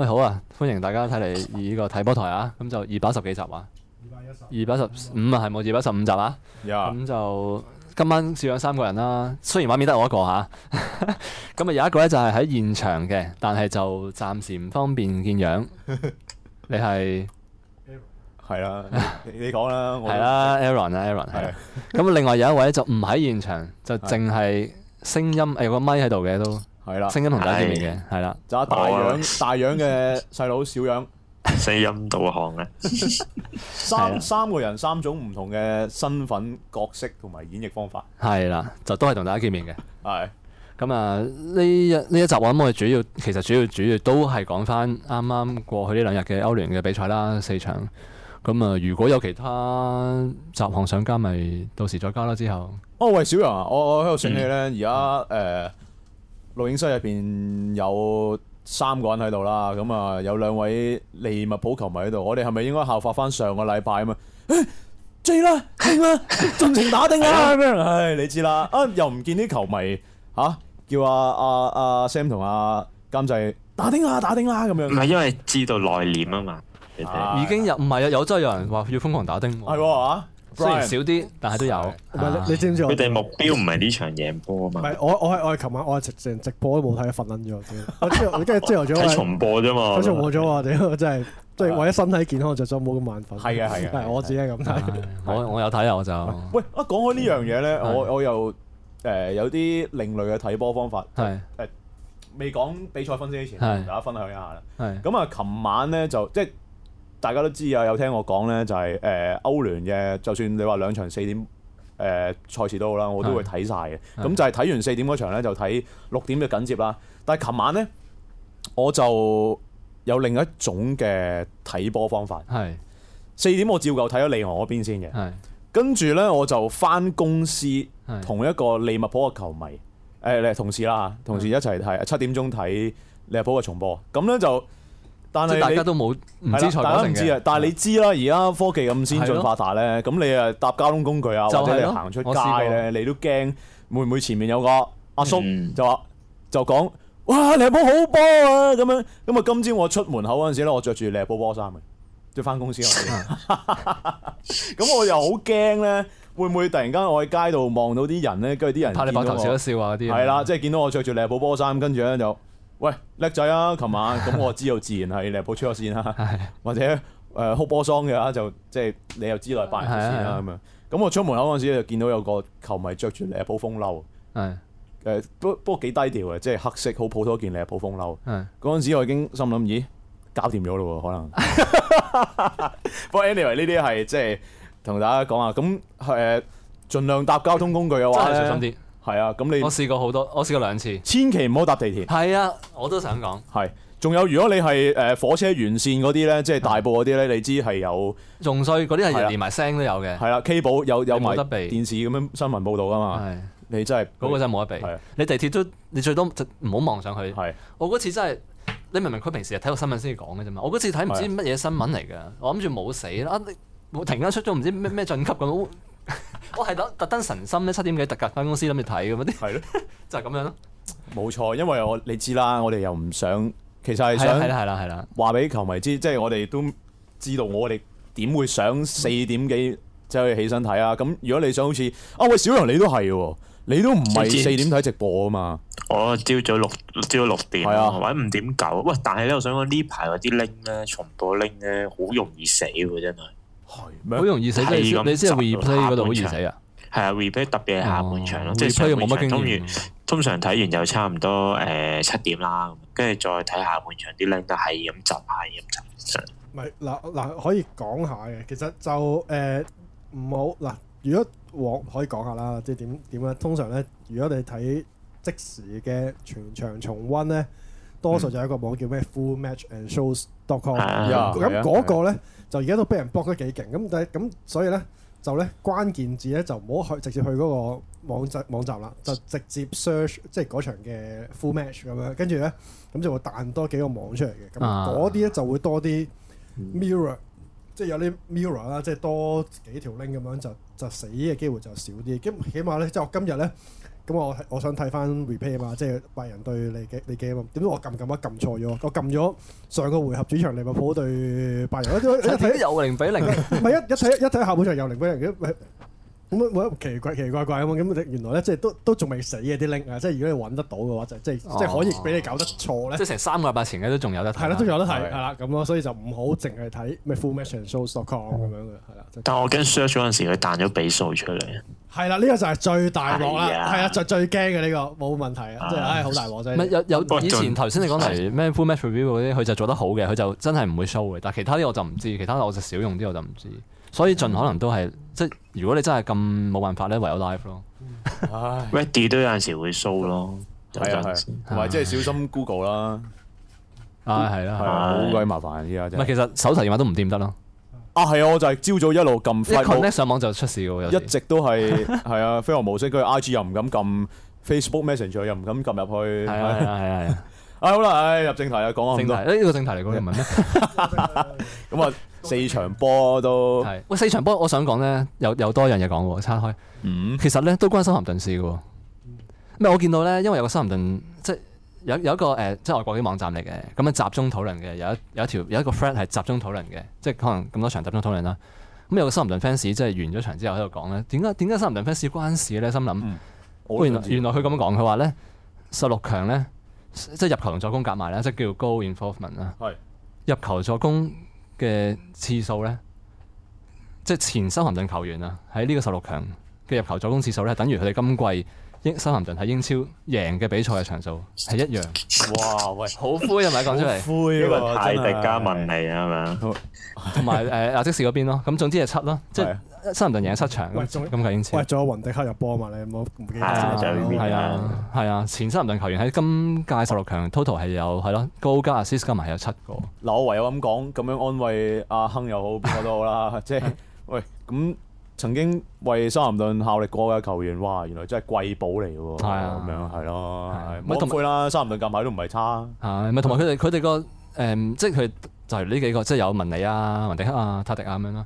喂、哎，好啊！歡迎大家睇嚟依個睇波台啊！咁就二百十幾集啊，二百一十，二百一十五啊，係冇二百一十五集啊。有咁 Yeah. 就今晚試咗三個人啦、啊。雖然畫面得我一個嚇、啊，咁 啊有一個咧就係喺現場嘅，但係就暫時唔方便見樣。你係係啦，你講啦，係啦，Aaron 啊，Aaron 係。咁另外有一位就唔喺現場，就淨係聲音誒、哎、個咪喺度嘅都。係啦，聲音同大家見面嘅，係啦的，就了大樣大樣嘅細佬，小樣四音導航咧，三三個人，三種唔同嘅身份角色同埋演繹方法，係啦，就都係同大家見面嘅，係咁的啊，呢一呢一集話我哋主要其實主要主要都係講翻啱啱過去呢兩日嘅歐聯嘅比賽啦，四場咁啊，如果有其他集項想加咪到時再加啦之後，哦喂，小楊啊，我我喺度想你咧而家誒。嗯.錄影室入邊有三個人喺度啦，咁啊有兩位利物浦球迷喺度，我哋係咪應該效法翻上個禮拜、欸、啊？嘛，醉啦，釘啦，盡情打丁啦！咁樣，唉、哎，你知啦，啊又唔見啲球迷吓、啊，叫阿阿阿 Sam 同阿監製打丁啦，打丁啦、啊，咁、啊、樣，唔係因為知道內斂啊嘛，啊已經有，唔係啊，有真係有人話要瘋狂打丁。係。雖然少啲，但係都有。你知唔知？佢哋目標唔係呢場贏波啊嘛。唔係我，我係我係琴晚，我係直直播都冇睇，瞓撚咗。我朝我今日朝頭早睇重播啫嘛。睇重播咗我哋，真係即係為咗身體健康著想，冇咁眼瞓。係啊係啊，我自己係咁睇。我我有睇啊，我就喂，一講開呢樣嘢咧，我我又誒有啲另類嘅睇波方法，係誒未講比賽分析之前，同大家分享一下啦。係咁啊，琴晚咧就即係。大家都知啊，有聽我講咧，就係、是、誒、呃、歐聯嘅，就算你話兩場四點誒、呃、賽事都好啦，我都會睇晒嘅。咁就係睇完四點嗰場咧，就睇六點嘅緊接啦。但係琴晚咧，我就有另一種嘅睇波方法。係四是的 點我照舊睇咗利昂嗰邊先嘅。係跟住咧，我就返公司同一個利物浦嘅球迷誒是的、欸，同事啦，同事一齊睇七點鐘睇利物浦嘅重播。咁咧就。但係你都冇唔知財唔知啊。但係你知啦。而家科技咁先進發達咧，咁你啊搭交通工具啊，或者你行出街咧，你都驚會唔會前面有個阿叔就話就講哇，尼泊好波啊咁樣。咁啊今朝我出門口嗰陣時咧，我着住尼泊波衫嘅，即係翻公司嗰陣。咁我又好驚咧，會唔會突然間我喺街度望到啲人咧，跟住啲人拍你膊頭笑一笑啊啲。係啦，即係見到我着住你尼泊波衫，跟住咧就。喂，叻仔啊！琴晚咁 我知道自然係利物浦出咗線啦、啊， 或者誒好、呃、波桑嘅、就是、啊，就即係你又知內發完出線啦咁啊！咁我出門口嗰陣時就見到有個球迷着住利物浦風褸，係誒， 不不過幾低調嘅，即係黑色好普通一件利物浦風褸。係嗰時我已經心諗，咦，搞掂咗咯喎，可能。不過 anyway 呢啲係即係同大家講啊，咁誒，儘量搭交通工具嘅話小心啲。係啊，咁你我試過好多，我試過兩次，千祈唔好搭地鐵。係啊，我都想講。係，仲有如果你係誒火車沿線嗰啲咧，即係大埔嗰啲咧，你知係有仲衰，嗰啲係連埋聲都有嘅。係啊 k 寶有有埋電視咁樣新聞報道噶嘛。係，你真係嗰個真係冇得避。你地鐵都你最多就唔好望上去。係，我嗰次真係你明唔明？佢平時係睇個新聞先至講嘅啫嘛。我嗰次睇唔知乜嘢新聞嚟嘅，我諗住冇死啦，突然間出咗唔知咩咩晉級咁。 我係特特登神心咧，七點幾特噶翻公司諗住睇咁啲，係咯的， 就係咁這樣咯。冇錯，因為我你知啦，我哋又唔想，其實係想係啦係啦係啦，話俾球迷知，即係我哋都知道，我哋點會想四點幾即可以起身睇啊？咁、嗯、如果你想好似啊喂，小楊你都係喎，你都唔係四點睇直播啊嘛？我朝早六朝六點係啊，的或者五點九。喂，但係咧，我想講呢排有啲拎咧，重播拎咧，好容易死真係。好容易死，你你先係 repeat 嗰度好易死啊！係啊，repeat 特別係下半場咯，即係 repeat 冇乜經驗。通常睇完就差唔多誒七點啦，跟住再睇下半場啲靚仔係咁集，係咁集。唔係嗱嗱可以講下嘅，其實就誒唔好嗱。如果往可以講下啦，即係點點樣？通常咧，如果你睇即時嘅全場重溫咧，多數就有一個網叫咩 Full Match and Shows dot com，咁嗰個咧對就而家都俾人 block 得幾勁，咁但係咁所以咧就咧關鍵字咧就唔好去直接去嗰個網站網站啦，就直接 search 即係嗰場嘅 full match 咁樣，跟住咧咁就會彈多幾個網出嚟嘅，咁嗰啲咧就會多啲 mirror，即係、啊、有啲 mirror 啦，即係多幾條 link 咁樣就就死嘅機會就少啲，咁起碼咧即係我今日咧。咁、嗯、我我想睇翻 replay 啊嘛，即係拜仁對利記利記啊嘛。點解我撳撳一撳錯咗，我撳咗上個回合主場利物浦對拜仁，一睇又零比零，嘅，唔係一一睇一睇下半場又零比零嘅。咁啊，喂，奇怪，奇怪怪啊！咁咁，原來咧，即係都都仲未死嘅啲 link 啊！即係如果你揾得到嘅話，就即係即係可以俾你搞得錯咧。即係成三個禮拜前嘅都仲有得睇。係啦，都有得睇，係啦，咁咯，所以就唔好淨係睇咩 fullmatchandshows.com 咁樣嘅，係啦。但我驚 search 嗰陣時佢彈咗比數出嚟。係啦，呢個就係最大鑊啦，係啊，就最驚嘅呢個冇問題啊，真係好大鑊真。唔係有有以前頭先你講係咩 full match review 嗰啲，佢就做得好嘅，佢就真係唔會 show 嘅。但其他啲我就唔知，其他我就少用啲，我就唔知。所以盡可能都係。即係如果你真係咁冇辦法咧，唯有 live 咯。Ready 都有陣時會 show 咯，係啊，同埋即係小心 Google 啦。啊，係啦，係啊，好鬼麻煩啲啊。唔係，其實手提電話都唔掂得啦。啊，係啊，我就係朝早一路撳，一 connect 上網就出事嘅喎。一直都係係啊，飛行模式，跟住 IG 又唔敢撳，Facebook Messenger 又唔敢撳入去。係啊，係啊，係啊。啊，好啦，唉，入正題啊，講咗咁多。呢個正題嚟講就唔啱。咁啊。四場波都係，喂，四場波，我想講咧，有有多樣嘢講喎，拆開，嗯、其實咧都關森林頓事嘅。咩？我見到咧，因為有個森林頓即係有有一個誒，即係外國啲網站嚟嘅，咁啊集中討論嘅，有一、呃、有一條有一個 thread 係集中討論嘅，即係可能咁多場集中討論啦。咁有個森林頓 fans 即係完咗場之後喺度講咧，點解點解森林頓 fans 關事咧？心諗、嗯，原來原來佢咁講，佢話咧十六強咧，即係入球同助攻夾埋咧，即係叫高 involvement 啦的，的入球助攻。嘅次數咧，即係前西咸陣球員啊，喺呢個十六強嘅入球助攻次數咧，等於佢哋今季。英、森林頓喺英超贏嘅比賽嘅場數係一樣。哇，喂，好灰啊，咪講出嚟，呢個泰迪加文尼係咪同埋誒阿積士嗰邊咯，咁總之係七咯，即係森林頓贏七場咁。咁屆英超。仲有雲迪克入波啊嘛，你冇唔記得咗係啊，係啊，前森林頓球員喺今屆十六強 total 係有係咯，高加 assist 加埋係有七個。嗱，我唯有咁講，咁樣安慰阿亨又好，邊個都好啦，即係喂咁。曾經為沙林頓效力過嘅球員，哇，原來真係貴寶嚟啊，咁樣係咯，唔好咁灰啦，沙林頓近排都唔係差，咪同埋佢哋佢哋個誒，即係佢就係呢幾個，即係有文理啊、文迪克啊、泰迪啊咁樣啦，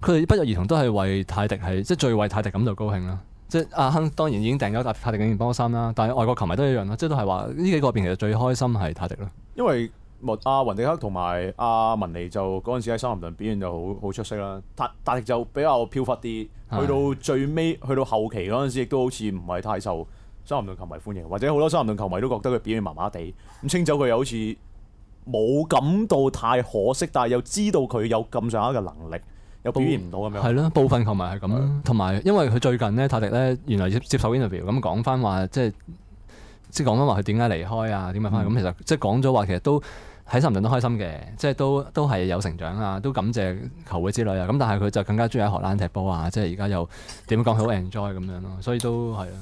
佢哋不約而同都係為泰迪係，即係最為泰迪感到高興啦。即係阿亨當然已經訂咗對泰迪嘅球衣幫衫啦，但係外國球迷都一樣啦，即係都係話呢幾個邊其實最開心係泰迪咯，因為。阿、啊、雲迪克同埋阿文尼就嗰陣時喺修咸頓表現就好好出色啦。塔塔迪就比較飄忽啲，去到最尾，去到後期嗰陣時，亦都好似唔係太受修咸頓球迷歡迎，或者好多修咸頓球迷都覺得佢表現麻麻地。咁清走佢又好似冇感到太可惜，但係又知道佢有咁上下嘅能力，又表現唔到咁樣。係咯、哦，部分球迷係咁。同埋是的 因為佢最近呢，塔迪呢原來接受 interview 咁講返話，即係即係講返話佢點解離開啊？點解返？咁、嗯、其實即係講咗話，其實都。睇森林都開心嘅，即係都係有成長啊，都感謝球會之類啊。咁但係佢就更加中意喺荷蘭踢波啊，即係而家又點講好 enjoy 咁樣咯。所以都係啊，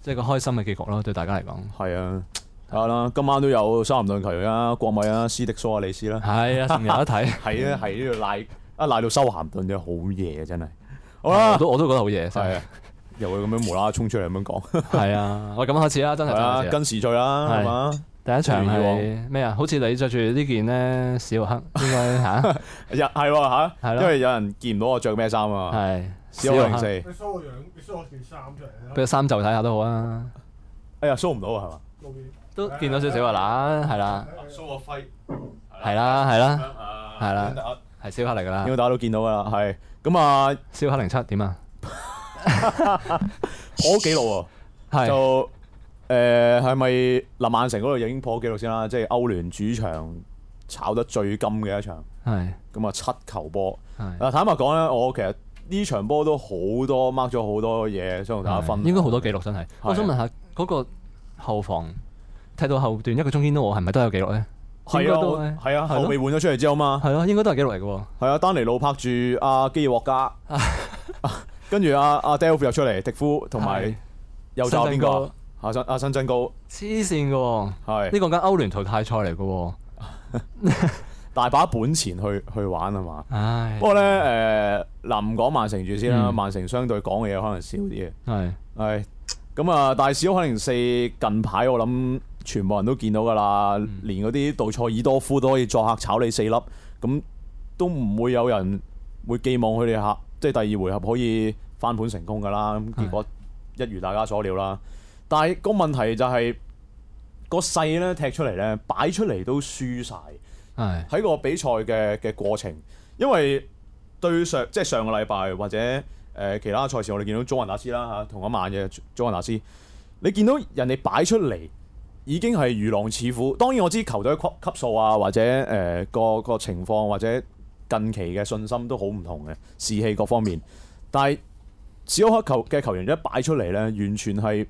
即係個開心嘅結局咯，對大家嚟講。係啊，睇下啦，今晚都有森林隊啊、國米啊、斯迪蘇啊、利斯啦，係啊，成日都睇。係啊，係呢度賴一賴到修咸頓啫，好夜啊，真係。好啦，我都我覺得好夜，係啊，又會咁樣無啦啦衝出嚟咁樣講。係啊，我咁開始啦，真係跟時序啦，係嘛。第一場係咩啊？ 好似你着住呢件咧，小黑應該吓，係、啊、吓，係咯， 因為有人見唔到我着咩衫啊。係是小黑零四。你 show 我樣，件衫出嚟俾個衫就睇下都好啊。哎呀，show 唔到啊，係嘛？都見到少少 啦，係啦。show 我輝。係啦，係啦，係啦，係小黑嚟噶啦。大家都見到噶啦，係咁啊，小黑零七點啊？好紀錄喎， 是就。誒，係咪林曼城嗰度已經破紀錄先啦？即係歐聯主場炒得最金嘅一場。係。咁啊，七球波。係。嗱，坦白講咧，我其實呢場波都好多 mark 咗好多嘢，想同大家分享。應該好多紀錄真係。我想問下嗰個後防踢到後段一個中堅都我係咪都有紀錄咧？係啊，係啊，後尾換咗出嚟之後嘛，係咯，應該都係紀錄嚟嘅。係啊，丹尼路拍住阿基爾獲加，跟住阿阿 Delph 又出嚟，迪夫同埋又側邊個。阿信，阿信，進高黐線嘅喎，係呢個緊歐聯淘汰賽嚟嘅喎， 大把本錢去去玩係嘛？唉，不過咧，誒唉，嗱唔講曼城住先啦，曼、嗯、城相對講嘅嘢可能少啲嘅，係係咁啊。大少可能四近排我諗全部人都見到㗎啦。嗯、連嗰啲杜塞爾多夫都可以作客炒你四粒，咁都唔會有人會寄望佢哋客即係第二回合可以翻盤成功㗎啦。咁結果一如大家所料啦。但係個問題就係、是那個勢咧，踢出嚟咧擺出嚟都輸晒，係喺的個比賽嘅嘅過程，因為對上即係上個禮拜或者誒、呃、其他賽事，我哋見到祖雲達斯啦嚇、啊，同一晚嘅祖雲達斯。你見到人哋擺出嚟已經係如狼似虎，當然我知球隊級級數啊，或者誒個個情況或者近期嘅信心都好唔同嘅士氣各方面，但係小黑球嘅球員一擺出嚟咧，完全係。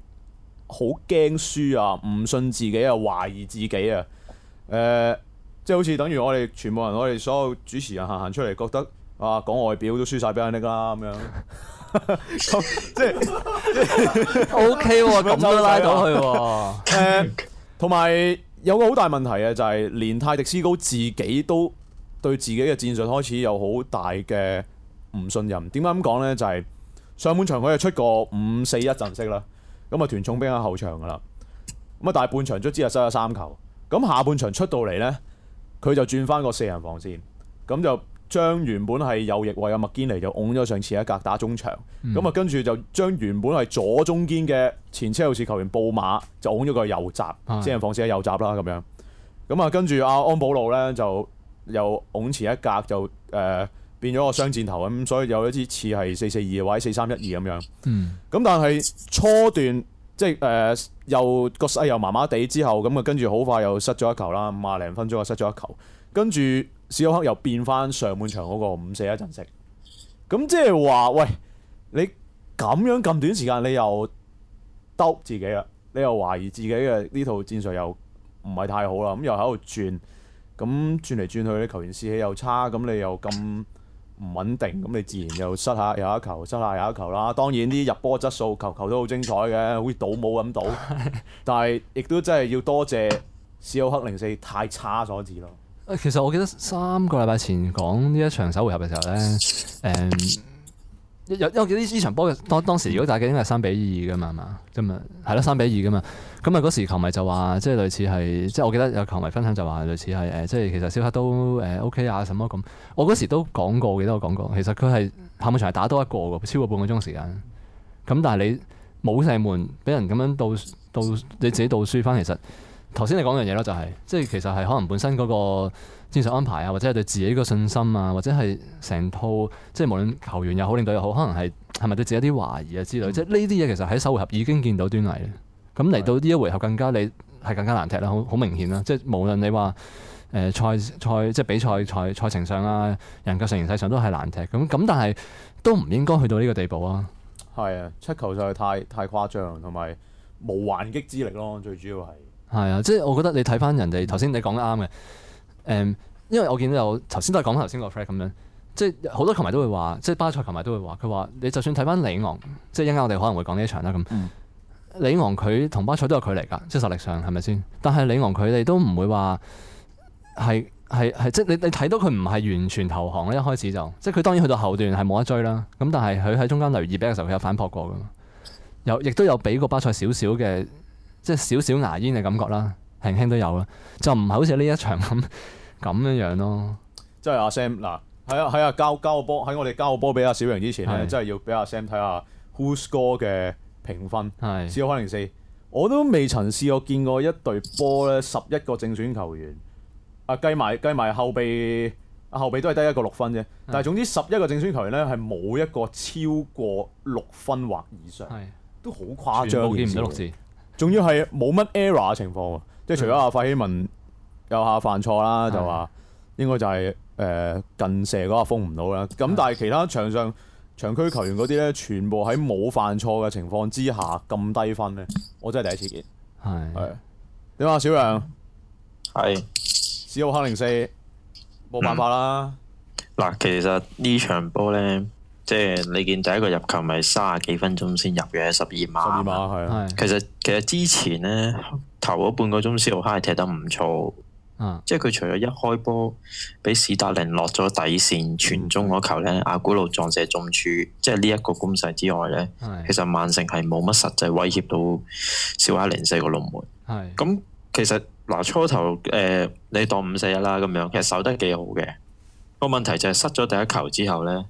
好驚輸啊！唔信自己啊，懷疑自己啊！誒、呃，即係好似等於我哋全部人，我哋所有主持人行行出嚟，覺得啊，講外表都輸晒俾 a n n 啦咁樣、 嗯。即係 OK 喎，咁都拉到去喎、啊。同 埋、呃、有，有個好大問題啊、就係，就係連泰迪斯高自己都對自己嘅戰術開始有好大嘅唔信任。點解咁講呢？就係、係、上半場佢係出過五四一陣式啦。咁啊，團重兵喺後場噶啦，咁啊大半場卒之啊收咗三球。咁下半場出到嚟呢，佢就轉翻個四人防線，咁就將原本係右翼位嘅麥堅尼就拱咗上前一格打中場，咁啊、嗯、跟住就將原本係左中堅嘅前車路士球員布馬就拱咗個右閘，的四人防線喺右閘啦咁樣，咁啊跟住阿安保路呢，就又拱前一格就誒。呃變咗個雙箭頭咁所以有一支似係四四二或者四三一二咁樣。嗯。咁但係初段即係誒、呃、又個勢又麻麻地之後咁啊，跟住好快又失咗一球啦，五廿零分鐘啊失咗一球，跟住史洛克又變翻上半場嗰個五四一陣式。咁即係話喂，你咁樣咁短時間你又兜自己啦，你又懷疑自己嘅呢套戰術又唔係太好啦，咁又喺度轉，咁轉嚟轉去你球員士氣又差，咁你又咁。唔穩定，咁你自然就失下有一球，失下有一球啦。當然啲入波質素，球球都好精彩嘅，好似倒冇咁倒。 但係亦都真係要多謝史奧克零四太差所致咯。誒，其實我記得三個禮拜前講呢一場首回合嘅時候咧，誒、嗯，有因為記得呢場波嘅當當時如果大家應該係三比二嘅嘛嘛，啫嘛係咯，三比二嘅嘛。咁啊！嗰、嗯、時球迷就話，即係類似係，即係我記得有球迷分享就話，類似係誒，即、呃、係其實小黑都誒 O K 啊，什麼咁。我嗰時都講過嘅，記得我講過。其實佢係下半場係打多一個嘅，超過半個鐘時，時間。咁但係你冇射門，俾人咁樣倒，倒你自己倒輸翻。其實頭先你講樣嘢咯，就係即係其實係可能本身嗰個戰術安排啊，或者係對自己嘅信心啊，或者係成套即係無論球員又好，領隊又好，可能係係咪對自己有啲懷疑啊之類。即係呢啲嘢其實喺首回合已經見到端倪。咁嚟到呢一回合更加你係更加難踢啦，好好明顯啦。即係無論你話誒、呃、賽賽即係比賽賽賽程上啊，人腳實力上都係難踢咁。咁但係都唔應該去到呢個地步啊。係啊，出球就係太太誇張同埋冇還擊之力咯，最主要係。係啊，即係我覺得你睇翻人哋頭先你講得啱嘅。誒、嗯，因為我見到有頭先都係講頭先個 friend 咁樣，即係好多球迷都會話，即係巴塞球迷都會話，佢話你就算睇翻李昂，即係一陣間我哋可能會講呢一場啦咁。嗯里昂佢同巴塞都有距離噶，即係實力上係咪先？但係里昂佢哋都唔會話係係係，即係你你睇到佢唔係完全投降咧，一開始就即係佢當然去到後段係冇得追啦。咁但係佢喺中間留意比嘅時候，佢有反撲過噶嘛？有亦都有俾過巴塞少少嘅，即係少少牙煙嘅感覺啦，輕輕都有啦。就唔係好似呢一場咁咁樣 樣咯。即係阿 Sam 嗱，係啊係啊，交交個波喺我哋交個波俾阿小明之前咧，真係是的 要俾阿 Sam 睇下 who score 嘅。評分，係試過可能四。4，我都未曾試過見過一隊波咧，十一個正選球員，啊計埋計埋後備，啊後備都係得一個六分啫。是但係總之十一個正選球員咧，係冇一個超過六分或以上，是都好誇張。全部唔得六字，仲要係冇乜 error 嘅情況，即係除咗阿費希文有下犯錯啦，嗯、就話應該就係、是、誒、呃、近射嗰下封唔到啦。咁是但係其他場上，長區球員嗰啲咧，全部喺冇犯錯嘅情況之下咁低分咧，我真係第一次見。係點啊，小楊？係的，史奧克零四，冇辦法啦。嗱、嗯，其實呢場波咧，即係你見第一個入球咪三十幾分鐘先入嘅，十二碼。十二碼係。其實的其實之前咧，頭嗰半個鐘史奧克係踢得唔錯。啊、即係佢除咗一開波俾史達寧落咗底線傳、嗯、中嗰球咧，阿古路撞射中柱，即係呢一個攻勢之外咧，其實曼城係冇乜實際威脅到小哈靈四個龍門。係、呃、咁，其實嗱初頭誒、呃，你當五四一啦咁樣，其實守得幾好嘅。個問題就係失咗第一球之後咧。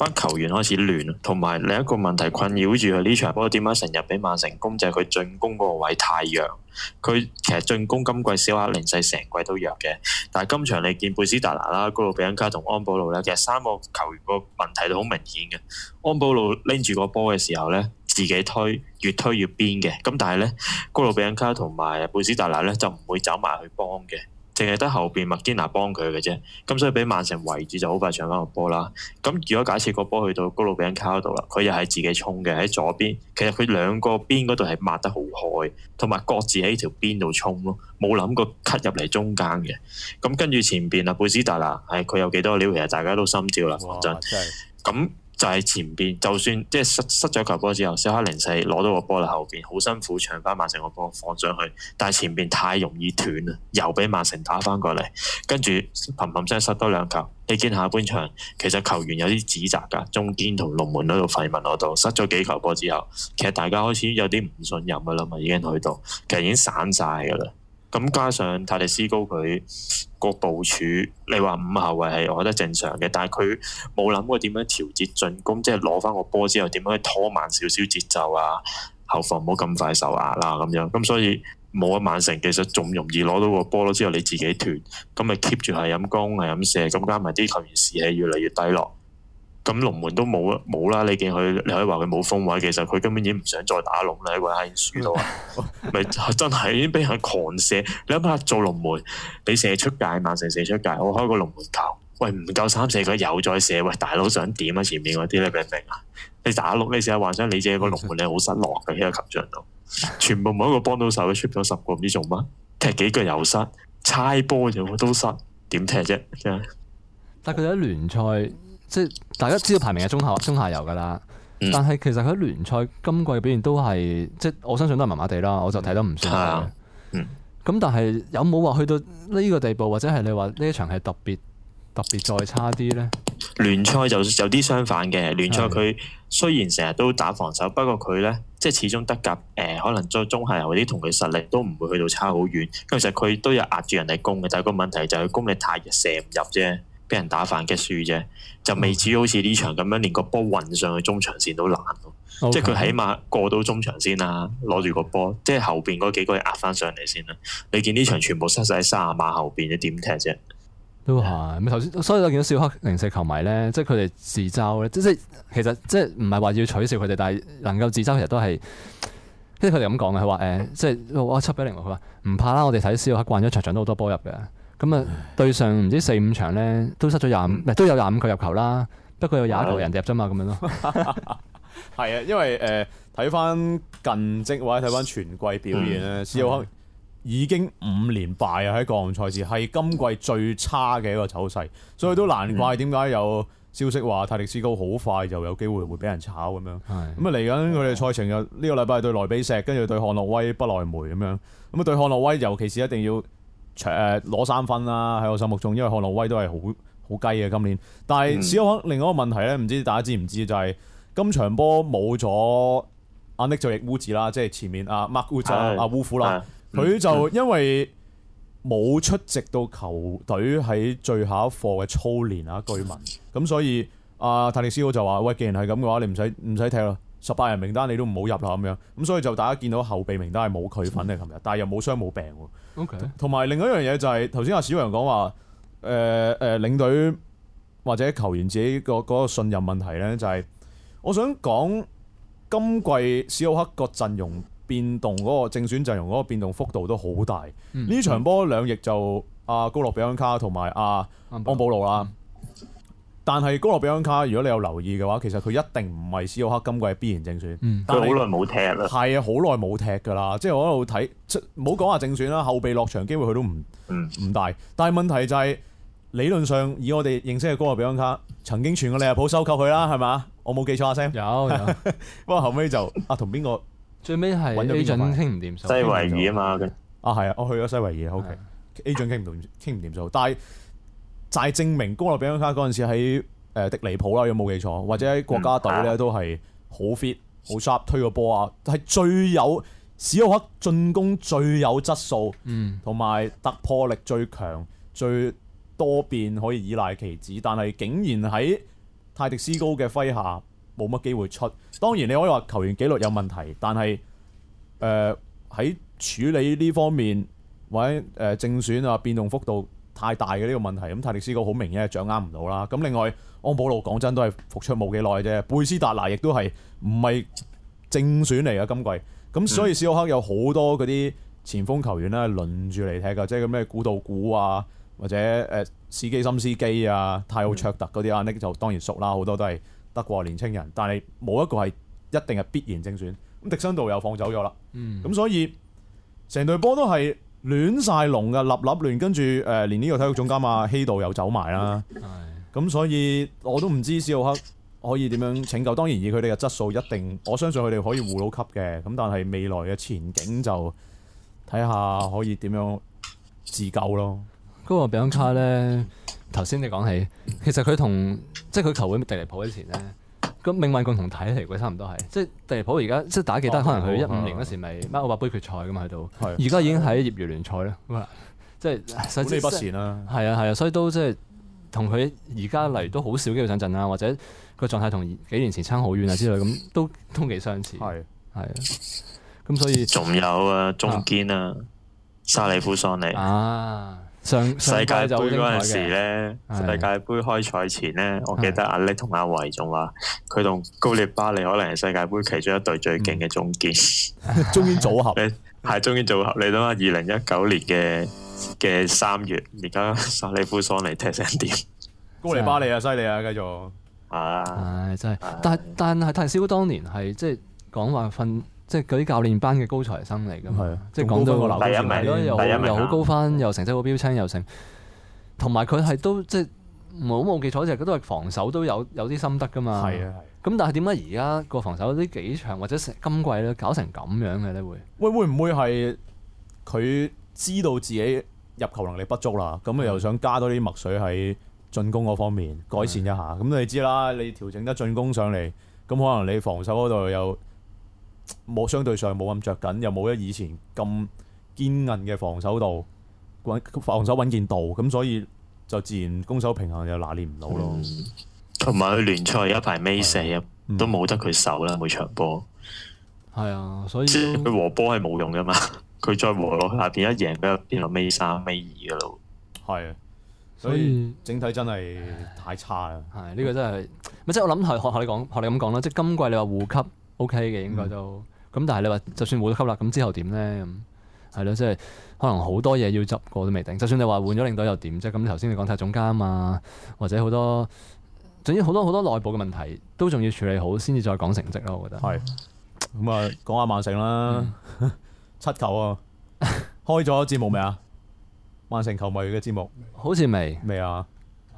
班球員開始亂，同埋另一個問題困擾住佢。呢場波點解成日俾曼城攻？就係、是、佢進攻嗰個位太弱，佢其實進攻今季小黑零細成季都弱嘅。但係今場你見貝斯達拿啦，高魯比恩卡同安保路咧，其實三個球員個問題都好明顯嘅。安保路拎住個波嘅時候咧，自己推越推越邊嘅，咁但係咧高魯比恩卡同埋貝斯達拿咧就唔會走埋去幫嘅。淨係得後邊麥堅拿幫佢嘅啫，咁所以俾曼城圍住就好快搶翻個波啦。咁如果假設個波去到高路比昂卡度啦，佢又係自己衝嘅喺左邊，其實佢兩個邊嗰度係抹得好開，同埋各自喺條邊度衝咯，冇諗過 cut 入嚟中間嘅。咁跟住前邊阿貝斯達啦，係、哎、佢有幾多料，其實大家都心照啦。講真，咁。就喺前邊，就算即係失失咗球波之後，小黑零四攞到個波嚟後邊，好辛苦搶翻曼城個波放上去，但係前邊太容易斷啦，又俾曼城打翻過嚟，跟住砰砰聲失多兩球。你見下半場其實球員有啲指責噶，中堅同龍門嗰度吠問攞到，失咗幾球波之後，其實大家開始有啲唔信任噶啦嘛，已經去到其實已經散晒噶啦。咁加上泰迪斯高佢個部署，你話五後衛係我覺得正常嘅，但係佢冇諗過點樣調節進攻，即係攞翻個波之後，點樣去拖慢少少節奏啊？後防唔好咁快受壓啦，咁樣咁所以冇咗曼城，其實仲容易攞到個波咯。之後你自己斷，咁咪 keep 住係飲攻係飲射，咁加埋啲球員士氣越嚟越低落。咁龍門都冇啦，冇啦！你見佢，你可以話佢冇封位，其實佢根本已經唔想再打龍門喺維埃輸到啊！咪 真係已經俾人狂射。你諗下做龍門，你射出界，曼城射出界，我開個龍門球，喂唔夠三四個又再射，喂大佬想點啊？前面嗰啲你明唔明啊？你打龍，你試下幻想你自己個龍門，你好失落嘅喺球場度，全部冇一個幫到手，出咗十個唔知做乜，踢幾腳又失，猜波就都失，點踢啫？但係佢喺聯賽。即係大家知道排名係中下中下游噶啦，嗯、但係其實佢喺聯賽今季表現都係，即係我相信都係麻麻地啦，我就睇得唔算。係啊、嗯，嗯。咁但係有冇話去到呢個地步，或者係你話呢一場係特別特別再差啲咧？聯賽就有啲相反嘅，聯賽佢雖然成日都打防守，是的 不過佢咧即係始終德甲誒、呃，可能再中下游啲，同佢實力都唔會去到差好遠。因為其實佢都有壓住人哋攻嘅，就係個問題就係佢攻力太射唔入啫。俾人打翻嘅輸啫，就未至於好似呢場咁樣，連個波運上去中場線都難咯。Okay. 即係佢起碼過到中場先啦，攞住個波，即係後邊嗰幾個人壓翻上嚟先啦。你見呢場全部塞晒喺卅碼後邊，你點踢啫？都係咪頭先？所以我見到小黑零四球迷咧，即係佢哋自嘲咧，即係其實即係唔係話要取笑佢哋，但係能夠自嘲其實都係，即係佢哋咁講嘅。佢話誒，即係我七比零，佢話唔怕啦，我哋睇小黑慣咗場場都好多波入嘅。咁啊，對上唔知四五場咧，都失咗廿五，都有廿五個入球啦。不過有廿一球人入啫嘛，咁哇 樣咯。係啊，因為誒睇翻近績或者睇翻全季表現咧，斯科、嗯、已經五連敗啊，喺國王賽事係、嗯、今季最差嘅一個走勢，所以都難怪點解有消息話泰迪斯高好快就有機會會俾人炒咁、嗯嗯、樣。咁啊，嚟緊佢哋賽程又呢個禮拜對萊比錫，跟住對漢諾威不內、不萊梅咁樣。咁啊，對漢諾威尤，尤其是一定要。誒攞三分啦、啊、喺我心目中，因為漢諾威都係好好雞嘅今年。但係少可另外一個問題咧，唔知大家知唔知就係、是、今場波冇咗阿尼克就逆烏字啦，即係前面阿 m 麥烏茲阿烏虎啦，佢、啊、就因為冇出席到球隊喺最後一課嘅操練啊，據聞咁，所以阿、呃、泰利斯就話：喂，既然係咁嘅話，你唔使唔使踢啦。十八人名單你都唔好入啦咁樣，咁所以就大家見到後備名單係冇佢份嘅琴日，但係又冇傷冇病。OK，同埋另一樣嘢就係頭先阿小楊講話，誒、呃、誒、呃、領隊或者球員自己個嗰、嗰個信任問題咧、就係，就係我想講今季史浩克個陣容變動嗰、嗰個正選陣容嗰個變動幅度都好大。呢、嗯、場波兩翼就阿、啊、高洛比安卡同埋阿安布魯啦。嗯。但係高洛比安卡，如果你有留意嘅話，其實佢一定唔係斯奧克今季係必然正選。嗯，但係好耐冇踢啦。係啊，好耐冇踢噶啦，即係我喺度睇，唔好講話正選啦，後備落場機會佢都唔唔大。但係問題就係理論上，以我哋認識嘅高洛比安卡，曾經傳過利物浦收購佢啦，係咪？我冇記錯阿 Sam。有，不過後尾就啊同邊個？最尾係 A 俊傾唔掂，西維爾啊嘛。啊係啊，我去咗西維爾，O K。A 俊傾唔到，傾唔掂數，但係。就係證明比，高立安卡嗰陣時喺誒迪尼普啦，有冇記錯？嗯、或者喺國家隊咧、嗯、都係好 fit、好、嗯、sharp 推個波啊！係最有史奧克進攻最有質素，同埋、嗯、突破力最強、最多變可以依賴棋子，但係竟然喺泰迪斯高嘅麾下冇乜機會出。當然你可以話球員紀律有問題，但係誒喺處理呢方面或者誒正選啊變動幅度太大嘅呢個問題，咁泰迪斯哥好明顯係掌握唔到啦。咁另外，安保路講真都係復出冇幾耐啫。貝斯達拿亦都係唔係正選嚟嘅今季，咁所以史奧克有好多嗰啲前鋒球員咧，係輪住嚟踢嘅，即係咩古道古啊，或者誒、呃、斯基森斯基啊、泰奧卓特嗰啲、嗯、啊，呢就當然熟啦，好多都係德國年青人，但係冇一個係一定係必然正選。咁迪森道又放走咗啦，咁、嗯、所以成隊波都係。亂晒龍噶，立立亂，跟住誒連呢個體育總監啊，希度又走埋啦，咁是的 所以我都唔知史浩克可以點樣拯救。當然以佢哋嘅質素，一定我相信佢哋可以護到級嘅，咁但係未來嘅前景就睇下可以點樣自救咯。嗰個餅卡呢，頭先你講起，其實佢同即係佢球會迪尼普之前呢。咁命運共同體嚟嘅，差唔多係，即係迪利普而家即係打幾多？哇可能佢一五年嗰時咪歐霸杯決賽嘅嘛喺度，而家的已經喺業餘聯賽咧，即係所以不善啦、啊。係啊係啊，所以都即係同佢而家嚟都好少機會上陣啦，或者個狀態同幾年前差好遠啊之類咁，都幾相似。係係啊，咁的所以仲有啊，中堅啊，沙利夫桑尼啊。上上界世界杯嗰陣時咧，的世界杯開賽前咧，我記得阿力同阿維仲話，佢同高利巴利可能係世界杯其中一隊最勁嘅中堅，中堅、嗯、 組合，係中堅組合你諗下二零一九年嘅嘅三月，而家沙利夫桑尼踢成點？高利巴利啊，犀利啊，繼續的，係真係。但係但係，譚少當年係即係講話訓。即係嗰啲教練班嘅高材生嚟㗎嘛、嗯，即係講到個第一名嚟咯，又又好高分，嗯、又成績好標青，又成。同埋佢係都即係冇冇記錯，就係佢都係防守都有有啲心得㗎嘛。係啊，咁但係點解而家個防守啲幾場或者今季咧搞成咁樣嘅咧會？喂，會唔會係佢知道自己入球能力不足啦？咁又想加多啲墨水喺進攻嗰方面改善一下？咁的的你知啦，你調整得進攻上嚟，咁可能你防守嗰度又～冇相對上冇咁着緊，又冇一以前咁堅韌嘅防守度，防守穩健度，咁所以就自然攻守平衡又拿捏唔到咯。同埋佢聯賽一排 May 四對都冇得佢守啦，嗯、每場波。係啊，所以佢和波係冇用噶嘛。佢再和落下邊、嗯、一贏，佢又變到 May 三 May 二噶啦。係啊，所以，所以整體真係太差啦。係呢唉、這個真係，咪即係我諗頭學你講，學你咁講啦。即係今季你話護級。O K 嘅應該都咁，但係你話就算冇得吸啦，咁之後點呢？咁？係咯，即係可能好多嘢要執過都未定。就算你話換咗領隊又點啫？咁頭先你講睇總監啊，或者好多總之好多好多內部嘅問題都仲要處理好先至再講成績咯。我覺得係咁啊，講下曼城啦，說說嗯、七球啊，開咗節目未啊？曼城球迷嘅節目好似未未啊？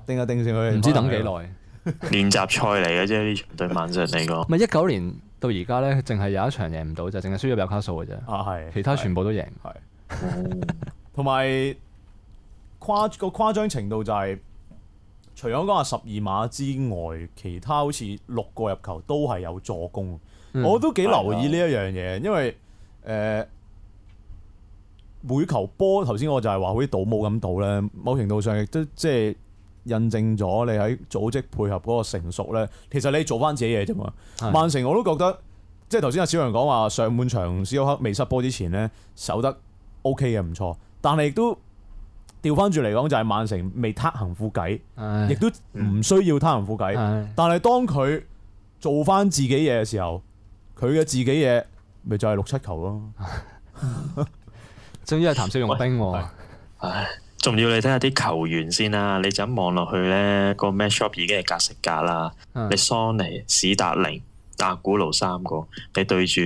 定係、啊、定上去，唔知等幾耐？練 習賽嚟嘅啫，對曼城嚟講咪一九年。到而家咧，淨係有一場贏唔到，就淨係輸入有卡數嘅啫。啊，係，其他全部都贏。係。同埋 誇個誇張程度就係、係，除咗講話十二碼之外，其他好似六個入球都係有助攻。嗯、我都幾留意呢一的樣嘢，因為誒、呃、每球波頭先我就係話好似賭舞咁賭咧，某程度上亦都即係。印證咗你喺組織配合嗰個成熟咧，其實你做翻自己嘢啫嘛。曼城是的 我都覺得，即係頭先阿小陽講話上半場小黑未失波之前咧守得 O K 嘅，唔錯。但係亦都調翻轉嚟講，就係曼城未攤行富計，是的 亦都唔需要攤行富計。是的 但係當佢做翻自己嘢嘅時候，佢嘅自己嘢咪就係六七球咯。正 於係譚少用兵喎。 仲要你睇下啲球員先啦、啊，你就一望落去咧，個 match up 已經係格食格啦。的你桑尼、史達寧、達古魯三個，你對住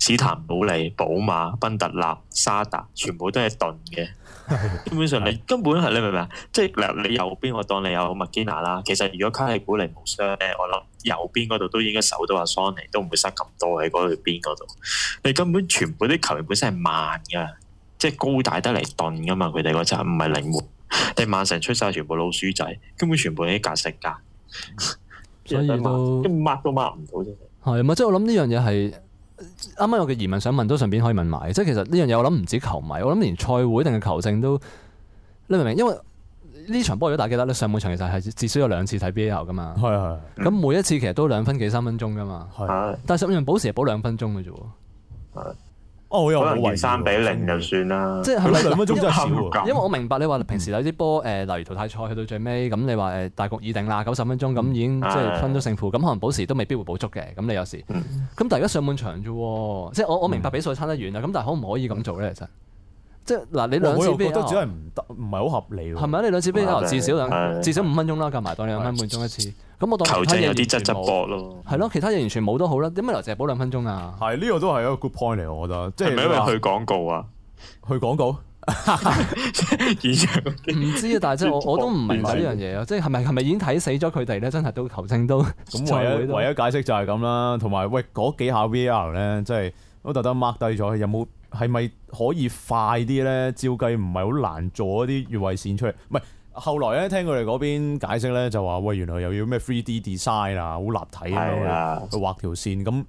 史坦保利、寶馬、賓特納、沙達，全部都係鈍嘅。基的本上你根本係你明唔明啊？即係嗱，你右邊我當你有麥基娜啦。其實如果卡利古尼無傷咧，我諗右邊嗰度都應該守到阿桑尼都唔會塞咁多喺嗰邊嗰度。你根本全部啲球員本身係慢㗎。即係高大得嚟鈍噶嘛，佢哋個陣唔係靈活。你曼城出晒全部老鼠仔，根本全部係啲夾食噶， 所以抹都抹 都抹唔到啫。係咪？即、就、係、是、我諗呢樣嘢係啱啱有嘅疑問，想問都順便可以問埋。即係其實呢樣嘢，我諗唔止球迷，我諗連賽會定係球證都，你明唔明？因為呢場波如果打幾得咧，上半場其實係至少有兩次睇 B l 球噶嘛。係係。咁、嗯、每一次其實都兩分幾三分鐘噶嘛。但係十人補時係補兩分鐘嘅啫。的的我有、oh, yeah, 可能完三比零就算啦，嗯、即係可能兩分鐘真係少啊。 因為我明白你話平時有啲波，誒，例如淘汰賽去到最尾，咁你話誒大局已定啦，九十分鐘咁已經即係分咗勝負，咁、嗯、可能補時都未必會補足嘅。咁你有時，咁、嗯、但係而家上半場啫，嗯、即係我我明白比數差得遠啦，咁但係可唔可以咁做咧？其實？即係嗱，你兩次 B 我覺只係唔得，唔係好合理喎。係咪你兩次 B A 至少兩，至少五分鐘啦，夾埋當你兩分半鐘一次。咁我當其他嘢啲質質多咯。係咯，其他嘢完全冇都好啦。點解又淨係補兩分鐘啊？係呢個都係一個 good point 嚟，我覺得。係咪因為佢廣告啊？去廣告。唔知啊，但係即係我都唔明白呢樣嘢啊！即係係咪係咪已經睇死咗佢哋咧？真係都求證都咁唯一解釋就係咁啦。同埋喂，嗰幾下 V R 咧，即係我特登 mark 低咗，有冇係咪？可以快啲咧，照計唔係好難做一啲越位線出嚟。唔係後來咧，聽佢哋嗰邊解釋咧，就話喂，原來又要咩 3D design 啊，好立體咁、啊、樣、啊、去畫條線。咁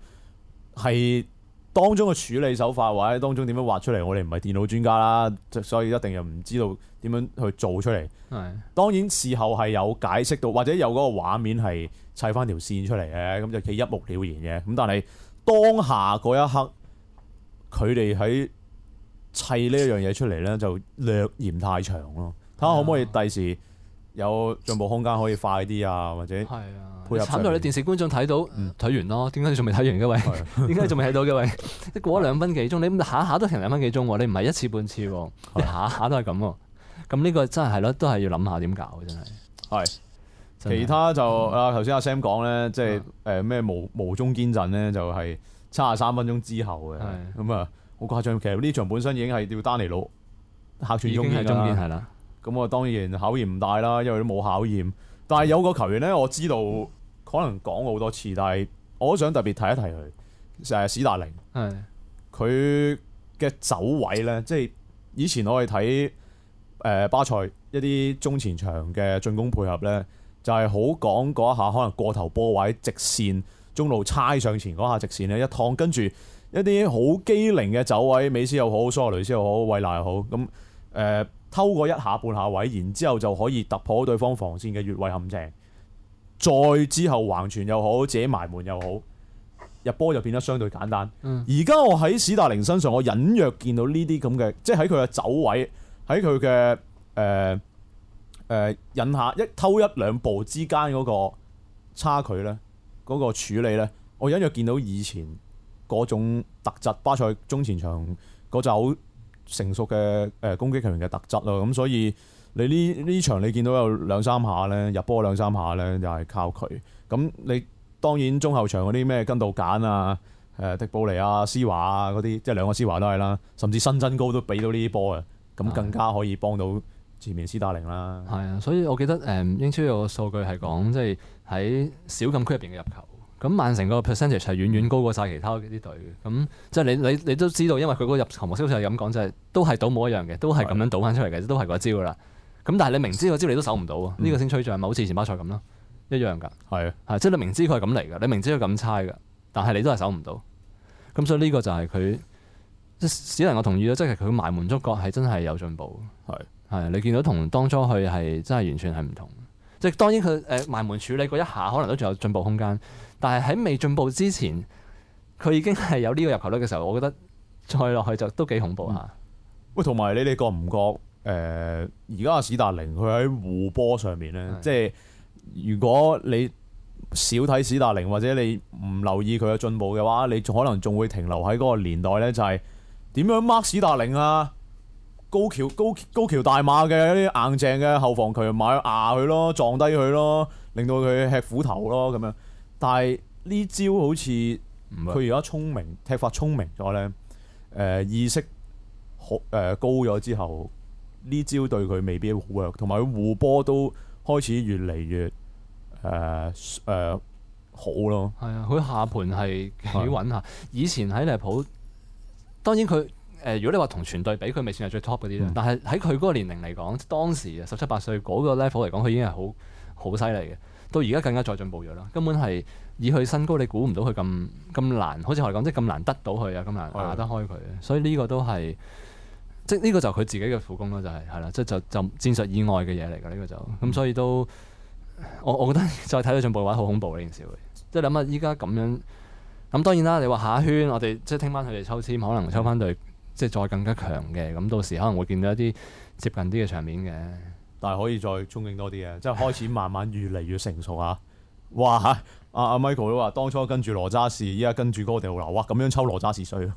係當中嘅處理手法或者當中點樣畫出嚟，我哋唔係電腦專家啦，所以一定又唔知道點樣去做出嚟。係、啊、當然事後係有解釋到，或者有嗰個畫面係砌翻條線出嚟嘅，咁就幾一目了然嘅。咁但係當下嗰一刻，佢哋喺。砌呢一樣嘢出嚟咧，就略嫌太長咯。睇下可唔可以第時有進步空間，可以快啲啊，或者配合。咁就你電視觀眾睇到睇完咯。點解你仲未睇完嘅位？點解你仲未睇到嘅位？你過咗兩分幾鐘，你下下都停兩分幾鐘喎。你唔係一次半次喎，你下下都係咁喎。咁呢個真係係咯，都係要諗下點搞真係。係。其他就啊頭先阿 Sam 講咧，即係誒咩無無中堅陣咧，就係七十三分鐘之後嘅。咁啊。好誇張，其實呢場本身已經係叫丹尼路客串中堅啦，咁我當然考驗唔大啦，因為都冇考驗。但係有個球員咧，我知道可能講過好多次，但係我都想特別提一提佢誒史達寧。係佢嘅走位咧，即係以前我哋睇誒巴塞一啲中前場嘅進攻配合咧，就係、是、好講嗰一下可能過頭波位，直線中路差上前嗰下直線咧，一趟跟住。一啲好機靈嘅走位，美斯又好，蘇亞雷斯又好，維納又好，咁、嗯、誒偷過一下半下位，然之後就可以突破對方防線嘅越位陷阱，再之後橫傳又好，自己埋門又好，入波就變得相對簡單。而家、嗯、我喺史達寧身上，我隱約見到呢啲咁嘅，即係喺佢嘅走位，喺佢嘅誒誒引下一偷一兩步之間嗰個差距咧，嗰、嗰個處理咧，我隱約見到以前。嗰種特質，巴塞中前場嗰扎好成熟嘅誒攻擊球員嘅特質啦，咁所以你呢呢場你見到有兩三下咧入波兩三下咧，又係靠佢。咁你當然中後場嗰啲咩根杜簡啊、誒迪布尼啊、施華啊嗰啲，即係兩個施華都係啦，甚至新增高都俾到呢啲波啊，咁更加可以幫到前面斯達寧啦。係啊，所以我記得誒英超有個數據係講，即係喺小禁區入邊嘅入球。咁曼城個 percentage 係遠遠高過晒其他啲隊嘅，咁即係你你你都知道，因為佢嗰入球模式係咁講，就係、是、都係倒模一樣嘅，都係咁樣倒翻出嚟嘅，是的 都係嗰招噶啦。咁但係你明知嗰招你都守唔到啊。呢、嗯、個先吹脹咪好似前巴塞咁咯，一樣噶。係啊，即係你明知佢係咁嚟嘅，你明知佢咁猜嘅，但係你都係守唔到。咁所以呢個就係佢只能我同意咯，即係佢埋門觸覺係真係有進步，係係是的 你見到同當初佢係真係完全係唔同。即當然佢誒埋門處理嗰一下可能都仲有進步空間，但係喺未進步之前，佢已經係有呢個入球率嘅時候，我覺得再落去就都幾恐怖嚇。喂、嗯，同埋你哋覺唔覺誒？而家阿史達寧佢喺護波上面呢，是即係如果你少睇史達寧或者你唔留意佢嘅進步嘅話，你仲可能仲會停留喺嗰個年代呢，就係、是、點樣 mark 史達寧啊？高橋高高橋大馬嘅一啲硬淨嘅後防，佢買去壓佢咯，撞低佢咯，令到佢吃苦頭咯咁樣。但係呢招好似佢而家聰明，是踢法聰明咗咧，誒、呃、意識好誒高咗之後，呢招對佢未必 work。同埋佢護波都開始越嚟越誒誒、呃呃、好咯。係啊，佢下盤係幾穩下。啊、以前喺利浦，當然佢。誒，如果你話同全隊比，佢未算係最 top 嗰啲。但係喺佢嗰個年齡嚟講，當時十七八歲嗰個 level 嚟講，佢已經係好好犀利嘅。到而家更加再進步咗啦，根本係以佢身高你，你估唔到佢咁咁難，好似我哋講，即係咁難得到佢啊，咁難打得開佢。嗯、所以呢個都係即係呢個就佢自己嘅苦功咯，就係係啦，即係就就是、戰術以外嘅嘢嚟㗎。呢、呢個就咁，所以都我我覺得再睇佢進步嘅話，好恐怖呢件事會。即係諗下依家咁樣，咁當然啦。你話下一圈我，我哋即係聽晚佢哋抽籤，可能抽翻對。即係再更加強嘅，咁到時可能會見到一啲接近啲嘅場面嘅，但係可以再憧憬多啲嘅，即係開始慢慢越嚟越成熟啊。哇嚇！阿、啊、阿 Michael 都話，當初跟住羅渣士，依家跟住哥迪奧拿，哇咁樣抽羅渣士水。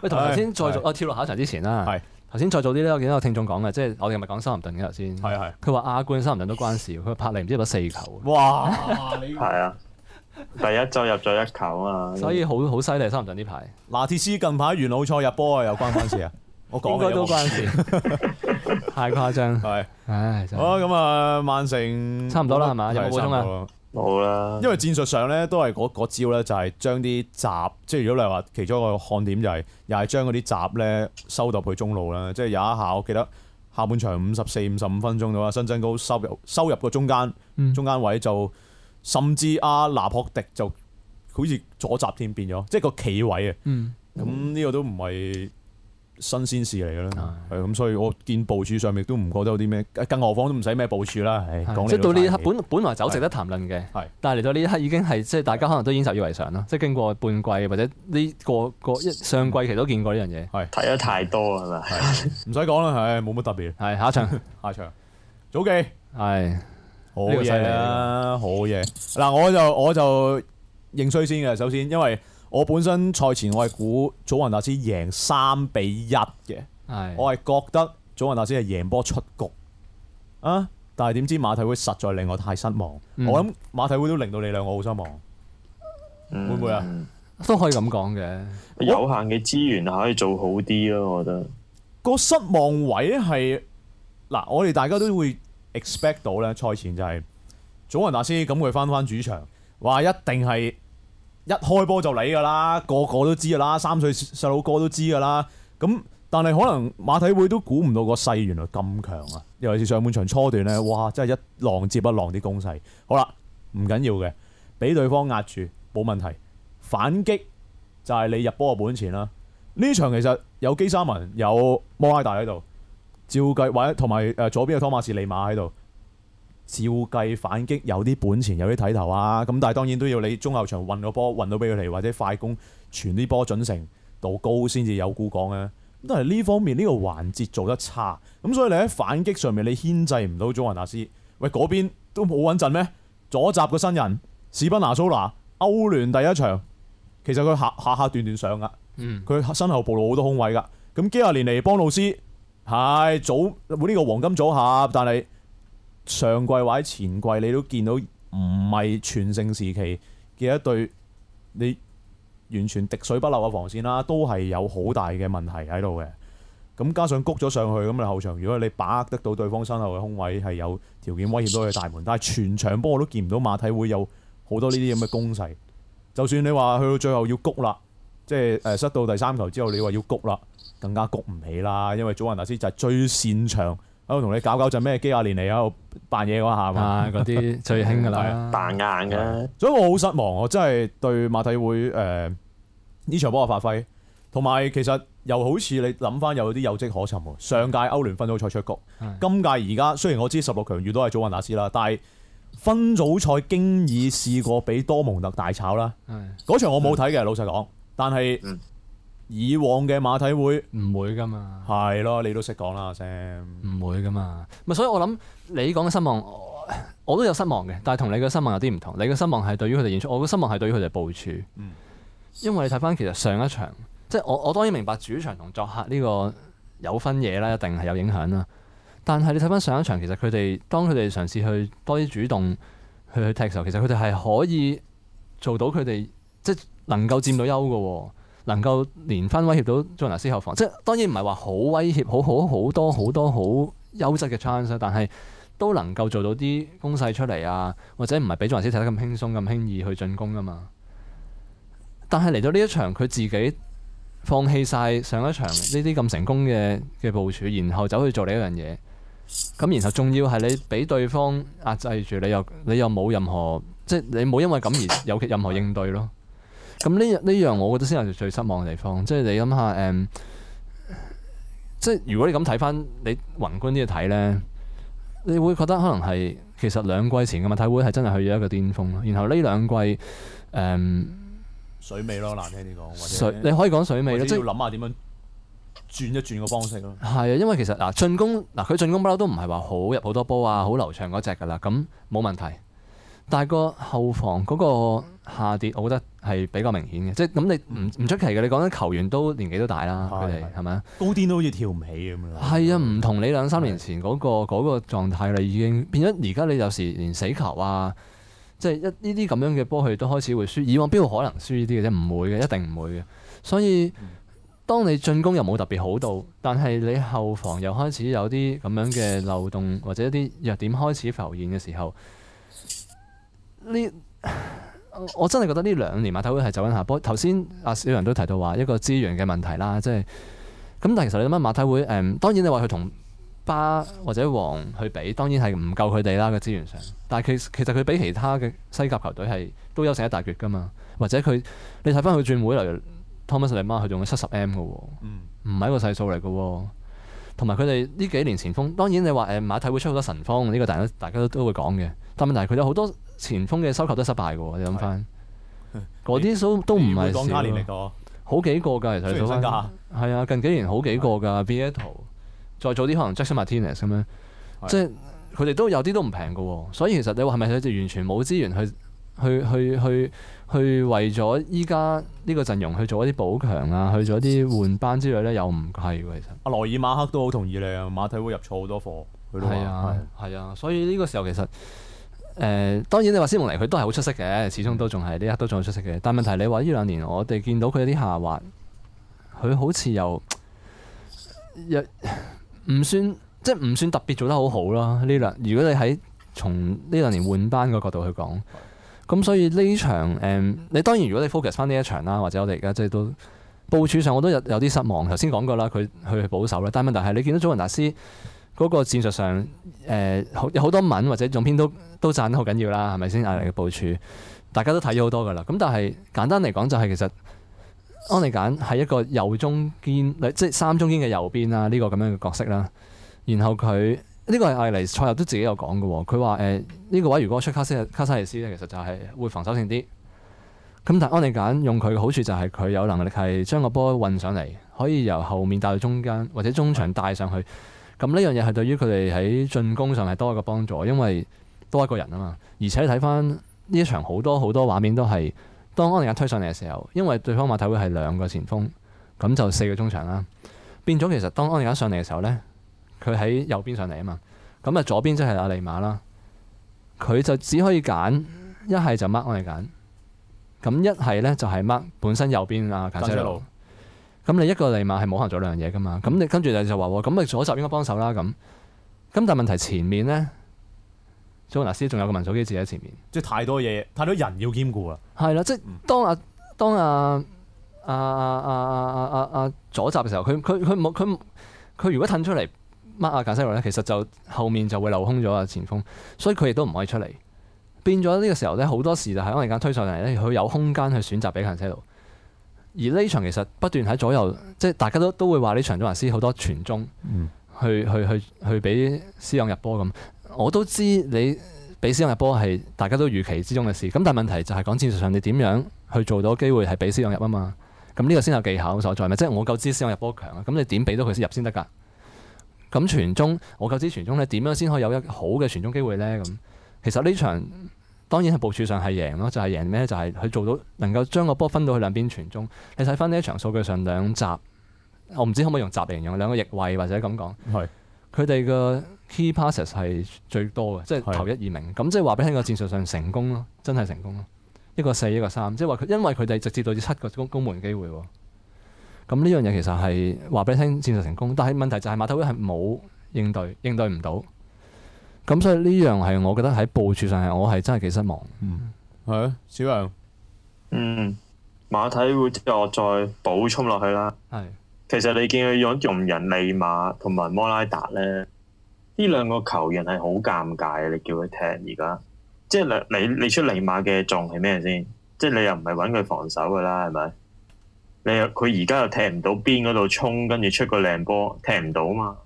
你頭先再做啊、哦？跳落考一之前啦，係頭先再做啲咧，我見到有聽眾講嘅，即係我哋咪講三林頓嘅頭先，係係。佢話亞冠三林頓都關事，佢拍嚟唔知攞四球。哇！係啊。第一周入咗一球啊嘛，所以好好犀利，三連準呢排。拿鐵師近排元老賽入波啊，又關關事啊， 我講應該都關事，太誇張。係是，唉、哎，好咁啊，曼城差唔多啦係嘛，是有冇補充啊？冇啦，了因為戰術上咧都係嗰招咧，就係將啲閘，即係如果你話其中一個看點就係、是，又係將嗰啲閘咧收到去中路啦，即、就、係、是、有一下我記得下半場五十四、五十五分鐘到啊，新增高收入收入個中間中間位就、嗯。甚至阿拿破迪就好似左閘添，變咗，即係個企位啊！咁呢個都唔係新鮮事嚟嘅啦。係咁，所以我見部署上面都唔覺得有啲咩，更何況都唔使咩部署啦。到呢刻，本本來就值得談論嘅，但係嚟到呢一刻已經係即係大家可能都已經習以為常啦。即係經過半季或者呢個個一上季期都見過呢樣嘢，睇得太多啦，唔使講啦，係冇乜特別。係下一場，下一場，祖記係。好嘢啦，好嘢！嗱，我就我就認衰先嘅。首先，因為我本身賽前我係估祖雲達斯贏三比一嘅，的我係覺得祖雲達斯係贏波出局啊！但係點知馬體會實在令我太失望，嗯、我諗馬體會都令到你兩個好失望，嗯、會唔會啊？都、嗯、可以咁講嘅，有限嘅資源可以做好啲咯，我覺得個失望位係嗱，我哋大家都會。expect 到咧，賽前就係祖雲達斯咁佢翻翻主場，話一定係一開波就嚟噶啦，個個都知噶啦，三歲細路哥都知噶啦。咁但係可能馬體會都估唔到個勢原來咁強啊！尤其是上半場初段咧，哇，真係一浪接一浪啲攻勢。好啦，唔緊要嘅，俾對方壓住冇問題，反擊就係你入波嘅本錢啦。呢場其實有基沙文有摩拉達喺度，照計或者同埋誒左邊嘅托馬士尼馬喺度照計反擊有啲本錢有啲睇頭啊！咁但係當然都要你中後場運個波運到俾佢嚟，或者快攻傳啲波準成度高先至有故講啊！咁但係呢方面呢個環節做得差，咁所以你喺反擊上面你牽制唔到祖雲達斯。喂，嗰邊都冇穩陣咩？左閘個新人史賓拿蘇拿歐聯第一場，其實佢下,下下下斷斷上噶、啊，佢、嗯、身後暴露好多空位噶。咁幾廿年嚟幫老師。係組呢個黃金組合，但係上季或者前季你都見到唔係全盛時期嘅一對，你完全滴水不漏嘅防線啦，都係有好大嘅問題喺度嘅。咁加上谷咗上去，咁你後場如果你把握得到對方身後嘅空位，係有條件威脅到佢嘅大門。但係全場波我都見唔到馬體會有好多呢啲咁嘅攻勢。就算你話去到最後要谷啦，即係誒失到第三球之後你，你話要谷啦。更加焗唔起啦，因為祖雲達斯就係最擅長喺度同你搞搞陣咩基亞連嚟喺度扮嘢嗰下嘛，嗰啲、啊、最興㗎啦，扮 硬嘅。所以我好失望，我真係對馬體會誒呢、呃、場波我發揮，同埋其實又好似你諗翻有啲有跡可尋喎。上屆歐聯分組賽出局，的今屆而家雖然我知十六強遇到係祖雲達斯啦，但係分組賽經已試過畀多蒙特大炒啦。嗰的的場我冇睇嘅，老實講，但係、嗯。以往嘅馬體會唔會噶嘛？係咯，你都識講啦 Sam 唔會噶嘛？咪所以我諗你講嘅失望我，我都有失望嘅，但係同你嘅失望有啲唔同。你嘅失望係對於佢哋演出，我嘅失望係對於佢哋部署。嗯。因為你睇翻其實上一場，即係我我當然明白主場同作客呢個有分嘢啦，一定係有影響啦。但係你睇翻上一場，其實佢哋當佢哋嘗試去多啲主動去去踢嘅時候，其實佢哋係可以做到佢哋即係能夠佔到優嘅喎。能夠連番威脅到眾拿斯後防，即係當然唔係話好威脅，好好好多好多好優質嘅 chance，但係都能夠做到啲攻勢出嚟啊，或者唔係俾眾拿斯踢得咁輕鬆、咁輕易去進攻㗎嘛。但係嚟到呢一場，佢自己放棄晒上一場呢啲咁成功嘅嘅部署，然後走去做呢一樣嘢。咁然後仲要係你俾對方壓制住，你又你又冇任何，即係你冇因為咁而有任何應對咯。咁呢？呢樣我覺得先係最失望嘅地方。即係你諗下，誒、嗯，即係如果你咁睇翻，你宏觀啲去睇呢，你會覺得可能係其實兩季前嘅問題會係真係去咗一個巔峰，然後呢兩季，嗯、水尾咯，難聽啲講，水你可以講水尾咯，即係要諗下點樣轉一轉個方式咯。係啊，因為其實嗱進攻嗱佢進攻不嬲都唔係話好入好多波啊，好、啊啊、流暢嗰隻噶啦，咁冇問題。但係個後防嗰、那個。下跌，我覺得係比較明顯嘅，即係咁你唔唔出奇嘅。你講緊球員都年紀都大啦，佢哋係咪啊？吧高啲都好似跳唔起咁樣。係啊，唔同你兩三年前嗰個嗰個狀態啦，已經變咗。而家你有時連死球啊，即係一呢啲咁樣嘅波，佢都開始會輸。以往邊度可能輸呢啲嘅啫？唔會嘅，一定唔會嘅。所以當你進攻又冇特別好到，但係你後防又開始有啲咁樣嘅漏洞，或者一啲弱點開始浮現嘅時候，呢？ 我真係覺得呢兩年馬體會係走緊下坡。頭先阿小陽都提到話一個資源嘅問題啦，即係咁。但其實你諗下，馬體會誒，當然你話佢同巴或者皇去比，當然係唔夠佢哋啦嘅資源上。但係其其實佢比其他嘅西甲球隊係都有成一大橛噶嘛。或者佢你睇翻佢轉會嚟 Thomas 利馬佢用咗七十 M 嘅喎，哦，唔係一個細數嚟嘅喎。同埋佢哋呢幾年前鋒，當然你話誒馬體會出好多神鋒，呢、這個大家大家都都會講嘅。但問題係佢有好多。前鋒嘅收購都失敗嘅你諗翻嗰啲都都唔係當年嚟個，好幾個㗎其實都係，係啊，近幾年好幾個㗎，Beto 再早啲可能 Jackson Martinez 咁樣，即係佢哋都有啲都唔平嘅喎，所以其實你話係咪佢哋完全冇資源去去去去去為咗依家呢個陣容去做一啲補強啊，去做一啲換班之類咧，又唔係喎其實。阿羅爾馬克都好同意你啊，馬體會入錯好多貨，佢都話係啊，所以呢個時候其實。誒、呃、當然你話施蒙尼佢都係好出色嘅，始終都仲係呢一刻都仲係出色嘅。但問題你話呢兩年我哋見到佢啲下滑，佢好似又又唔、呃、算即係唔算特別做得好好咯。呢兩如果你喺從呢兩年換班個角度去講，咁所以呢場誒、呃、你當然如果你 focus 翻呢一場啦，或者我哋而家即係都部署上我都有有啲失望。頭先講過啦，佢去保守啦，但問題係你見到祖雲達斯。嗰個戰術上，誒、呃、有好多文或者用片都都贊得好緊要啦，係咪先？艾莉嘅部署，大家都睇咗好多噶啦。咁但係簡單嚟講，就係其實安利簡係一個右中堅，即係三中堅嘅右邊啊，呢、這個咁樣嘅角色啦。然後佢呢、這個係艾莉賽入都自己有講嘅喎，佢話誒，呢個位如果出卡西卡西利斯呢，其實就係會防守性啲。咁但係安利簡用佢嘅好處就係佢有能力係將個波運上嚟，可以由後面帶到中間，或者中場帶上去。咁呢樣嘢係對於佢哋喺進攻上係多一個幫助，因為多一個人啊嘛。而且睇翻呢場好多好多畫面都係當安利雅推上嚟嘅時候，因為對方馬體會係兩個前鋒，咁就四個中場啦。變咗其實當安利雅上嚟嘅時候呢，佢喺右邊上嚟啊嘛，咁啊左邊即係阿利馬啦。佢就只可以揀一係就 mark 安利雅，咁一係呢就係 mark 本身右邊啊簡車路咁你一個利馬係冇可能做兩樣嘢噶嘛？咁你跟住就就話咁咪左閘應該幫手啦咁。咁但係問題前面咧，蘇納斯仲有個問手機己喺前面，即係太多嘢，太多人要兼顧啦。係啦，即係當阿、啊、當阿阿阿阿阿阿阿左閘嘅時候，佢佢佢冇佢佢如果騰出嚟乜阿格西洛咧，其實就後面就會漏空咗阿、啊、前鋒，所以佢亦都唔可以出嚟，變咗呢個時候咧好多時就係我哋而家推上嚟咧，佢有空間去選擇俾格西洛。而呢場其實不斷喺左右，即係大家都都會話呢場中華師好多傳中、嗯，去去去去俾思朗入波咁。我都知你俾思朗入波係大家都預期之中嘅事。咁但係問題就係講戰術上你點樣去做到機會係俾思朗入啊嘛？咁呢個先有技巧所在咪？即係我夠知思朗入波強啊，咁你點俾到佢先入先得㗎？咁傳中，我夠知傳中咧點樣先可以有一好嘅傳中機會呢？咁其實呢場。當然係部署上係贏咯，就係、是、贏咩？就係佢做到能夠將個波分到去兩邊傳中。你睇翻呢一場數據上兩閘，我唔知可唔可以用閘嚟形容兩個翼位或者咁講。係佢哋嘅 key passes 係最多嘅，即、就、係、是、頭一二名。咁是即係話俾你聽，個戰術上成功咯，真係成功咯。一個四，一個三，即係話佢因為佢哋直接導致七個攻攻門機會喎。咁呢樣嘢其實係話俾你聽戰術成功，但係問題就係馬體會係冇應對，應對唔到。咁所以呢樣係我覺得喺部署上係我係真係幾失望。嗯，係啊，小楊，嗯，馬體會我再補充落去啦。係是，其實你見佢用容人利馬同埋摩拉達咧，呢兩個球員係好尷尬啊！你叫佢踢而家，即係你你出利馬嘅仲係咩先？即係你又唔係搵佢防守噶啦，係咪？你又佢而家又踢唔到邊嗰度衝，跟住出個靚波踢唔到啊嘛？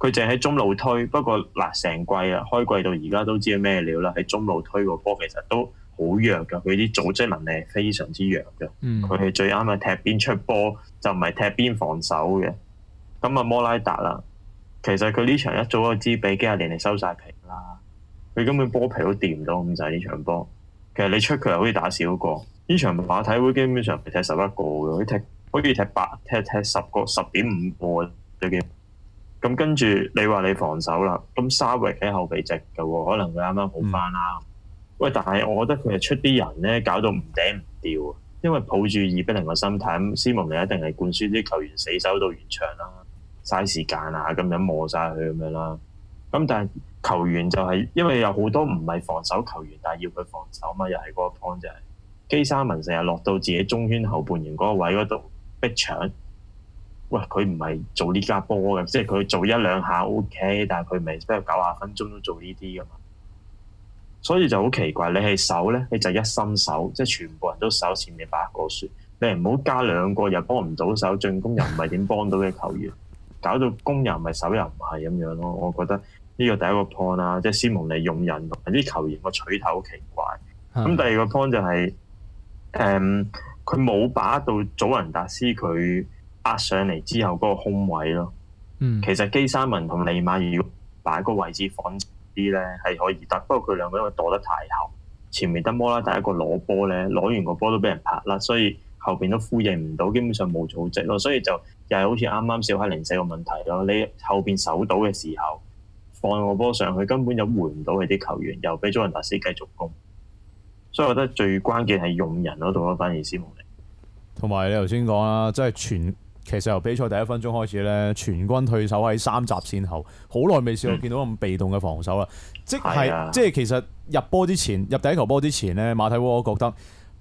佢淨喺中路推，不過嗱成季啦，開季到而家都知咩料啦。喺中路推個波其實都好弱噶，佢啲組織能力係非常之弱嘅。佢係、嗯、最啱係踢邊出波，就唔係踢邊防守嘅。咁、嗯、啊，摩拉達啦，其實佢呢場一早就知比幾廿年嚟收晒皮啦。佢根本波皮都掂唔到咁滯呢場波。其實你出佢係可以打少個，呢場馬體會基本上係踢十一個嘅，佢踢好似踢八，踢踢十個十點五個對咁跟住你話你防守啦，咁沙域喺後備席嘅喎，可能佢啱啱好返啦。嗯、喂，但係我覺得佢係出啲人咧，搞到唔頂唔掉，因為抱住二比零嘅心態，斯蒙尼一定係灌輸啲球員死守到完場啦，嘥時間啊，咁樣磨晒佢咁樣啦。咁但係球員就係、是、因為有好多唔係防守球員，但係要佢防守嘛，又係嗰個 point 就係、是、基沙文成日落到自己中圈後半圓嗰個位嗰度逼搶。喂，佢唔係做呢家波嘅，即係佢做一兩下 OK，但係佢唔係即係九十分鐘都做呢啲嘅嘛，所以就好奇怪。你係守咧，你就一心守，即係全部人都守前面八個選，你唔好加兩個又幫唔到手，進攻又唔係點幫到嘅球員，搞到攻又唔係，守又唔係咁樣咯。我覺得呢個第一個 point 啊，即係斯蒙尼用人同啲球員個取頭好奇怪。咁第二個 point 就係，誒、嗯，佢冇把到祖雲達斯佢。壓上嚟之後嗰個空位咯，嗯、其實基沙文同利馬如果擺個位置放啲咧，係可以得。不過佢兩個因為躲得太後，前面得摩拉特一個攞波咧，攞完個波都俾人拍甩，所以後邊都呼應唔到，基本上冇組織咯。所以就又係好似啱啱小黑零四個問題咯。你後邊守到嘅時候放個波上去，根本就回唔到佢啲球員，又俾祖雲達斯繼續攻。所以我覺得最關鍵係用人嗰度咯，班伊斯同埋你頭先講啦，即係全。其實由比賽第一分鐘開始咧，全軍退守喺三閘線後，好耐未試過見到咁被動嘅防守啦。即係即係，其實入波之前，入第一球波之前咧，馬體窩我覺得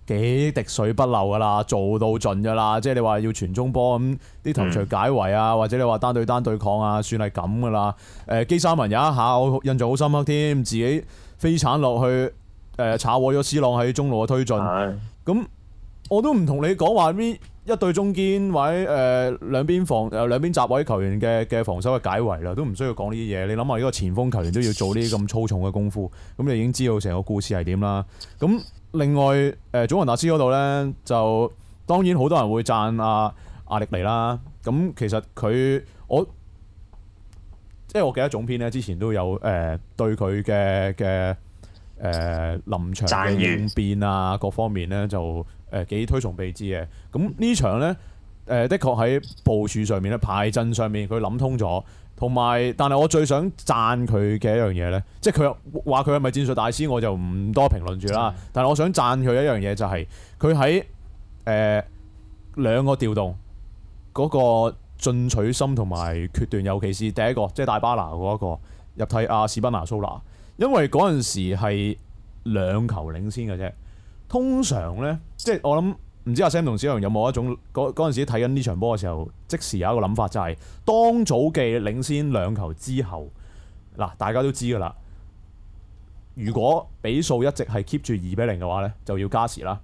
幾滴水不漏噶啦，做到盡噶啦。即係你話要傳中波咁，啲頭錘解圍啊，嗯、或者你話單對單對抗啊，算係咁噶啦。誒、呃，基沙文有一下我印象好深刻添，自己飛鏟落去誒、呃，炒和咗斯朗喺中路嘅推進，咁。嗯嗯嗯我都唔同你講話邊一對中堅，或者誒、呃、兩邊防誒、呃、兩邊閘位球員嘅嘅防守嘅解圍啦，都唔需要講呢啲嘢。你諗下，呢個前鋒球員都要做呢啲咁粗重嘅功夫，咁你已經知道成個故事係點啦。咁另外誒、呃，祖雲達斯嗰度咧，就當然好多人會讚阿阿力尼啦。咁其實佢我即係、就是、我記得總編咧，之前都有誒、呃、對佢嘅嘅誒臨場應變啊各方面咧就，誒幾推崇備至嘅，咁呢場呢，誒，的確喺部署上面咧、排陣上面，佢諗通咗。同埋，但係我最想讚佢嘅一樣嘢呢，即係佢話佢係咪戰術大師，我就唔多評論住啦。但係我想讚佢一樣嘢就係佢喺誒兩個調動嗰、嗰個進取心同埋決斷，尤其是第一個，即係大巴拿嗰、嗰、一個入替阿士班拿蘇拿，因為嗰陣時係兩球領先嘅啫。通常呢，即係我諗唔知阿 Sam 同小強有冇一種嗰嗰陣時睇緊呢場波嘅時候，即時有一個諗法，就係當早記領先兩球之後，嗱大家都知㗎啦。如果比數一直係 keep 住二比零嘅話呢，就要加時啦。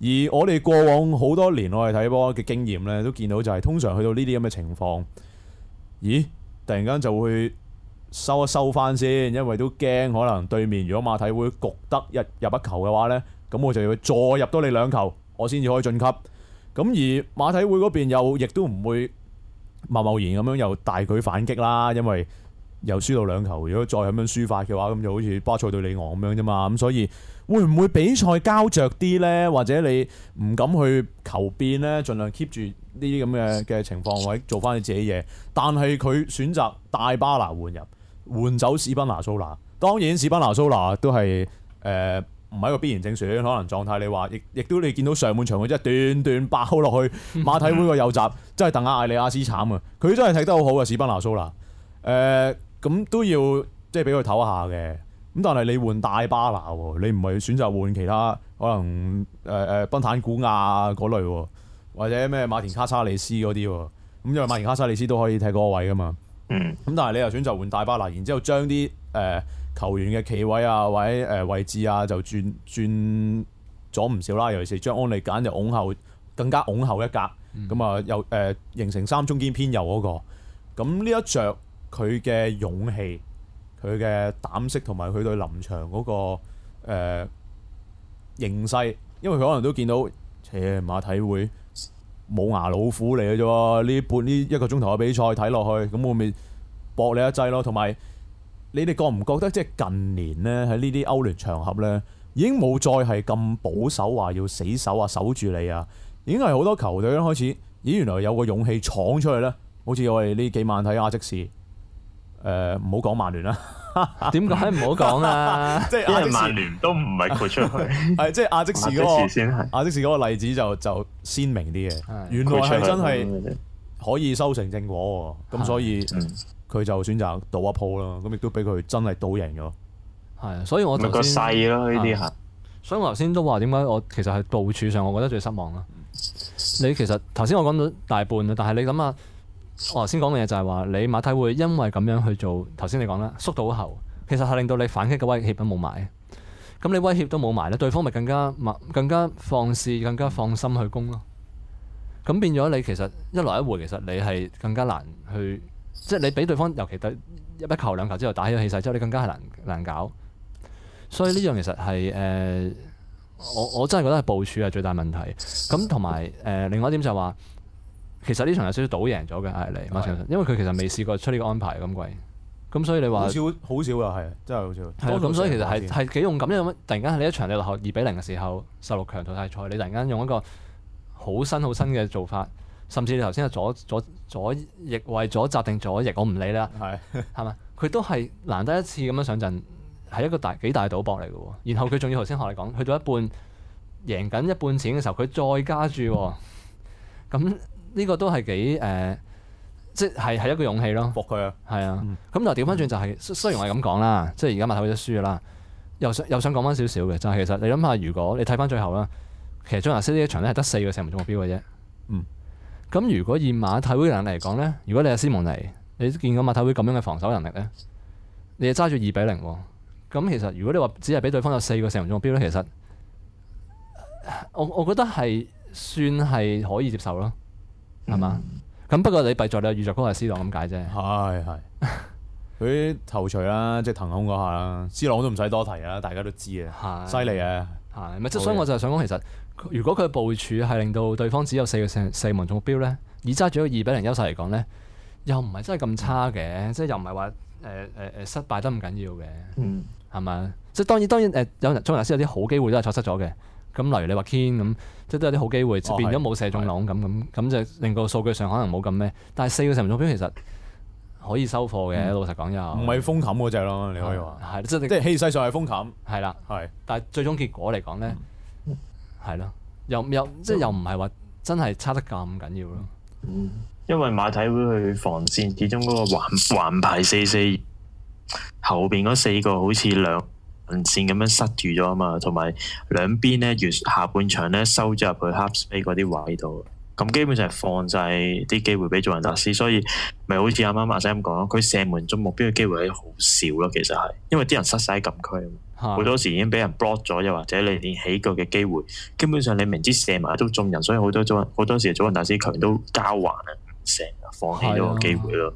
而我哋過往好多年我哋睇波嘅經驗呢，都見到就係通常去到呢啲咁嘅情況，咦？突然間就會收一收翻先，因為都驚可能對面如果馬體會焗得一入一球嘅話呢。咁我就要再入多你兩球，我先至可以晉級。咁而馬體會嗰邊又亦都唔會冒冒然咁樣又大舉反擊啦，因為又輸到兩球。如果再咁樣輸法嘅話，咁就好似巴塞對里昂咁樣啫嘛。咁所以會唔會比賽膠着啲呢？或者你唔敢去求變呢？盡量 keep 住呢啲咁嘅嘅情況，或者做翻你自己嘢。但係佢選擇大巴拿換入，換走史賓拿蘇拿。當然史賓拿蘇拿都係誒。呃唔係一個必然正選，可能狀態你，你話亦、亦都你見到上半場佢真係斷斷八爆落去 馬體會個右閘，真係戥阿艾利亞斯慘啊！佢真係踢得好好啊！史賓拿蘇拿誒，咁、呃、都要即係俾佢唞下嘅。咁但係你換大巴拿，你唔係選擇換其他可能誒、誒、呃呃、賓坦古亞嗰類，或者咩馬田卡沙里斯嗰啲，咁因為馬田卡沙里斯都可以踢嗰位噶嘛。咁但係你又選擇換大巴拿，然之後將啲誒。呃球員嘅企位啊，或者誒位置啊，就轉轉咗唔少啦。尤其是將安利簡就拱後，更加拱後一格。咁啊、嗯，又誒、呃、形成三中堅偏右嗰、那個。咁呢一着，佢嘅勇氣、佢嘅膽色同埋佢對臨場嗰、那個、呃、形勢，因為佢可能都見到邪、呃、馬體會冇牙老虎嚟嘅啫喎。呢半呢一個鐘頭嘅比賽睇落去，咁我咪搏你一劑咯，同埋。你哋覺唔覺得，即係近年咧喺呢啲歐聯場合咧，已經冇再係咁保守，啊，話要死守啊，守住你啊，已經係好多球隊開始，咦，原來有個勇氣闖出去咧，好似我哋呢幾晚睇阿積士，誒、呃，唔好講曼聯啦，點解唔好講啊？即係亞、那個啊、即士都唔係豁出去，係即係阿積士嗰個例子就就鮮明啲嘅，的原來係真係可以修成正果，咁所以的。佢就選擇賭一鋪啦，咁亦都俾佢真係賭贏咗。係、嗯、啊，所以我頭個勢咯呢啲嚇。所以我頭先都話點解我其實係部署上，我覺得最失望啦。你其實頭先我講咗大半啦，但係你諗下，我頭先講嘅嘢就係話你馬體會因為咁樣去做，頭先你講啦，縮到後，其實係令到你反擊嘅威脅都冇埋。咁你威脅都冇埋咧，對方咪更加更加放肆、更加放心去攻咯。咁變咗你其實一來一回，其實你係更加難去。即係你俾對方，尤其得一球兩球之後打起氣勢之後，你更加係難難搞。所以呢樣其實係誒、呃，我我真係覺得係部署係最大問題。咁同埋誒，另外一點就係話，其實呢場有少少賭贏咗嘅係你，馬的因為佢其實未試過出呢個安排咁貴。咁所以你話好少，好少啊，係真係好少。咁所以其實係係幾勇敢，因為突然間呢一場你落後二比零嘅時候，十六強淘汰賽，你突然間用一個好新好新嘅做法。甚至你頭先係咗左翼為咗集定咗，翼，我唔理啦，係嘛？ 佢都係難得一次咁樣上陣，係一個大幾大賭博嚟嘅。然後佢仲要頭先學你講，去到一半贏緊一半錢嘅時候，佢再加注，咁呢、嗯、個都係幾誒、呃，即係係一個勇氣咯。搏佢啊！係啊！咁又調翻轉就係、是，雖然我係咁講啦，即係而家馬頭已經輸啦，又想又想講翻少少嘅，就係、是、其實你諗下，如果你睇翻最後啦，其實中華西呢場咧係得四個射門中目標嘅啫，嗯。咁如果以馬體會能力嚟講咧，如果你係斯蒙尼，你見過馬體會咁樣嘅防守能力咧，你揸住二比零，咁其實如果你話只係俾對方有四個射門中目標咧，其實我我覺得係算係可以接受咯，係嘛？咁、嗯、不過你弊在你有預兆哥係 C 朗咁解啫，係係佢頭槌啦，即、就、係、是、騰空嗰下啦，C 朗都唔使多提啦，大家都知啊，犀利啊，係咪？即係所以我就想講其實。如果佢部署係令到對方只有四個射門中目標咧，以揸住一個二比零優勢嚟講咧，又唔係真係咁差嘅，即係又唔係話誒誒誒失敗得唔緊要嘅，嗯，係嘛？即係當然當然誒，有中日先有啲好機會都係錯失咗嘅。咁例如你話 Ken 咁，即係都有啲好機會變咗冇射中籠咁咁咁就令個數據上可能冇咁咩。但係四個射門中目標，其實可以收貨嘅，老實講又唔係封冚嗰只咯，你可以話係即係即係氣勢上係封冚係啦，係。但係最終結果嚟講咧。係咯，又又即係又唔係話真係差得咁緊要咯。嗯，因為馬體會去防線，始終嗰個環環排四四後邊嗰四個好似兩線咁樣塞住咗啊嘛，同埋兩邊咧，越下半場咧收咗入去 half space 嗰啲位度，咁基本上係放晒啲機會俾做人達斯，所以咪好似啱啱阿 sam 講，佢射門中目標嘅機會好少咯，其實係，因為啲人塞晒喺禁區。好多時已經俾人 block 咗，又或者你連起腳嘅機會，基本上你明知射埋都中人，所以好多組好多時祖雲達斯強都交還啊，成日放棄呢個機會咯。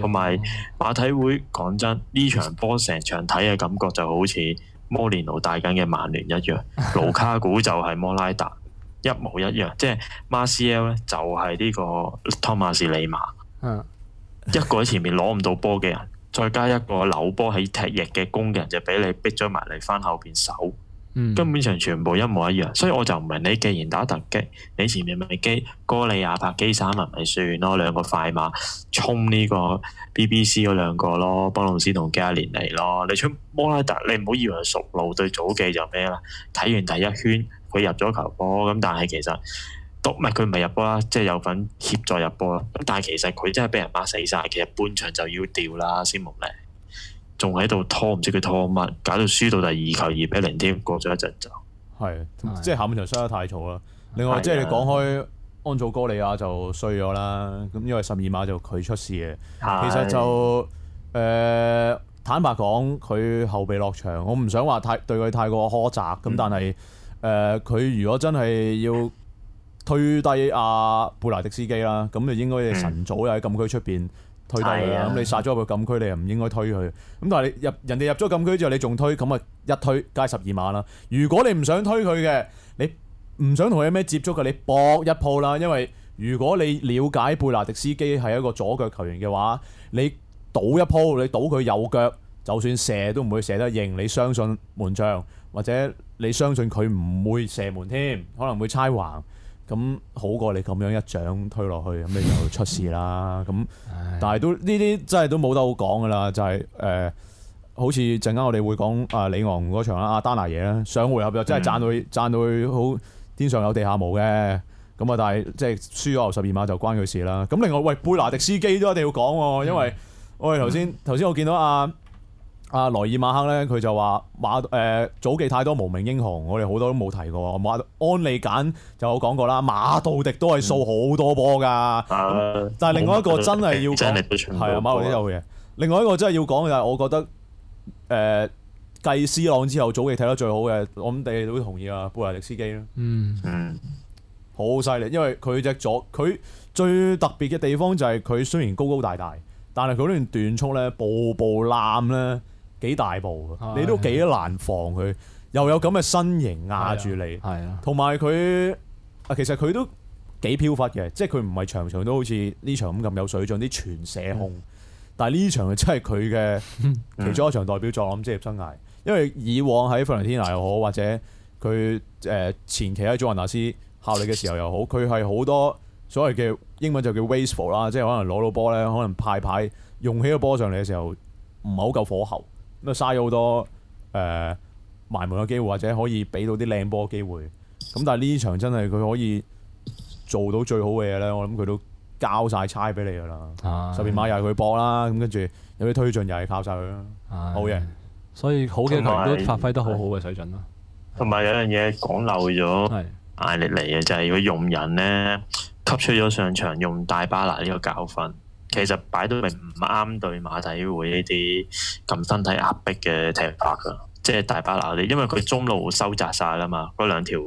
同埋馬體會講真，呢場波成場睇嘅感覺就好似摩連奴帶緊嘅曼聯一樣，盧卡古就係摩拉達， 一模一樣。即係 Martial 咧，就係呢個托馬斯利馬，一個喺前面攞唔到波嘅人。再加一個扭波喺踢翼嘅工人，就俾你逼咗埋嚟翻後邊守。嗯，根本上全部一模一樣，所以我就唔明你既然打突擊，你前面咪基哥利亞拍基沙文咪算咯。兩個快馬衝呢個 B B C 嗰兩個咯，波魯斯同加連尼咯。你出摩拉特，你唔好以為熟路對早記就咩啦。睇完第一圈佢入咗球波咁，但係其實。讀唔係佢唔係入波啦，即係有份協助入波啦。咁但係其實佢真係俾人打死晒，其實半場就要掉啦，先冇命，仲喺度拖唔知佢拖乜，搞到輸到第二球二比零添。過咗一陣就係即係下半場衰得太嘈啦。另外即係你講開安祖哥利亞就衰咗啦。咁因為十二碼就佢出事嘅，其實就誒坦白講佢後備落場，我唔想話太對佢太過苛責咁，嗯、但係誒佢如果真係要推低阿貝拿迪斯基啦，咁就應該晨早又喺禁區出邊推低佢啦。咁你殺咗佢禁區，你又唔應該推佢。咁但係你入人哋入咗禁區之後，你仲推咁啊？一推皆十二碼啦。如果你唔想推佢嘅，你唔想同佢咩接觸嘅，你搏一鋪啦。因為如果你了解貝拿迪斯基係一個左腳球員嘅話，你賭一鋪，你賭佢右腳，就算射都唔會射得贏。你相信門將，或者你相信佢唔會射門添，可能會猜橫。咁好過你咁樣一掌推落去，咁你就出事啦。咁唉 但係都呢啲真係都冇得好講噶啦，就係、是、誒、呃，好似陣間我哋會講啊李昂嗰場啦，阿、啊、丹拿爺啦，上回合又真係讚到、嗯、讚到佢好天上有地下冇嘅，咁啊但係即係輸咗十二碼就關佢事啦。咁另外喂，貝拿迪斯基都一定要講、哦，因為我哋頭先頭先我見到阿、啊。阿羅爾馬克咧，佢就話馬誒，祖、呃、記太多無名英雄，我哋好多都冇提過。馬安利簡就有講過啦，馬杜迪都係掃好多波噶。嗯、但係另外一個真係要講係啊，馬杜迪，迪有嘅。啊、另外一個真係要講就係，我覺得誒繼 C 朗之後，祖記睇得最好嘅，我諗你哋都會同意啊。布萊迪斯基咧、嗯，嗯，好犀利，因為佢只左佢最特別嘅地方就係佢雖然高高大大，大，但係佢呢段短速咧，步步攬咧。呢呢呢呢呢幾大步嘅，的你都幾難防佢，又有咁嘅身形壓住你，同埋佢啊，其實佢都幾飄忽嘅，即係佢唔係場場都好似呢場咁咁有水準，像啲全射控。的但係呢場真係佢嘅其中一場代表作咁職業生涯，的的因為以往喺費倫天拿又好，或者佢誒前期喺祖雲達斯效力嘅時候又好，佢係好多所謂嘅英文就叫 wasteful 啦，即係可能攞到波咧，可能派派用起個波上嚟嘅時候唔係好夠火候。都嘥咗好多誒、呃、埋門嘅機會，或者可以俾到啲靚波機會。咁但係呢場真係佢可以做到最好嘅嘢咧，我諗佢都交晒差俾你㗎啦。十二碼又係佢博啦，咁跟住有啲推進又係靠晒佢啦。是好嘅棒，所以好幾球有都發揮得好好嘅水準啦。同埋有樣嘢講漏咗，艾力嚟嘅就係如果用人咧，吸取咗上場用大巴拿呢個教訓。其實擺到明唔啱對馬體會呢啲咁身體壓迫嘅踢法㗎，即係大巴拿你因為佢中路收窄晒啦嘛，嗰兩條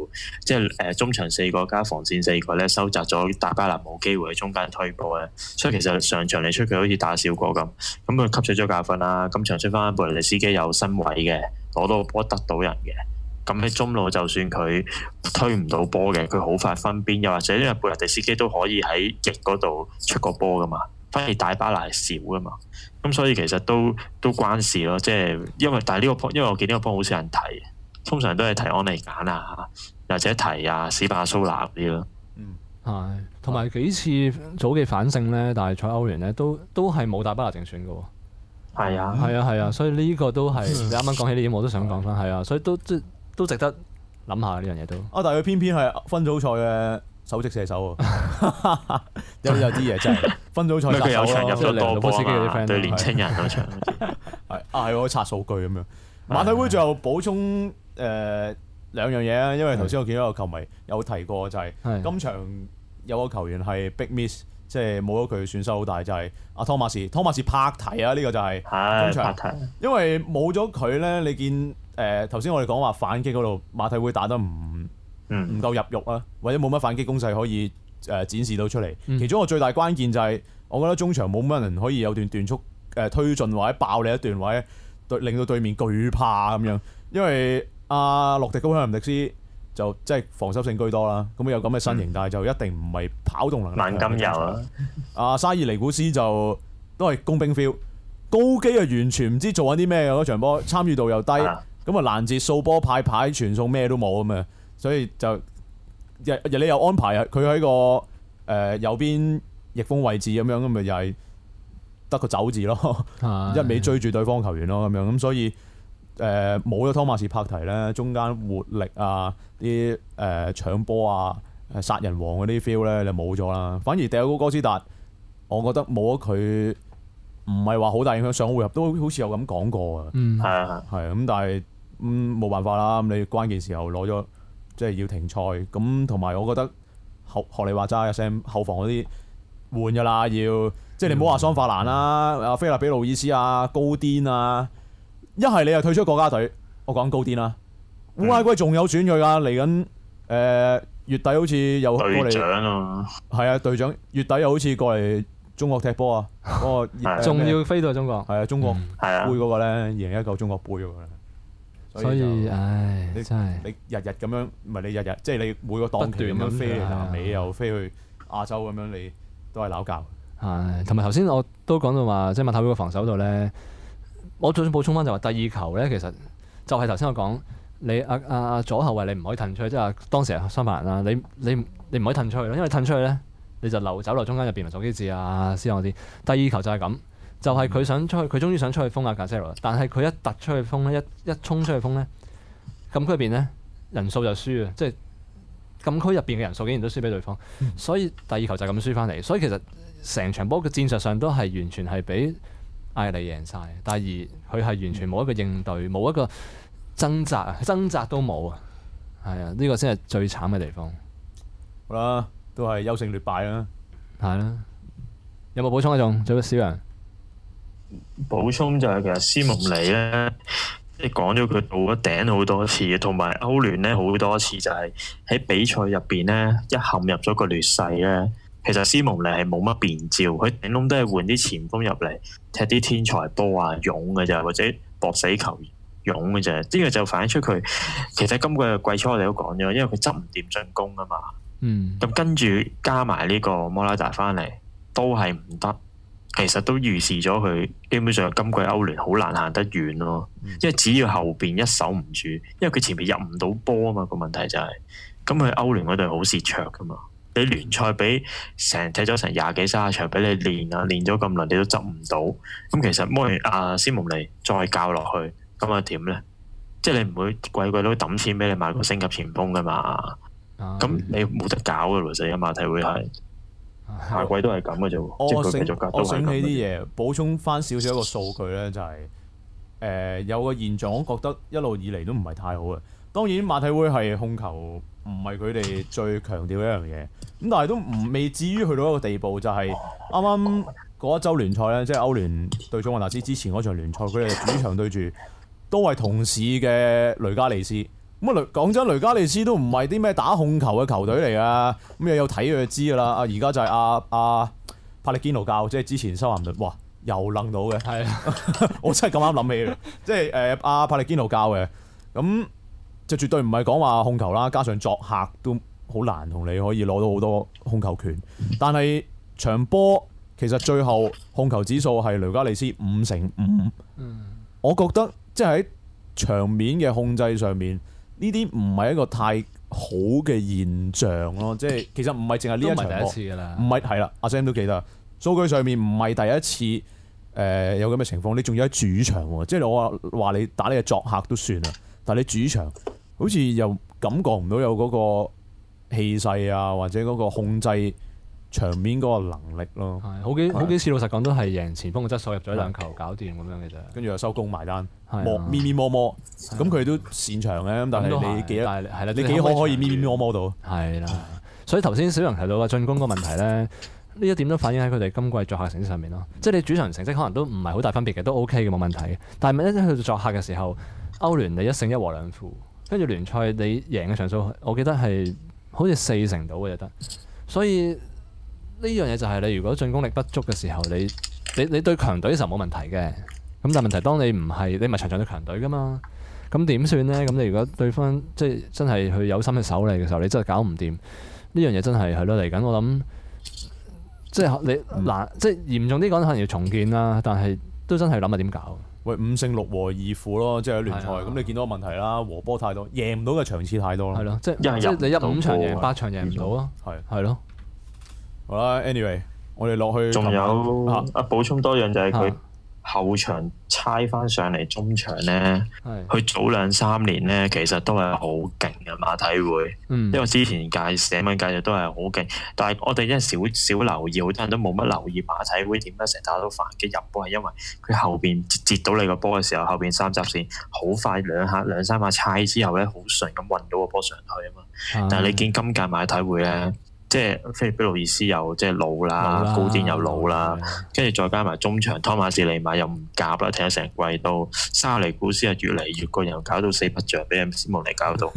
即係誒中場四個加防線四個咧收窄咗，大巴拿冇機會喺中間推波咧。所以其實上場嚟出佢好似打少個咁，咁、嗯、佢吸取咗教訓啦。今場出翻一部人斯基有身位嘅，攞到波得到人嘅。咁、嗯、喺中路就算佢推唔到波嘅，佢好快分邊，又或者因為部人哋斯基都可以喺翼嗰度出個波噶嘛。反而大巴黎係少啊嘛，咁所以其實都都關事咯，即係因為但係、這、呢個波，因為我見呢個波好少人睇，通常都係提安利揀啊，或者提啊史巴蘇拿嗰啲咯。嗯，係，同埋幾次早嘅反勝咧，但係在歐聯咧都都係冇大巴黎淨選嘅，係啊，係啊，係 啊，啊，所以呢個都係你啱啱講起呢點，我都想講翻，係啊，所以都即都值得諗下呢樣嘢都。啊，但係佢偏偏係分組賽嘅。首席射手啊， 有有啲嘢真係分組賽。佢 有場入咗助攻，對年青人嗰場，係 啊係我查數據咁樣。 馬體會最後補充誒、呃、兩樣嘢啊，因為頭先我見到個球迷有提過就係、是，今場有個球員係 big miss，即係冇咗佢，損失好大，就係阿湯馬士。湯馬士柏迪啊，呢、啊這個就係今場， 因為冇咗佢咧，你見誒頭先我哋講話反擊嗰度馬體會打得唔。唔夠入肉啊，或者冇乜反擊攻勢可以誒展示到出嚟。嗯、其中一個最大關鍵就係，我覺得中場冇乜人可以有段段速誒推進或者爆你一段位，令到對面懼怕咁樣。因為阿、啊、洛迪高香林迪斯就即係、就是、防守性居多啦，咁有咁嘅身形，嗯、但係就一定唔係跑動能力慢金油啦。阿、啊啊、沙爾尼古斯就都係攻兵 feel，高機啊完全唔知做緊啲咩嗰場波，參與度又低，咁啊攔截掃波派牌傳送咩都冇吖嘛。所以就日日你有安排啊，佢喺個誒、呃、右邊逆風位置咁樣咁，咪又係得個走字咯，是的 一味追住對方球員咯咁樣咁，所以誒冇咗湯馬士柏提咧，中間活力啊啲誒、呃、搶波啊誒殺人王嗰啲 feel 咧就冇咗啦。反而掉咗個哥斯達，我覺得冇咗佢唔係話好大影響，上回合都好似有咁講過啊，係啊係啊咁，但係嗯冇辦法啦。咁你關鍵時候攞咗。即係要停賽，咁同埋我覺得 Sam, 後學你話齋，嘅聲後防嗰啲換噶啦，要即係你唔好話桑法蘭啦、啊，阿、嗯啊、菲拉比路伊斯啊，高顛啊，一係你又退出國家隊，我講高顛啦、啊，烏拉圭仲有轉佢噶嚟緊，誒、呃、月底好似又過嚟。隊長啊,、嗯、啊，係啊，隊長月底又好似過嚟中國踢波啊，哦， 仲要飛到中國，係啊，中國係啊，杯嗰個咧贏一九中國杯啊、那個。所以，唉，真係你日日咁樣，唔係你日日，即係你每個檔期咁樣飛去南美，你的又飛去亞洲咁樣，你都係鬧交。唉，同埋頭先我都講到話，即係馬塔喺個防守度咧，我仲想補充翻就話、是、第二球咧，其實就係頭先我講你阿、啊、阿、啊、左後衞你唔可以褪出去，即係話當時啊桑巴人啊，你你你唔可以褪出去咯，因為褪出去咧你就留走落中間入邊埋左基治啊斯朗嗰啲。第二球就係咁。就係佢想出去，佢終於想出去封阿格斯羅。但係佢一突出去封咧，一一衝出去封咧，禁區入邊咧人數就輸啊，即係禁區入邊嘅人數竟然都輸俾對方，所以第二球就咁輸翻嚟。所以其實成場波嘅戰術上都係完全係俾艾利贏晒。第二，佢係完全冇一個應對，冇、嗯、一個掙扎啊，掙扎都冇啊，係啊，呢個先係最慘嘅地方。好啦，都係優勝劣敗啊。係啦。有冇補充一？仲仲有少人？補充就係其實斯蒙尼咧，即係講咗佢到咗頂好多次，同埋歐聯咧好多次就係喺比賽入邊咧一陷入咗個劣勢咧，其實斯蒙尼係冇乜變招，佢頂籠都係換啲前鋒入嚟踢啲天才波啊，勇嘅啫，或者搏死球勇嘅啫。呢個就反映出佢其實今個季初我哋都講咗，因為佢執唔掂進攻啊嘛。嗯。咁跟住加埋呢個摩拉達翻嚟都係唔得。其實都預示咗佢，基本上今季歐聯好難行得遠咯、啊。嗯、因為只要後邊一手唔住，因為佢前面入唔到波啊嘛，個問題就係、是，咁佢歐聯嗰隊好涉卓噶嘛。你聯賽俾成踢咗成廿幾三十場俾你練啦，練咗咁耐，你都執唔到。咁其實摸完阿、啊、斯蒙尼再教落去，咁啊點呢？即係你唔會季季都抌錢俾你買個星級前鋒噶嘛？咁、嗯、你冇得搞嘅羅西啊馬，體會係。下季都係咁嘅啫。我醒即係我醒起啲嘢，補充翻少少一個數據咧、就係，就係誒有個現象，我覺得一路以嚟都唔係太好嘅。當然馬體會係控球，唔係佢哋最強調嘅一樣嘢。咁但係都唔未至於去到一個地步，就係啱啱嗰一週聯賽咧，即係歐聯對祖雲達斯之前嗰場聯賽，佢哋主場對住都係同市嘅雷加利斯。咁啊！講真，雷加利斯都唔係啲咩打控球嘅球隊嚟啊。咁又有睇，佢就知噶啦、啊。啊，而家就係阿阿帕利堅奴教，即係之前收唔到，哇，又能到嘅係。 我真係咁啱諗起， 即係誒阿帕利堅奴教嘅，咁就絕對唔係講話控球啦。加上作客都好難同你可以攞到好多控球權，但係場波其實最後控球指數係雷加利斯五成五。嗯，我覺得即係喺場面嘅控制上面。呢啲唔係一個太好嘅現象咯，即係其實唔係淨係呢一場，唔係係啦，阿 Sam 都記得數據上面唔係第一次誒、呃、有咁嘅情況，你仲要喺主場喎，即係我話話你打你係作客都算啦，但係你主場好似又感覺唔到有嗰個氣勢啊，或者嗰個控制場面嗰個能力咯、啊，好幾好幾次，的老實講都係贏前鋒嘅質素入咗兩球搞掂咁樣嘅啫，跟住的又收工埋單。莫咪咪摸摸，咁佢、嗯、都擅長嘅。咁但係你幾多？係啦，你幾可可以咪咪摸摸到？係啦、嗯， 所以頭先小明提到嘅進攻個問題咧，呢一點都反映喺佢哋今季作客成績上面咯。即係你主場成績可能都唔係好大分別嘅，都 OK 嘅冇問題嘅。但係一去到作客嘅時候，歐聯你一勝一和兩負，跟住聯賽你贏嘅場數，我記得係好似四成到嘅就得。所以呢樣嘢就係你如果進攻力不足嘅時候，你你你對強隊就冇問題嘅。咁但係問題，當你唔係你咪場場都強隊噶嘛？咁點算呢？咁你如果對方即係真係去有心去守你嘅時候，你真係搞唔掂呢樣嘢，真係係咯嚟緊。我諗即係你嗱，即係嚴重啲講，可能要重建啦。但係都真係諗下點搞？喂，五勝六和二負咯，即係聯賽。咁你見到個問題啦，和波太多，贏唔到嘅場次太多啦。係咯，即係一五場贏，八場贏唔到咯。係係咯。好啦，anyway，我哋落去。仲有啊，補充多樣就係佢。後場差翻上嚟，中場呢佢，的早兩三年呢，其實都係好勁嘅馬體會，嗯、因為之前屆寫文屆亦都係好勁，但係我哋因為少少留意，好多人都冇乜留意馬體會點解成日都反擊入波，係因為佢後邊接到你個波嘅時候，後邊三集線好快兩下兩三下猜之後呢，好順咁運到個波上去啊嘛，但係你見今屆馬體會呢。的即係菲比路易斯又即係老啦，古典吧又老啦，跟住吧再加埋中場湯吧馬士利馬又唔夾啦，踢咗成季到沙利古斯又越嚟越個人，搞到四不像俾人斯莫尼搞到，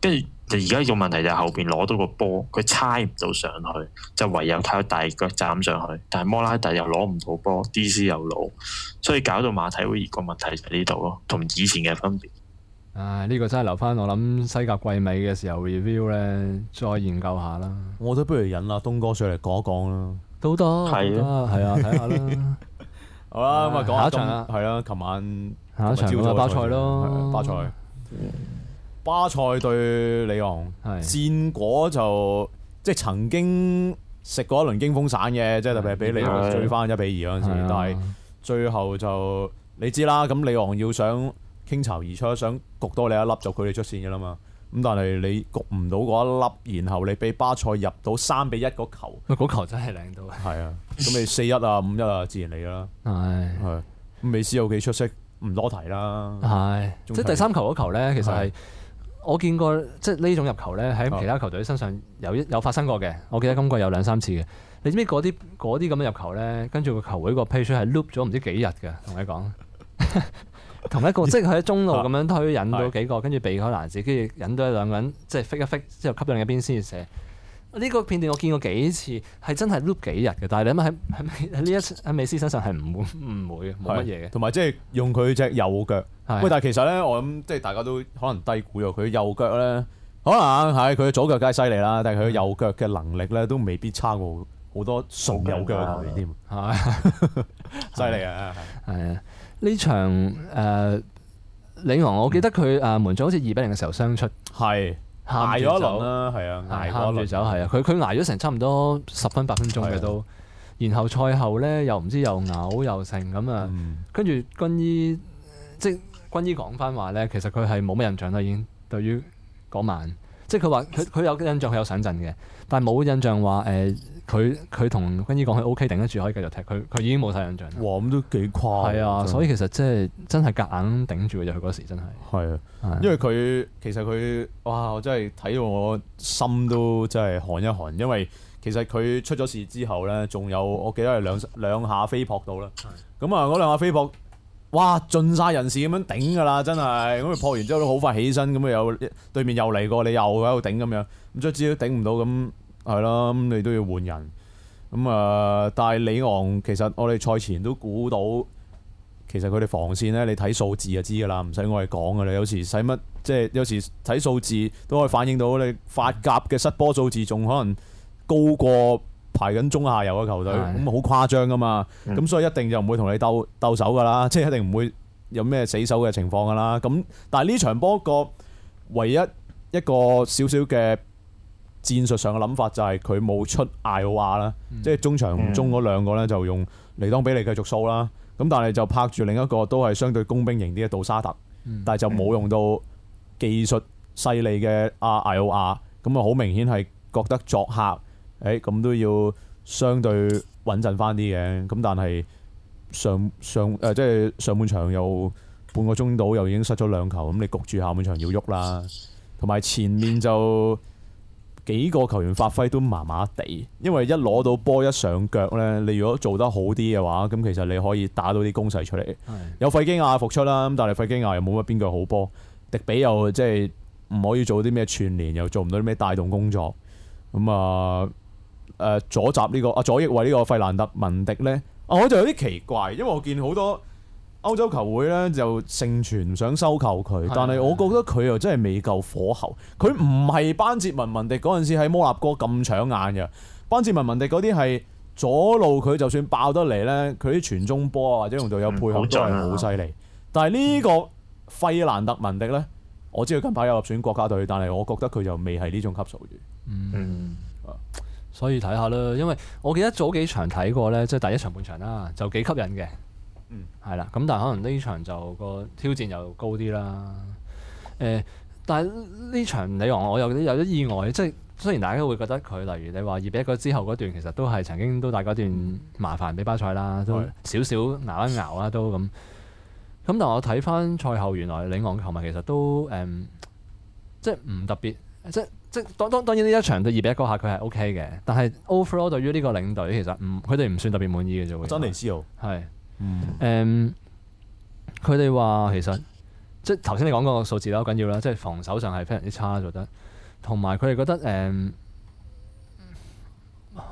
跟住而家個問題就係後邊攞到個波，佢猜唔到上去，就唯有靠大腳斬上去，但係摩拉特又攞唔到波，D.C. 又老，所以搞到馬體會個問題就係呢度咯，同以前嘅分別。唉，呢、啊這個真係留翻我諗西甲季尾嘅時候 review 咧，再研究下啦。我都不如引阿、啊、東哥上嚟講講咯，都得係啊，係啊，睇下啦。好啦，咁啊，下一場啊，係啦，琴晚下一場啊，巴塞咯，巴塞，咯巴塞。對巴塞對李昂，戰果就即係曾經食過一輪驚風散嘅，即係的特別係俾李昂追翻一比二嗰陣時，的但係最後就你知啦，咁李昂要想。傾巢而出，想焗多你一粒就佢哋出線嘅啦嘛。咁但係你焗唔到嗰一粒，然後你俾巴塞入到三比一個球，嗰球真係靚到。係啊，咁你四一啊、 五一啊，自然嚟啦。係唉。係。美斯有幾出色，唔多提啦。係唉。是即係第三球嗰球咧，其實係是我見過，即係呢種入球咧，喺其他球隊身上有一有發生過嘅。啊、我記得今季有兩三次嘅。你知唔知嗰啲啲咁嘅入球咧？跟住個球會個批書係 loop 咗唔知幾日嘅，同你講。 同一個，即係喺中路咁樣推引到幾個，跟住避開男子，跟住引到一兩個人，即係 fit 一 fit 之後吸引一邊先至射。呢、呢個片段我見過幾次，係真係 loop 幾日嘅。但係你諗喺喺呢一喺美斯身上係唔會唔會冇乜嘢嘅。同埋即係用佢隻右腳。喂、啊，但係其實咧，我諗即係大家都可能低估咗佢右腳咧。可能係佢左腳梗係犀利啦，但係佢右腳嘅能力咧都未必差過好多純右腳佢添。係犀利啊！係啊。 呢場誒，里、呃、昂我記得佢誒、呃、門將好似二比零嘅時候傷出，係捱咗一輪啦，係啊，捱住走係啊，佢佢捱咗成差唔多十分八分鐘嘅都，啊、然後賽後咧又唔知又嘔又剩咁啊，跟住、嗯、軍醫即係軍醫講翻話咧，其實佢係冇乜印象啦，已經對於嗰晚，即係佢話佢佢有印象，佢有上陣嘅，但係冇印象話誒。呃佢佢同軍醫講佢 OK 頂得住可以繼續踢，佢佢已經冇晒印象。哇！咁都幾誇。係啊，對所以其實即係真係夾硬頂住佢入去嗰時真，真係的。係啊的，因為佢其實佢哇！我真係睇到我心都真係寒一寒，因為其實佢出咗事之後咧，仲有我記得係兩兩下飛撲到啦。咁啊的，嗰兩下飛撲，哇！盡晒人事咁樣頂㗎啦，真係。咁佢撲完之後都好快起身，咁又對面又嚟過你又喺度頂咁樣，咁一招頂唔到咁。係咯，咁你都要換人，咁、嗯、啊！但係里昂其實我哋賽前都估到，其實佢哋防線咧，你睇數字就知噶啦，唔使我哋講噶啦。有時使乜即係，就是、有時睇數字都可以反映到你，法甲嘅失波數字仲可能高過排緊中下游嘅球隊，咁好誇張噶嘛！咁的所以一定就唔會同你鬥鬥手噶啦，即、就、係、是、一定唔會有咩死手嘅情況噶啦。咁但係呢場波個唯一一個少少嘅。戰術上嘅諗法就係佢冇出艾奧亞啦，即係中場中嗰兩個咧就用嚟當比利繼續掃啦。咁、嗯、但係就拍住另一個都係相對工兵型啲嘅杜沙特，嗯、但係就冇用到技術犀利嘅阿艾奧亞。咁啊，好明顯係覺得作客誒咁、欸、都要相對穩陣翻啲嘅。咁但係上上誒即係上半場又半個鐘到又已經失咗兩球，咁你焗住下半場要喐啦，同埋前面就。 幾個球員發揮都麻麻地，因為一攞到波一上腳呢，你如果做得好啲嘅話，咁其實你可以打到啲攻勢出嚟。有費基亞復出啦，咁但係費基亞又冇乜邊個好波，迪比又即係唔可以做啲咩串聯，又做唔到啲咩帶動工作，咁、嗯、啊誒左閘呢、呢個啊左翼位呢個費蘭特文迪咧、啊，我就有啲奇怪，因為我見好多。歐洲球會咧就盛傳想收購佢，是的 但係我覺得佢又真係未夠火候。佢唔係班哲文文迪嗰陣時喺摩納哥咁搶眼嘅，班哲文文迪嗰啲係左路佢就算爆得嚟，咧，佢啲傳中波啊，或者用到有配合真係好犀利。嗯啊，但係呢個費蘭特文迪咧，我知道近排有入選國家隊，但係我覺得佢就未係呢種級數嘅。嗯，的所以睇下啦，因為我記得早幾場睇過咧，即、就、係、是、第一場半場啦，就幾吸引嘅。係啦，咁但係可能呢場就、個挑戰又高啲啦。誒、欸，但係呢場你昂，我有啲有啲意外，即係雖然大家會覺得佢，例如你話二比一嗰之後嗰段，其實都係曾經都帶嗰段麻煩俾巴塞啦，都少少咬一咬啦都咁。咁但我睇翻賽後，原來李昂球迷其實都誒、嗯，即係唔特別，即即當當當然呢一場對二比一嗰下佢係 O K 嘅，但係 overall 對於呢個領隊其實唔，佢哋唔算特別滿意嘅啫喎。誒，佢哋話其實即係頭先你講個數字咧好緊要啦，即係防守上係非常之差，覺得同埋佢哋覺得誒，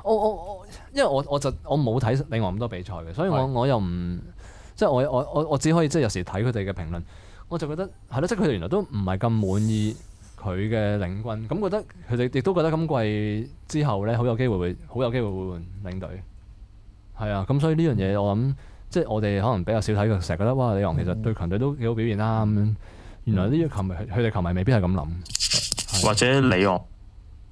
我我我因為我我就我冇睇另外咁多比賽嘅，所以我我又唔即係我我我我只可以即係有時睇佢哋嘅評論，我就覺得係咯，即係佢哋原來都唔係咁滿意佢嘅領軍，咁覺得佢哋亦都覺得今季之後呢，好有機會會好有機會會換領隊係啊。咁所以呢樣嘢我諗。嗯即係我哋可能比較少睇佢，成日覺得哇里昂其實對強隊都幾好表現啦咁樣。嗯、原來啲球迷佢哋球迷未必係咁諗，或者里昂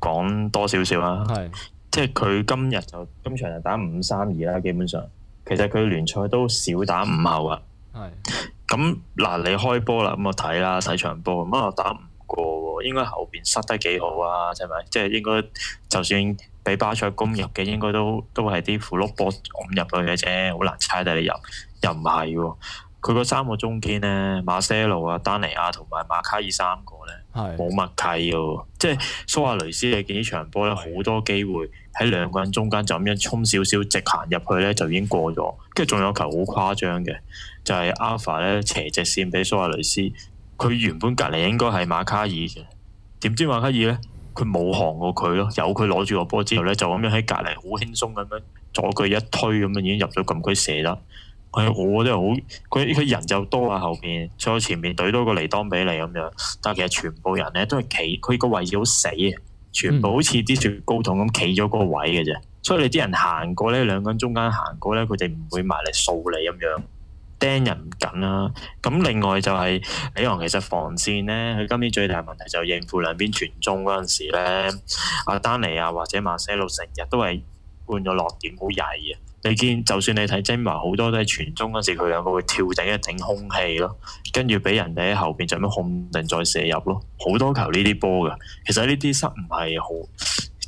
講多少少啦。係是，即係佢今日就今場就打五三二啦，基本上其實佢聯賽都少打五後啊。係是，咁嗱你開波啦，咁我睇啦睇場波，咁我打唔過，應該後邊塞得幾好啊？即係咪？即係應該就算。俾巴塞攻入嘅應該都都係啲胡碌波咁入去嘅啫，好難猜得你入。又唔係喎，佢嗰三個中堅咧，馬西路啊、丹尼亞同埋馬卡爾三個咧，冇的默契嘅。即係蘇亞雷斯，你見呢場波咧好多機會喺兩個人中間就咁樣衝少少直行入去咧，就已經過咗。跟住仲有球好誇張嘅，就係、是、Alpha 咧斜直線俾蘇亞雷斯，佢原本隔籬應該係馬卡爾嘅，點知馬卡爾咧？佢冇行過佢咯，由佢攞住個波之後咧，就咁樣喺隔離好輕鬆咁樣左腳一推，咁樣已經入咗禁區射得。係、哎、我覺得好，佢佢人就多啊後面，再前面隊多個嚟當俾你咁樣。但係其實全部人咧都係企，佢個位置好死啊，全部好似啲雪糕筒咁企咗個位嘅啫。所以你啲人行過咧，兩個人中間行過咧，佢哋唔會埋嚟掃你咁樣。釘人唔緊啦、啊。咁另外就係李昂，其實防線咧，佢今年最大問題就應付兩邊傳中嗰陣時咧。阿丹尼啊，或者馬西路成日都係換咗落點好曳嘅。你見就算你睇精華，好多都係傳中嗰時，佢兩個會跳頂一頂空氣咯，跟住俾人哋喺後邊就咁控定再射入咯。好多球呢啲波嘅，其實呢啲失誤唔係好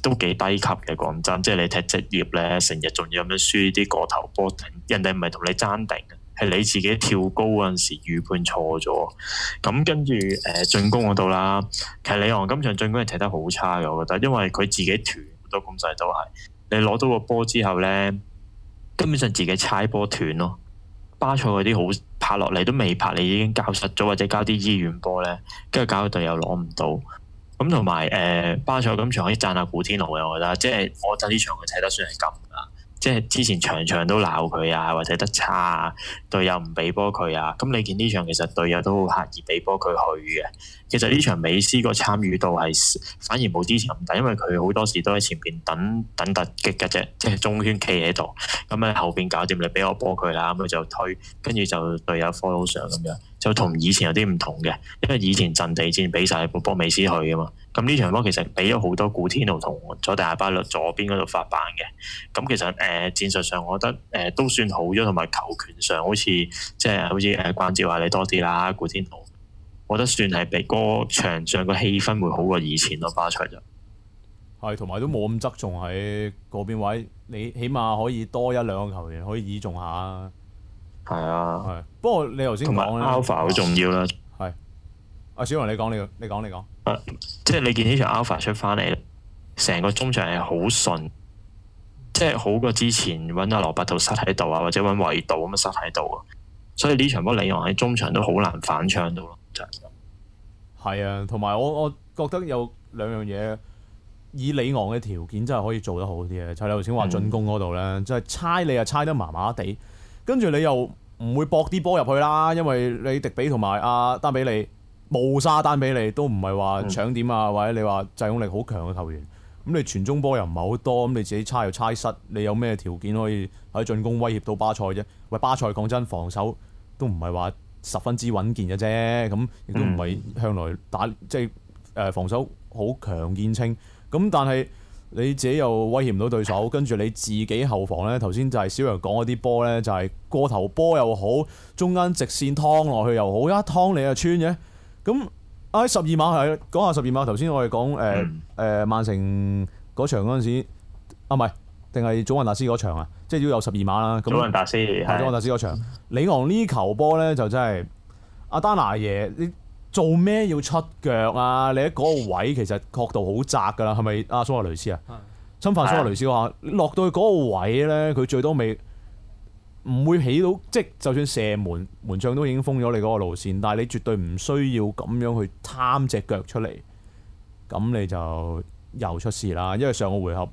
都幾低級嘅。講真，即係你踢職業咧，成日仲要咁樣輸啲過頭波，人哋唔係同你爭定係你自己跳高嗰陣時預判錯咗，咁跟住誒，進攻嗰度啦，其實李昂今場進攻係踢得好差嘅，我覺得，因為佢自己斷都咁細都係，你攞到個波之後咧，根本上自己猜波斷咯。巴塞嗰啲好拍落嚟，都未拍，你已經交實咗或者交啲醫院波咧，跟住搞到隊又攞唔到，咁同埋誒，巴塞今場可以贊下古天奴嘅，我覺得即係我睇呢場佢踢得算係咁啦。即係之前場場都鬧佢啊，或者得差啊，隊友唔俾波佢啊。咁你見呢場其實隊友都好刻意俾波佢去嘅。其實呢場美斯個參與度係反而冇之前咁大，因為佢好多時都喺前邊等等突擊嘅啫，即係中圈企喺度。咁、嗯、啊後邊搞掂你俾我波佢啦，咁、嗯、佢就推，跟住就隊友 follow 上咁樣，就同以前有啲唔同嘅，因為以前陣地戰俾晒波美斯去嘅嘛。咁呢場波其實俾咗好多古天奴同左大牙巴律左邊嗰度發辦嘅，咁其實誒、呃、戰術上我覺得誒、呃、都算好咗，同埋球權上好似即係好似誒關照下你多啲啦，古天奴，我覺得算係比、嗰個場上個氣氛會好過以前咯，巴塞就係同埋都冇咁側重喺嗰邊位，你起碼可以多一兩個球員可以倚重下，係啊，不過你頭先講 Alpha 好重要啦。啊啊阿、啊、小王，你講你，你講你講、啊。即係你見呢場 Alpha 出翻嚟，成個中場係好順，即係好過之前搵阿羅伯圖塞喺度啊，或者搵維導咁樣塞喺度啊。所以呢場波，李昂喺中場都好難反搶到咯。係啊，同埋我我覺得有兩樣嘢，以李昂嘅條件真係可以做得好啲嘅。就係你頭先話進攻嗰度咧，即係、嗯、猜你又猜得麻麻地，跟住你又唔會博啲波入去啦，因為你迪比同埋阿丹比利。冇沙單俾你，都唔係話搶點啊，嗯、或者你話制空力好強嘅球員咁，你傳中波又唔係好多咁，你自己猜又猜失，你有咩條件可以喺進攻威脅到巴塞啫？喂，巴塞講真，防守都唔係話十分之穩健嘅啫，咁亦都唔係向來打即係誒防守好強見稱咁，但係你自己又威脅唔到對手，跟住你自己後防呢。頭先就係小楊講嗰啲波呢，就係、是、過頭波又好，中間直線趟落去又好，一趟你又穿嘅。咁啊十二碼係講下十二碼。頭先我哋講誒誒曼城嗰場嗰時，啊唔係，定係祖雲達斯嗰場啊，即係要有十二碼啦、嗯。祖雲達斯係祖雲達斯嗰場，李是的 昂球球呢球波咧就真係阿丹拿爺，你做咩要出腳啊？你喺嗰個位其實角度好窄㗎啦，係咪？阿、啊、蘇亞雷斯啊，的侵犯蘇亞雷斯話，落到去嗰個位咧，佢最多未，唔會起到，即就算射門，門將都已經封咗你嗰個路線，但係你絕對唔需要咁樣去貪隻腳出嚟，咁你就又出事啦。因為上個回合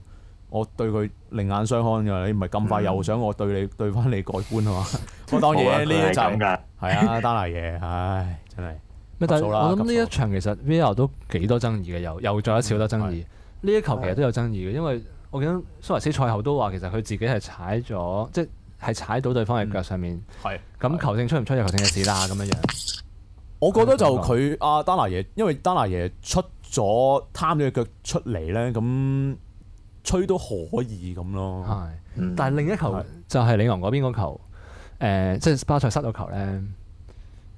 我對佢另眼相看㗎，你唔係咁快又想我對你、嗯、對翻你改觀啊嘛？ 我當然呢一陣㗎，係是 啊，丹拿嘢，唉，真係乜？但係我諗呢一場其實 v i 都幾多爭議嘅，又又再一次好多爭議。呢的的一球其實都有爭議嘅，因為我記得蘇維斯賽後都話其實佢自己係踩咗，即係踩到對方嘅腳上面，係咁、嗯、球證出唔出就球證嘅事啦，咁樣樣。我覺得就佢阿、啊、丹拿爺，因為丹拿爺出咗貪咗隻腳出嚟咧，咁、嗯、吹都可以咁咯。係，但係另一球就係李昂嗰邊個球，誒是，即係、呃就是、巴塞塞到球咧。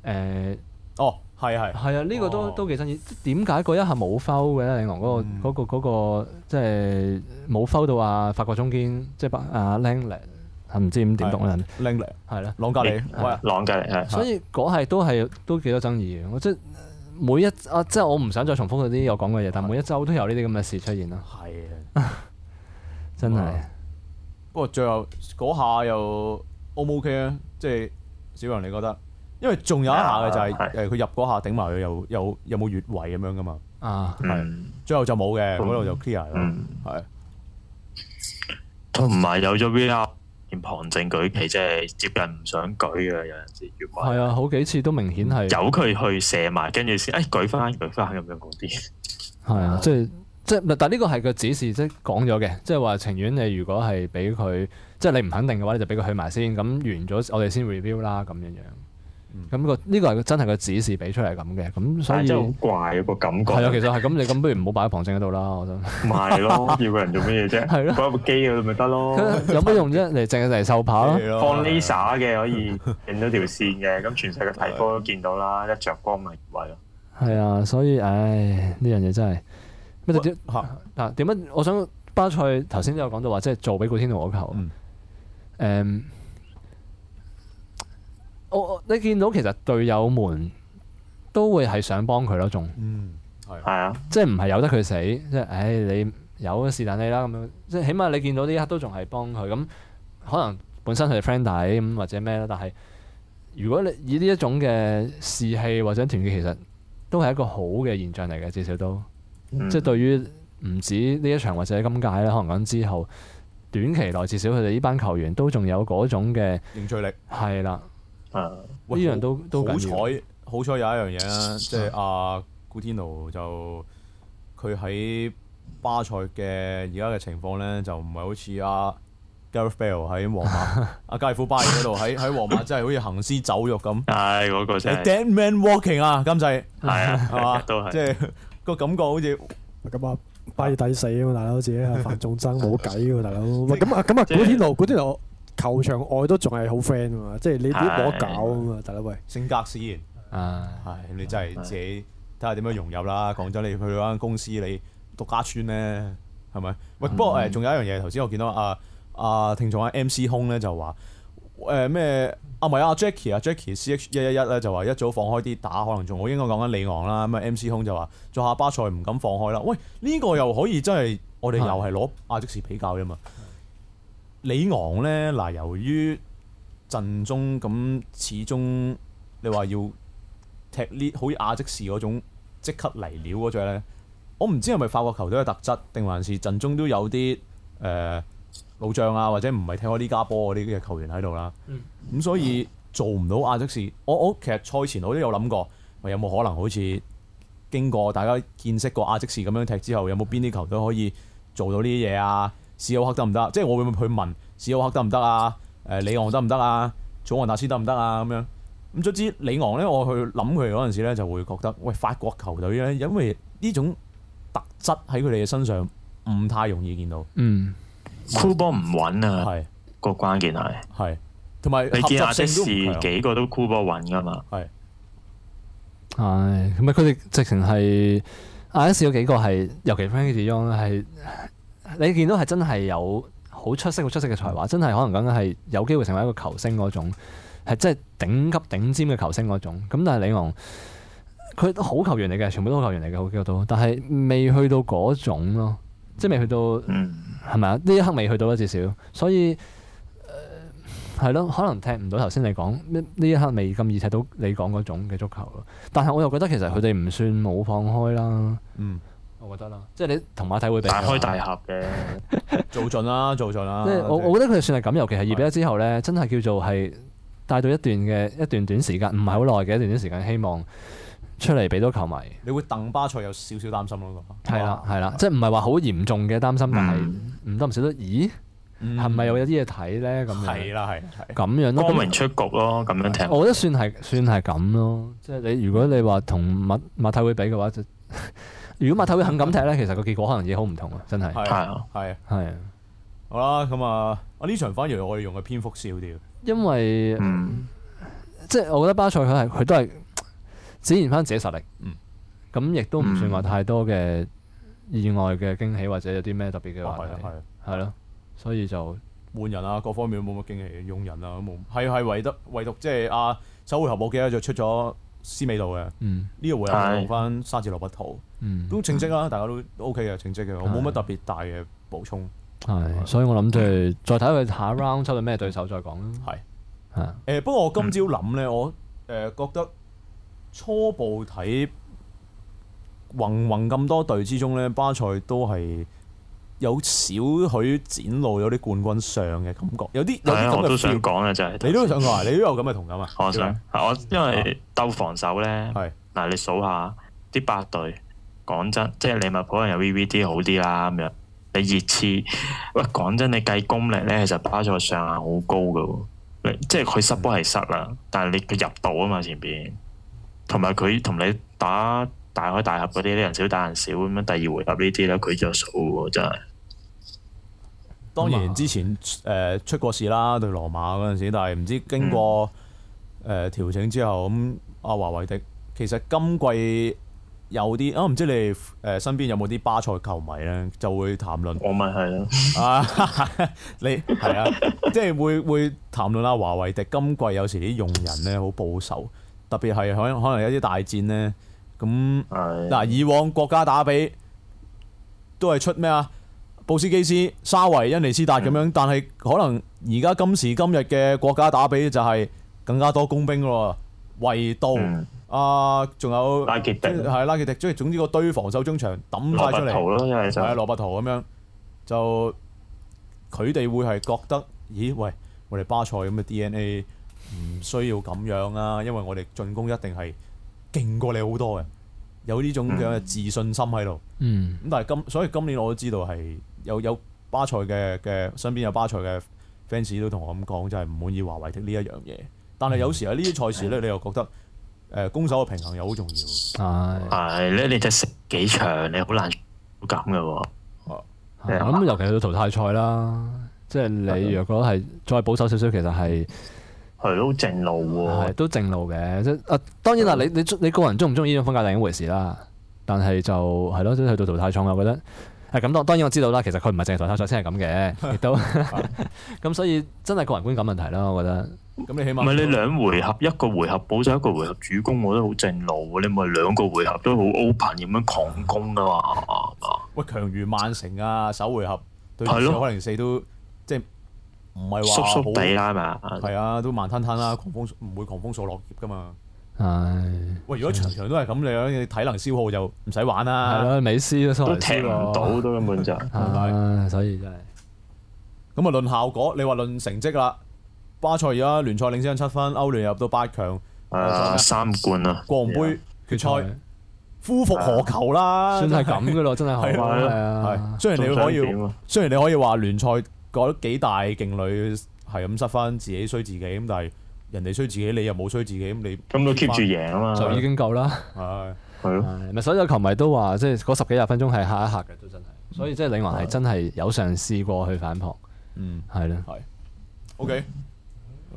誒、呃，哦，係啊，係，係啊，呢個都、哦、都幾新意。點解嗰一下冇收嘅咧？李昂嗰、那個嗰、嗯那個嗰、那個那個那個，即係冇收到啊？法國中堅即係巴阿蘭尼。啊啊係唔知點讀嘅人，拎糧係啦，朗格里，朗格里係。所以嗰係都係都幾多爭議嘅。我即係每一啊，即係我唔想再重複嗰啲我講嘅嘢，但係每一周都有呢啲咁嘅事出現啦。係啊，真係。不過最後嗰下又 O 唔 O K 咧？即係小楊你覺得？因為仲有一下嘅就係誒，佢入嗰下頂埋去，又又有冇越位咁樣噶嘛？啊，係。最後就冇嘅，嗰度就 clear 啦。嗯，係。同埋有咗邊啊？旁證舉旗，即係接近唔想舉嘅，有陣時係啊，好幾次都明顯係由佢去射埋，跟住先，誒、哎、舉翻舉翻咁樣好啲。係 啊，即係即係，但呢個係個指示，即係講咗嘅，即係話情願你如果係俾佢，即係你唔肯定嘅話，你就俾佢去埋先，咁完咗我哋先 review 啦，咁樣樣。咁、嗯、個呢個係真係個指示俾出嚟咁嘅，咁所以真係好怪、啊那個感覺。係 啊，其實係咁，你咁不如唔好擺喺旁證嗰度啦，我真係。唔係咯，要個人做咩嘢啫？係咯，擺部機嗰度咪得咯。有咩用啫？你淨係嚟秀跑，放 Laser 嘅可以影到條線嘅，咁全世界睇波都見到啦，一着光咪威咯。係啊，所以唉、哎，呢樣嘢真係咩？點點嗱？點解我想巴塞頭先都有講到話，即係做俾古天樂嗰球？誒、嗯嗯。我、哦、你見到其實隊友們都會係想幫佢咯，仲嗯係啊，的即係唔係由得佢死，即係唉、哎，你有是但你啦咁樣，即係起碼你見到呢一刻都仲係幫佢咁，可能本身佢哋 friend 底咁或者咩啦，但係如果你以呢一種嘅士氣或者團結，其實都係一個好嘅現象嚟嘅，至少都、嗯、即係對於唔止呢一場或者今屆咧，可能講之後短期內至少佢哋呢班球員都仲有嗰種嘅凝聚力係啦。啊！呢樣都都好彩，好彩有一樣嘢啦，即係阿古天奴就佢喺巴塞嘅而家嘅情況咧，就唔係好似阿加 b 夫 l 爾喺皇馬，阿加利夫巴爾嗰度喺喺皇馬真係好似行屍走肉咁。係嗰個 Dead man walking 啊，今次係啊，係嘛都係。即係個感覺好似咁啊，巴爾底死啊大佬，好似，係犯眾憎冇計啊大佬。咁啊咁啊，古天奴古天奴。球場外都仲係好 friend 啊嘛，即係你唔好搞啊嘛，大佬喂。性格先，係咁你真係自己睇下點樣融入啦。講咗你去嗰間公司，你獨家村咧係咪？喂，不過誒，仲有一樣嘢，頭先我見到啊啊，聽眾阿 M C 空咧就話誒咩啊，唔係啊，Jackie 啊，Jackie C H 一一一咧就話一早放開啲打，可能仲好應該講緊李昂啦咁啊。M C 空就話做下巴塞唔敢放開啦。喂，呢個又可以真係我哋又係攞阿積士比較啫嘛。李昂咧，嗱，由於陣中咁始終你話要踢呢好似亞積士嗰種即刻嚟料嗰種咧，我唔知係咪法國球隊嘅特質，定還是陣中都有啲誒、呃、老將啊，或者唔係踢開呢家波嗰啲嘅球員喺度啦。咁、嗯、所以做唔到亞積士。我我其實賽前我都有諗過，有冇可能好似經過大家見識過亞積士咁樣踢之後，有冇邊啲球隊可以做到呢啲嘢啊？史奧克得唔得？即係我會唔會去問史奧克得唔得啊？誒，里昂得唔得啊？祖雲達斯得唔得啊？咁樣咁，總之李昂咧，我去諗佢嗰陣時咧，就會覺得喂，法國球隊咧，因為呢種特質喺佢哋嘅身上唔太容易見到。嗯，箍波唔穩啊，係個是是關鍵係。係同埋你見是是、哎、亞斯士幾個都箍波穩㗎嘛？係，係唔係佢哋直情係亞斯有幾個係？尤其 Frenkie 你見到係真係有好出色、好出色嘅才華，真係可能講緊係有機會成為一個球星嗰種，係真係頂級頂尖嘅球星嗰種。咁但係李昂，佢都好球員嚟嘅，全部都好球員嚟嘅，好幾多但係未去到嗰種咯，即係未去到係咪啊？呢、嗯、一刻未去到啦，至少。所以係咯、呃，可能踢唔到頭先你講呢一刻未咁易踢到你講嗰種嘅足球咯。但係我又覺得其實佢哋唔算冇放開啦。嗯。我覺得啦，即係你同馬體會比大開大合嘅， 做盡啦，做盡啦。即係我 Okay. 我覺得佢算係咁，尤其係二比一之後咧，真係叫做係帶到一段嘅一段短時間，唔係好耐嘅一段短時間，希望出嚟俾到球迷。你會替巴塞有少少擔心咯，係啦係啦，即係唔係話好嚴重嘅擔心，嗯、但係唔得唔少得，咦，係咪又有啲嘢睇咧？咁係啦係，咁樣、啊啊啊啊啊、光明出局咯，咁樣聽。我覺得算係算係咁咯，即、就、係、是、你如果你話同馬馬體會比嘅話就。 如果馬透威肯咁踢咧，其實個結果可能嘢好唔同啊！真係係係啊，好啦咁啊！我呢場反而我哋用個篇幅少啲，因為即係我覺得巴塞佢係佢都係展現翻自己實力。嗯，咁亦都唔算話太多嘅意外嘅驚喜，或者有啲咩特別嘅話題，係係咯，所以就換人啊，各方面冇乜驚喜用人啊冇，係係唯獨唯獨，即係啊守護神冇基啊就出咗。思味度嘅，呢個、嗯、回合翻沙子蘿卜兔，都稱職啦，大家都 O K 嘅稱職嘅，我冇乜特別大嘅補充，係，所以我諗住再睇佢下一 round 抽到咩對手再講啦，係，係，誒，不過我今朝諗咧，嗯、我誒覺得初步睇宏宏咁多隊之中咧，巴塞都係。有少許展露有啲冠軍相嘅感覺，有啲有啲我都想講啊，真係你都想講 你都有咁嘅同感啊。我想，吧我因為鬥防守咧，嗱、啊，你數下啲八隊，講真，即係利物浦人有 VVD 好啲啦咁樣。你熱刺，喂，講真，你計功力咧，其實巴塞上限好高嘅喎。即係佢失波係失啦，的但係你佢入到啊嘛前邊，同埋佢同你打大開大合嗰啲，啲人少打人少咁樣，第二回合呢啲咧，佢就數喎真係。當然之前誒出過事啦，對羅馬嗰陣時，但係唔知經過誒調整之後，咁阿、嗯啊、華維迪其實今季有啲啊，唔知你哋誒身邊有冇啲巴塞球迷咧，就會談論我咪係咯，你係啊，即係會會談論啦、啊。華維迪今季有時啲用人咧好保守，特別係可可能有啲大戰咧，咁嗱的、啊、以往國家打比都係出咩啊？布斯基斯、沙維、恩尼斯達咁樣，但係可能而家今時今日嘅國家打比就係更加多工兵咯，圍盜啊，仲有拉傑迪，係拉傑迪，總之個堆防守中場抌晒出嚟，係羅伯圖咯，咁樣，就佢哋會係覺得，咦喂，我哋巴塞咁嘅 DNA 唔需要咁樣啊，因為我哋進攻一定係勁過你好多嘅，有呢種咁嘅自信心喺度，咁但係今所以今年我都知道係。有有巴塞嘅嘅身邊有巴塞嘅 fans 都同我咁講，就係唔滿意華為的呢一樣嘢。但係有時喺呢啲賽事咧，嗯、你又覺得誒攻守嘅平衡又好重要。係係咧，你只食幾場，你好難咁嘅、like you know.。咁 尤其去到淘汰賽啦，即、就、係、是、你若果係再保守少少，其實係係都正路喎，都正路嘅。即啊、 嗯，當然啦，你你、嗯、你個人中唔中意呢種風格係一回事啦。但係就係咯，即去到淘汰賽，我又覺得。係咁，當、嗯、當然我知道啦。其實佢唔係淨係台下坐車先係咁嘅，亦都咁， 所以真係個人觀感問題啦。我覺得咁你起碼唔係你兩回合，嗯、一個回合保守，一個回合主攻，我覺得好正路。你咪兩個回合都好 open 咁樣狂攻噶嘛、啊嗯？喂，強如曼城啊，首回合對二比零四都的即係唔係話縮縮地啦嘛？係啊，都慢吞吞啦，狂風唔會狂風掃落葉噶嘛。係，喂、哎！如果場場都係咁，你體能消耗就唔使玩啦。係咯，美斯都踢唔到，都根本就是，吧所以真係。咁啊，論效果，你話論成績啦，巴塞而家聯賽領先七分，歐聯入到八強，三冠啊！國王杯決賽，夫復何求啦！對真的算係咁嘅咯，真係後生。係，雖然你可以，雖然你可以話聯賽嗰幾大勁旅係咁失分，自己衰自己咁，但係。人哋衰自己，你又冇衰自己，咁你咁都 keep 住贏啊嘛，就已經夠啦。係係咯，咪所有球迷都話，即係嗰十幾廿分鐘係嚇一嚇嘅，都真係。所以即係你還係真係有嘗試過去反撲，嗯，係咯。係。O K。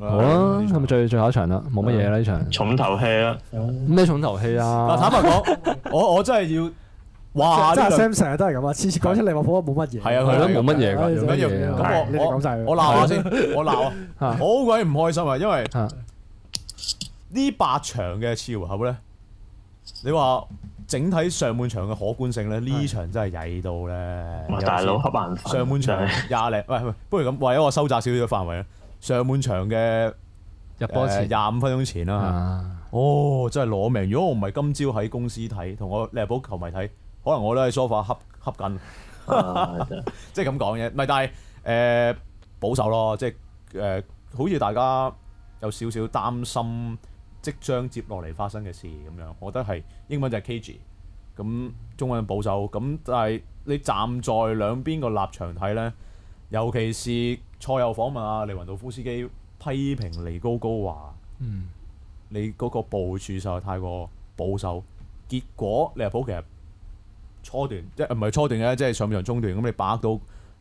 好啦，咁最最後一場啦，冇乜嘢啦呢場。重頭戲啦。咩重頭戲啊？嗱，坦白講，我我真係要。即係 Sam 成日都係咁啊！次次講出利物浦都冇乜嘢。係啊，係咯，冇乜嘢，冇乜嘢。咁我我鬧下先，我鬧啊！好鬼唔開心啊！因為呢八場嘅次回合咧，你話整體上半場嘅可觀性咧，呢場真係曳到咧。大佬黑上半場廿零喂，不如咁，為咗我收窄少少嘅範圍啊。上半場嘅入波前廿五分鐘前啦。哦，真係攞命！如果我唔係今朝喺公司睇，同我利物浦球迷睇。可能我都喺 sofa 恰恰緊，即係咁講嘢。唔係、啊， 但係誒、呃、保守咯，即係誒好似大家有少少擔心即將接落嚟發生嘅事咁樣。我覺得係英文就係 cagey 咁，中文保守咁，但係你站在兩邊個立場睇咧，尤其是賽後訪問阿、啊、利雲道夫斯基，批評尼高高話：嗯，你嗰個部署就係太過保守。結果你話普其實。初段即係唔係初段嘅，即係上半場中段，咁你把握到誒、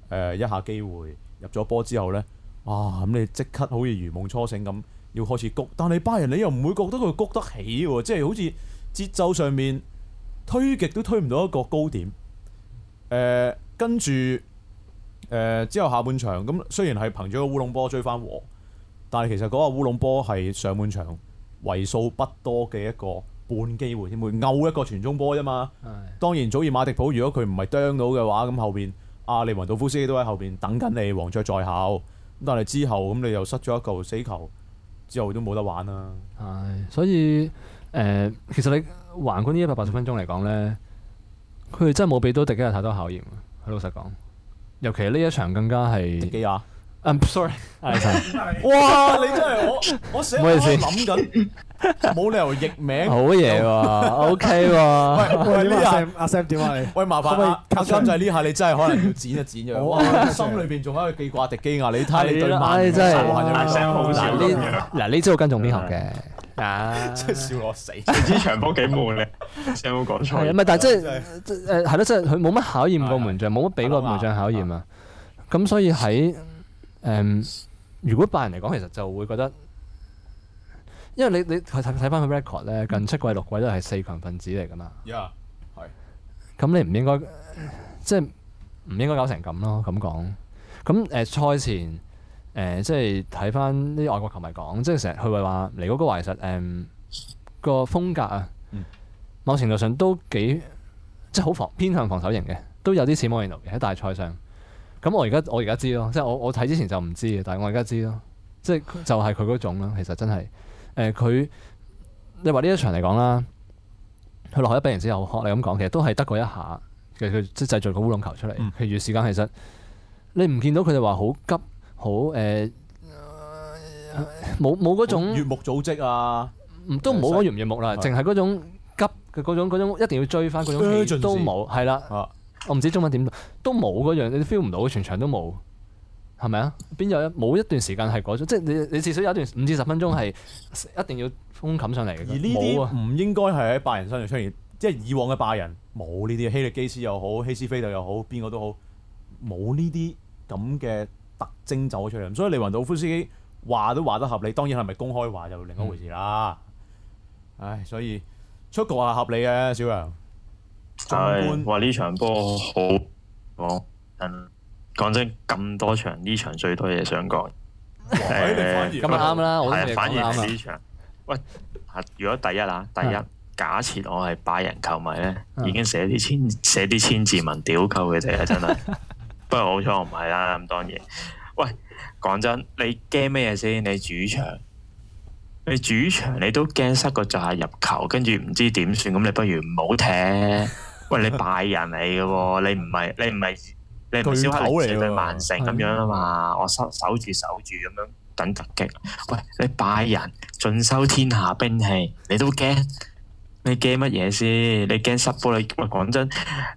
呃、一下機會入咗波之後呢，哇、啊！咁你即刻好似如夢初醒咁，要開始谷，但係拜仁你又唔會覺得佢谷得起喎，即係好似節奏上面推極都推唔到一個高點。誒、呃，跟住誒之後下半場，咁雖然係憑咗個烏龍波追翻和，但係其實嗰個烏龍波係上半場為數不多嘅一個。半機會先會勾一個傳中波啫嘛。是的 當然祖爾馬迪普如果佢唔係釣到嘅話，咁後邊阿、啊、利雲道夫斯基都喺後邊等緊你，黃雀在後。咁但係之後咁你又失咗一嚿死球，之後都冇得玩啦。係，所以誒、呃，其實你橫觀呢一百八十分鐘嚟講咧，佢哋真係冇俾到迪基亞太多考驗。係老實講，尤其呢一場更加係。I'm sorry，哇！你真係我我成日諗緊，冇理由譯名好嘢喎，OK 喎。喂喂，阿 Sam，阿 Sam 點啊你？喂，麻煩啦，阿 Sam 呢下你真係可能要剪一剪咗。哇，心裏邊仲喺度記掛迪基亞，你睇你對曼聯嘅，你真係。阿 Sam 跟仲邊行嘅？啊，真係笑我死。唔知場波幾悶咧 Sam 冇講錯。唔係，但係即係即係係咯，即係佢冇乜考驗個門將，冇乜俾個門將考驗啊。咁所以喺。誒，um, 如果拜仁嚟講，其實就會覺得，因為你你睇睇翻佢 record 咧，近七季六季都係四強分子嚟噶嘛。呀，咁你唔應該，呃、即係唔應該搞成咁咯。咁講，咁誒、呃、賽前誒、呃，即係睇翻啲外國球迷講，即係成日佢話，尼古哥其實誒個風格啊，某程度上都幾即係好防，偏向防守型嘅，都有啲似摩連奴喺大賽上。咁我而家我而家知咯，即係我我睇之前就唔知嘅，但係我而家知咯，即係就係佢嗰種啦。其實真係，誒、呃、佢，你話呢一場嚟講啦，佢落一餅然之後學你咁講，其實都係得嗰一下，嗯、其實佢即係製造個烏龍球出嚟。譬如時間，其實你唔見到佢哋話好急，呃、好誒，冇冇嗰種越目組織啊，都唔好講完唔越目啦，淨係嗰種急嘅嗰種嗰種一定要追翻嗰種都冇，係啦。 我唔知中文點讀，都冇嗰樣，你 feel 唔到，全場都冇，係咪啊？邊有冇一段時間係嗰種？即係你你至少有一段五至十分鐘係一定要封冚上嚟嘅。而呢啲唔應該係喺拜仁身上出現，啊、即係以往嘅拜仁冇呢啲，希力基斯又好，希斯菲特又好，邊個都好，冇呢啲咁嘅特徵走出嚟。所以李雲道夫斯基話都話得合理，當然係咪公開話就另一回事啦。嗯、唉，所以出局係合理嘅，小楊。係，嗯嗯、哇！呢場波好我，講、哦、真咁多場呢場最多嘢想講，咁啱啦，係啊、呃，我反而係呢場。喂，如果第一啊，第一，假設我係拜仁球迷咧，已經寫啲千寫啲千字文屌鳩嘅啫，真係。不過好彩我唔係啦，咁當然。喂，講真，你驚咩嘢先？你主場，你主場你都驚塞個就係入球，跟住唔知點算，咁你不如唔好踢。因 喂，你拜仁嚟嘅喎，你唔係你唔係你唔係小黑嚟嘅曼城咁樣啊嘛，的我守守住守住咁樣等突擊。喂，你拜仁，盡收天下兵器，你都驚？你驚乜嘢先？你驚失波？你咪講真，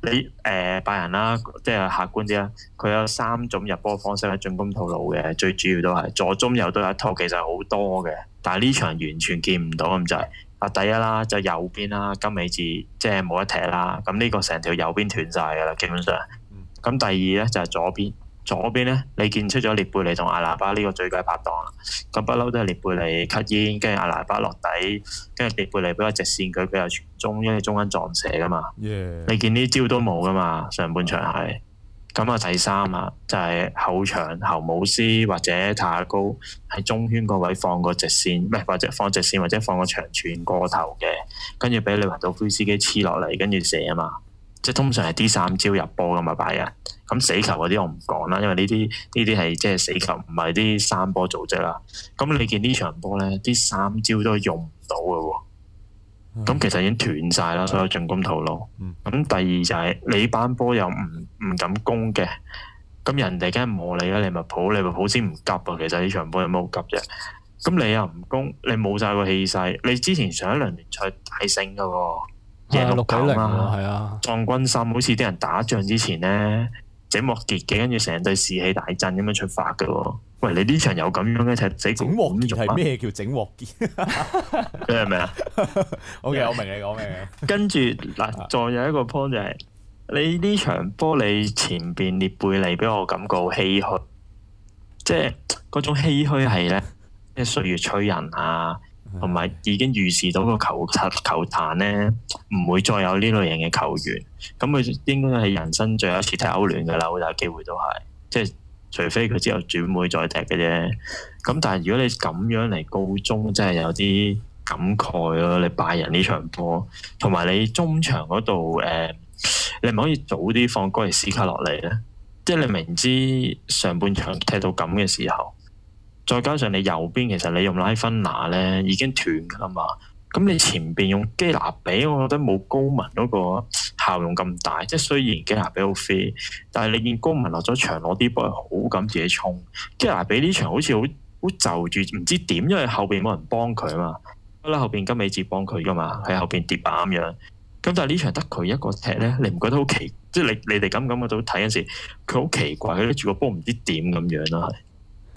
你誒、呃、拜仁啦、啊，即係客觀啲啦，佢有三種入波方式嘅進攻套路嘅，最主要都係左中右都有一套，其實好多嘅，但係呢場完全見唔到咁滯。啊！第一啦，就是、右邊啦，金美治即係冇得踢啦。咁呢個成條右邊斷晒㗎啦，基本上。咁、嗯、第二咧就係、是、左邊，左邊咧你見出咗列貝利同阿拿巴呢個最佳拍檔啦。咁不嬲都係列貝利 cut in，跟住阿拿巴落底，跟住列貝利俾一直線佢，佢又傳中，因為中間撞斜噶嘛。Yeah. 你見呢招都冇噶嘛？上半場係。咁啊，第三啊，就係、是、後場侯姆斯或者太高喺中圈嗰位放個直線，唔係或者放直線或者放個長傳過頭嘅，跟住俾你云到灰司機黐落嚟，跟住射啊嘛。即係通常係啲三招入波咁啊，把人咁死球嗰啲我唔講啦，因為呢啲呢啲係即係死球，唔係啲三波組織啦。咁你見場呢場波咧，啲三招都用唔到嘅喎。咁、嗯、其實已經斷晒啦，所有進攻套路。咁、嗯、第二就係、是、你班波又唔唔敢攻嘅，咁人哋梗係磨你啦。利物浦，利物浦先唔急啊。其實場呢場波有冇好急啫？咁你又唔攻，你冇晒個氣勢。你之前上一輪聯賽大勝嘅喎，的贏六九零啊，係啊，壯軍心。好似啲人打仗之前咧。整鑊結嘅，跟住成隊士氣大振咁樣出發嘅、哦。喂，你呢場有咁樣咧？就整鑊咁係咩叫整鑊結？你明唔明啊？OK， 我明你講咩。 跟住嗱，再有一個 point 就係你呢場波，你玻璃前邊列貝利俾我感覺好唏嘘，即係嗰種唏嘘係咧，即係歲月催人啊。同埋已經預示到個球球壇咧，唔會再有呢類型嘅球員。咁佢應該係人生最後一次踢歐聯噶啦，好大機會都係。即係除非佢之後轉會再踢嘅啫。咁但係如果你咁樣嚟告終，真係有啲感慨咯。你拜仁呢場波，同埋你中場嗰度誒，你係咪可以早啲放哥爾斯卡落嚟咧？即係你明知上半場踢到咁嘅時候。再加上你右邊，其實你用拉芬拿咧已經斷㗎啦嘛。咁你前邊用基拿比，我覺得冇高文嗰個效用咁大。即係雖然基拿比好飛，但係你見高文落咗場攞啲波好敢自己衝。基拿比呢場好似好好就住唔知點，因為後邊冇人幫佢啊嘛。不啦後邊金美治幫佢㗎嘛，喺後邊跌啊咁樣。咁但係呢場得佢一個踢咧，你唔覺得好奇？即係你你哋感唔感覺到睇嗰時，佢好奇怪，佢拎住個波唔知點咁樣啦。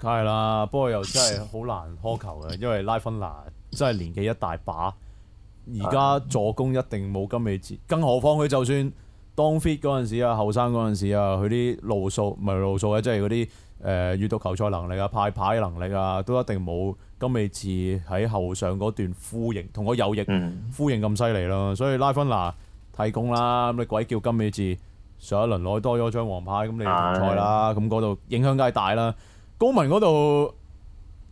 梗係啦，不過又真係好難苛求嘅，因為拉芬拿真係年紀一大把，而家助攻一定冇金美治，更何況佢就算當 fit 嗰陣時啊、後生嗰陣時啊，佢啲路數唔係路數啊，即係嗰啲誒閲讀球賽能力啊、派牌能力啊，都一定冇金美治喺後上嗰段呼應同我右翼呼應咁犀利咯。所以拉芬拿替工啦，咁你鬼叫金美治上一輪攞多咗張黃牌，咁你停賽啦，咁嗰度影響梗係大啦。高文嗰度，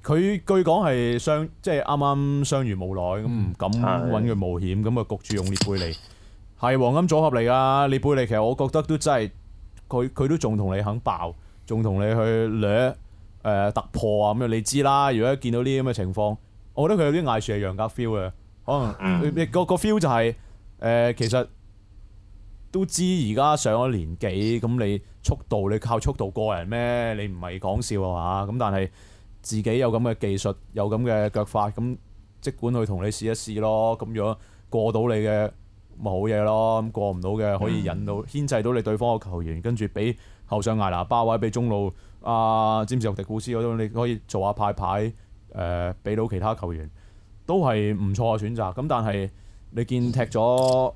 佢據講係傷，即係啱啱傷完冇耐咁，唔敢揾佢冒險，咁啊焗住用列貝利，係黃金組合嚟㗎列貝利。其實我覺得都真係佢佢都仲同你肯爆，仲同你去掠誒突破啊咁。你知啦，如果見到呢啲咁嘅情況，我覺得佢有啲艾殊係楊格 feel 嘅，可能你個個 feel 就係誒其實。都知而家上咗年紀，咁你速度你靠速度過人咩？你唔係講笑啊嘛！咁但係自己有咁嘅技術，有咁嘅腳法，咁即管去同你試一試咯，咁樣過到你嘅咪好嘢咯。咁過唔到嘅可以引到牽制到你對方嘅球員，跟住俾後上艾拿巴位，俾中路阿詹士迪古斯嗰種，你可以做下派牌，誒、呃、俾到其他球員，都係唔錯嘅選擇。咁但係你見踢咗。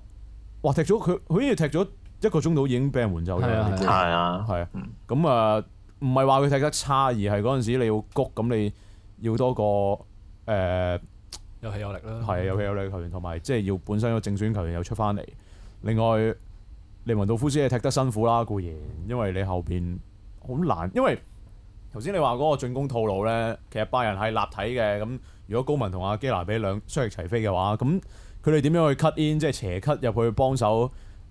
哇！踢咗佢，好似踢咗一個鐘到已經畀人換走咗，係啊，係啊，咁啊，唔係話佢踢得差，而係嗰陣時你要谷，咁你要多個誒有氣有力啦，係啊，有氣有力嘅球員，同埋即係要本身個正選球員又出翻嚟。另外，利文道夫斯係踢得辛苦啦，固然，因為你後邊好難。因為頭先你話嗰個進攻套路咧，其實拜仁係立體嘅。咁如果高文同阿基拿比兩雙翼齊飛嘅話，咁佢哋點樣去 cut in，即係斜 cut 入去幫手誒、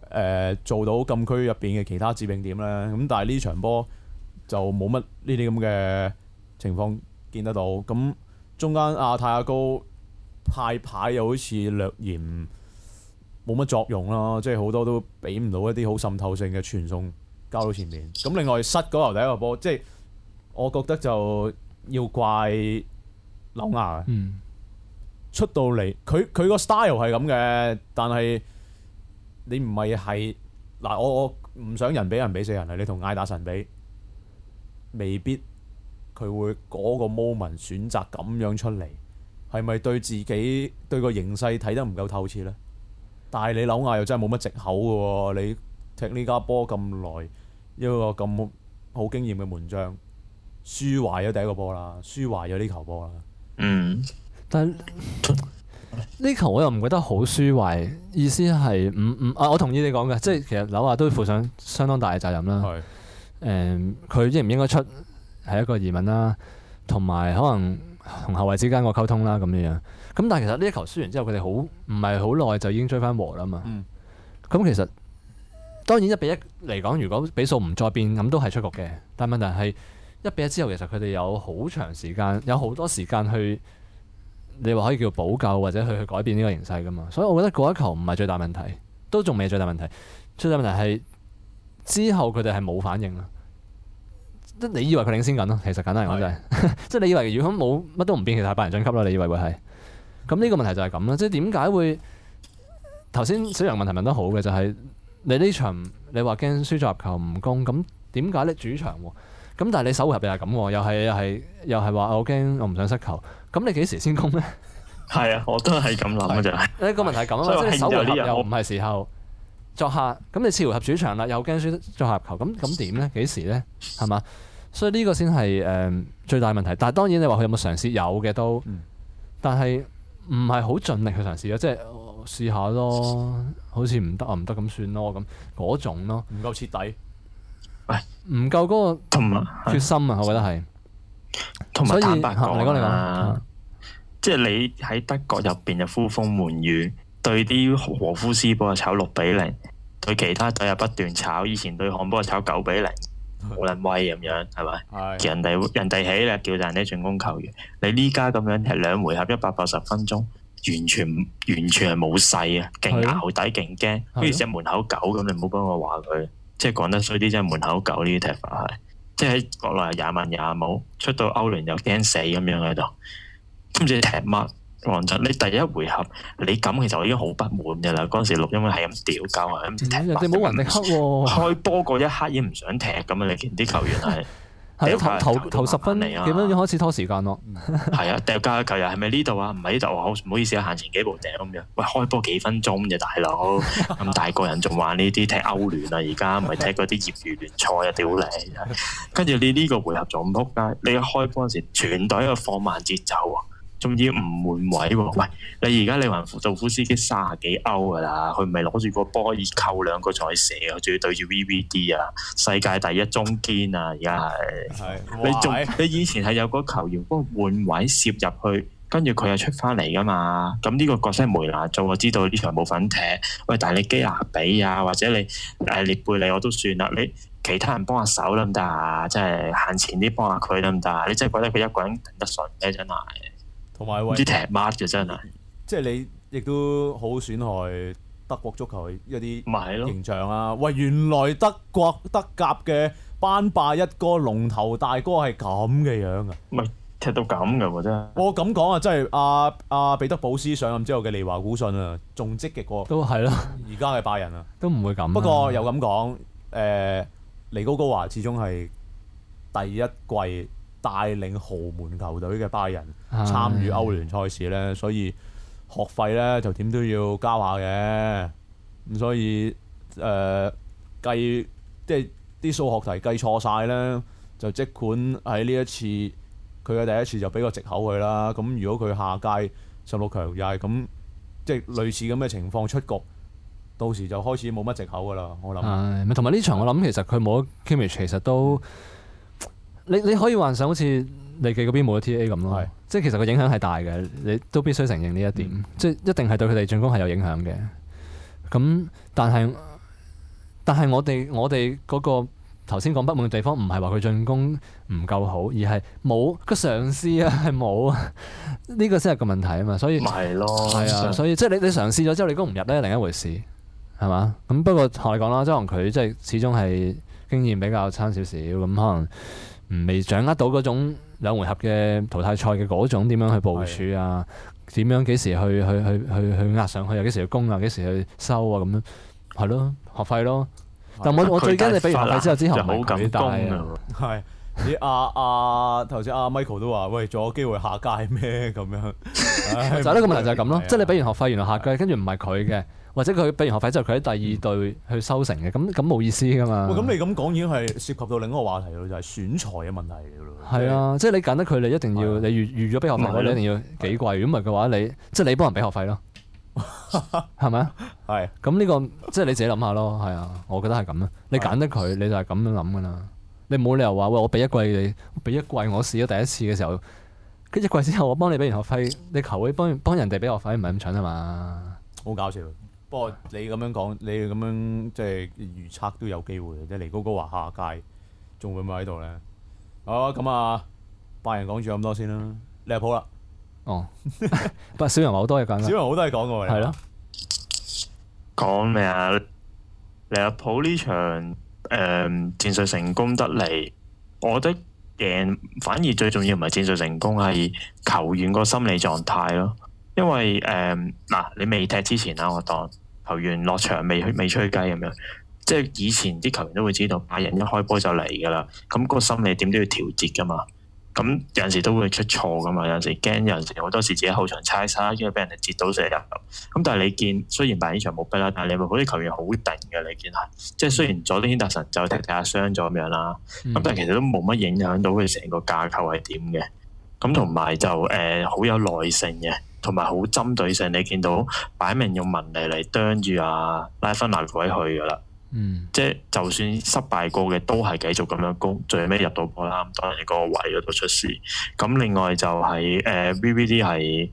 呃、做到禁區入邊嘅其他致命點咧？咁但係呢場波就冇乜呢啲咁嘅情況見得到。咁中間阿泰阿高派牌又好似略嫌冇乜作用啦，即係好多都俾唔到一啲好滲透性嘅傳送交到前面。咁另外失嗰頭第一個波，即係我覺得就要怪紐亞。嗯。出到嚟，佢佢個 style 係咁嘅，但係你唔係係嗱，我我唔想人俾人俾死人啊！你同艾達神比，未必佢會嗰個 moment 選擇咁樣出嚟，係咪對自己對個形勢睇得唔夠透徹咧？但係你紐亞又真係冇乜藉口嘅喎，你踢呢家波咁耐，一個咁好，好經驗嘅門將，輸壞咗第一個波啦，輸壞咗呢球波啦。嗯。但呢球我又唔覺得好輸壞，意思係唔唔啊，我同意你講嘅，即係其實紐華都負上相當大嘅責任啦。係，誒佢、嗯、應唔應該出係一個疑問啦，同埋可能同後衞之間個溝通啦咁樣樣。咁但係其實呢一球輸完之後，佢哋好唔係好耐就已經追翻和啦嘛。嗯，咁其實當然一比一嚟講，如果比數唔再變，咁都係出局嘅。但問題係一比一之後，其實佢哋有好長時間，有好多時間去。你話可以叫補救或者去去改變呢個形勢噶嘛？所以我覺得嗰一球唔係最大問題，都仲未最大問題。最大問題係之後佢哋係冇反應啦。即你以為佢領先緊咯，其實簡單嚟講就係，即你以為如果冇乜都唔變，其實係八人晉級啦。你以為會係咁？呢個問題就係咁啦。即點解會頭先小楊問題問得好嘅就係、是、你呢場你話驚輸咗入球唔公咁？點解你主場？咁但係你首回合又係咁，又係又係又係話我驚我唔想失球，咁你幾時先攻呢？係啊， 我都係咁諗嘅就係呢個問題，咁即係首回合又唔係時候作客，咁你次回合主場啦，又驚輸作客入球，咁咁點咧？幾時咧？係嘛？所以呢個先係誒最大問題。但係當然你話佢有冇嘗試？有嘅都，但係唔係好盡力去嘗試咯，即係試下咯，好似唔得啊唔得咁算咯，咁嗰種咯，唔夠徹底。唔夠嗰個，同埋決心啊！我覺得係，同埋坦白講啦，你你講嗯、即係你喺德國入邊就呼風喚雨，對啲荷夫斯波啊炒六比零，對其他隊又不斷炒，以前對漢波啊炒九比零，冇人威咁樣，係咪的？人哋人哋起咧叫人哋進攻球員，你呢家咁樣係兩回合一百八十分鐘，完全完全係冇勢啊！勁咬底勁驚，好似隻門口狗咁，你唔好幫我話佢。即係講得衰啲，即係門口狗呢啲踢法係，即係喺國內廿萬廿冇，出到歐聯又驚死咁樣喺度，跟住踢乜王振？你第一回合你咁，其實我已經好不滿噶啦，嗰時錄音係咁屌鳩，咁你冇雲力黑，啊，開波嗰一刻已經唔想踢咁啊！你見啲球員係。 掉頭頭十分幾分鐘開始拖時間咯，係 啊，掉架球又係咪呢度啊？唔係呢度，啊？好唔好意思啊，行前幾步頂咁樣。喂，開波幾分鐘嘅、啊、大佬，咁 大個人仲玩呢啲踢歐聯啊？而家唔係踢嗰啲業餘聯賽啊，屌 你！跟住你呢個回合仲唔撲街？你一開波嗰時全隊喺度放慢節奏啊！仲要唔換位？喂，你而家利雲度夫斯基三十幾歐噶啦，佢唔係攞住個波以扣兩個再射啊！仲要對住 VVD 啊，世界第一中堅啊，而家係你仲你以前係有個球員幫換位攝入去，跟住佢又出翻嚟噶嘛？咁呢個角色梅拿做，我知道呢場冇份踢。喂，但係你基拿比啊，或者你誒列、呃、貝利我都算啦。你其他人幫下手得唔得啊？即係行、就是、前啲幫下佢得唔得啊？你真係覺得佢一個人頂得順咩？真係。同埋喂，踢孖嘅真係，即係你亦都好損害德國足球一啲形象啊！喂，原來德國德甲嘅班霸一哥、龍頭大哥係咁嘅樣,樣啊！咪踢到咁嘅喎真係。我咁講啊，真係阿阿彼得保斯上任之後嘅利華古信啊，仲積極過。都係咯，而家係拜仁啊， 都唔會咁、啊。不過又咁講，誒、呃，尼高高高華始終係第一季。帶領豪門球隊嘅拜仁參與歐聯賽事咧的，所以學費咧就點都要交下嘅。咁所以誒計即係啲數學題計錯晒咧，就即管喺呢一次佢嘅第一次就俾個借口佢啦。咁如果佢下屆十六強又係咁即係類似咁嘅情況出局，到時就開始冇乜借口噶啦。我諗。係同埋呢場的我諗其實佢冇 Kimmich，其實都。你你可以幻想好似利記嗰邊冇咗 T.A. 咁咯，是即係其實個影響係大嘅。你都必須承認呢一點，嗯、即係一定係對佢哋進攻係有影響嘅。咁但係但係我哋我哋嗰個頭先講不滿嘅地方，唔係話佢進攻唔夠好，而係冇 個嘗試啊，係冇啊。呢個先係個問題啊嘛。所以係咯，係啊，所以即係你你嘗試咗之後，你攻唔入咧，係另一回事，係嘛咁。不過同你講啦，周航佢即係始終係經驗比較差少少，咁可能。未掌握到嗰種兩回合嘅淘汰賽嘅嗰種點樣去部署啊？點樣幾時去去去去去壓上去？又幾時去攻啊？幾時去收啊？咁樣係咯，學費咯。但我我最驚你俾完學費之後，之後唔係佢帶。係，啲啊，阿頭先阿 Michael 都話，喂，仲有機會下屆咩？咁樣就呢咯，個問題就係咁咯。即係你俾完學費，原來下屆，跟住唔係佢嘅。或者佢俾完學費就佢喺第二隊去收成嘅，咁咁冇意思噶嘛？喂，咁你咁講已經係涉及到另一個話題咯，就係選材嘅問題咯。係啊，即係你揀得佢，你一定要你預預咗俾學費，你一定要幾貴。如果唔係嘅話，你即係你幫人俾學費咯，係咪啊？係。咁呢個即係你自己諗下咯。係啊，我覺得係咁啊。你揀得佢，你就係咁樣諗噶啦。你冇理由話喂，我俾一季你，俾一季我試咗第一次嘅時候，跟住一季之後我幫你俾完學費，你求會幫幫人哋俾學費？唔係咁蠢啊嘛。好搞笑。不過你咁樣講，你咁樣即係預測都有機會嘅，即係高高華下屆，仲會唔會喺度咧？好，咁啊，拜仁講住咁多先啦。利物浦啦，哦，不、嗯，小人好多嘢講。小人好多嘢講嘅喎。係咯的。講咩啊？利物浦呢場誒、呃、戰術成功得嚟，我覺得贏反而最重要唔係戰術成功，係球員個心理狀態咯。因為誒嗱、呃啊，你未踢之前啦，我當。球員落場未去未吹雞咁樣，即係以前啲球員都會知道，把人一開波就嚟噶啦，咁、那個心理點都要調節噶嘛，咁有陣時都會出錯噶嘛，有陣時驚，有陣時好多時自己後場猜晒，因為俾人哋截到成日咁。但係你見，雖然拜仁場冇逼啦，但係你會覺得啲球員好定嘅，你見下，即係雖然佐敦軒達臣就踢踢下傷咗咁樣啦，咁、嗯、但係其實都冇乜影響到佢成個架構係點嘅，咁同埋就誒好、呃、有耐性嘅。同埋好針對性，你見到擺明用文嚟嚟啄住啊拉芬拿鬼去噶啦，嗯，即係就算失敗過嘅，都係繼續咁樣攻，最尾入到波啦。咁當然個位嗰度出事。咁另外就係誒 VVD 係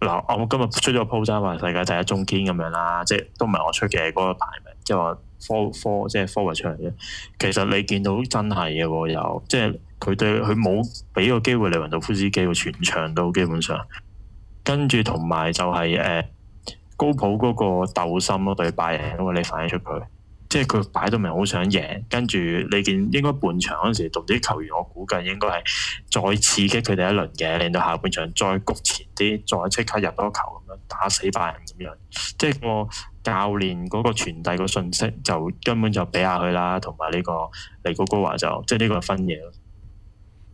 嗱，我今日出咗個 post 話世界第一中堅咁樣啦，即係都唔係我出嘅嗰、嗰個排名，即係話 four four，即係 four two 出嚟嘅。其實你見到真係嘅喎，又即係佢對佢冇俾個機會嚟雲到夫斯基，佢全場都基本上。跟住同埋就係、是、誒、呃、高普嗰個鬥心咯，對拜仁，咁啊你反映出佢，即係佢擺到明好想贏，跟住你見應該半場嗰陣時同啲球員，我估計應該係再刺激佢哋一輪嘅，令到下半場再谷前啲，再即刻入多球咁樣打死拜仁咁樣，即係個教練嗰個傳遞個信息就根本就俾下佢啦，同埋呢個尼高高華就即係呢個分嘢咯，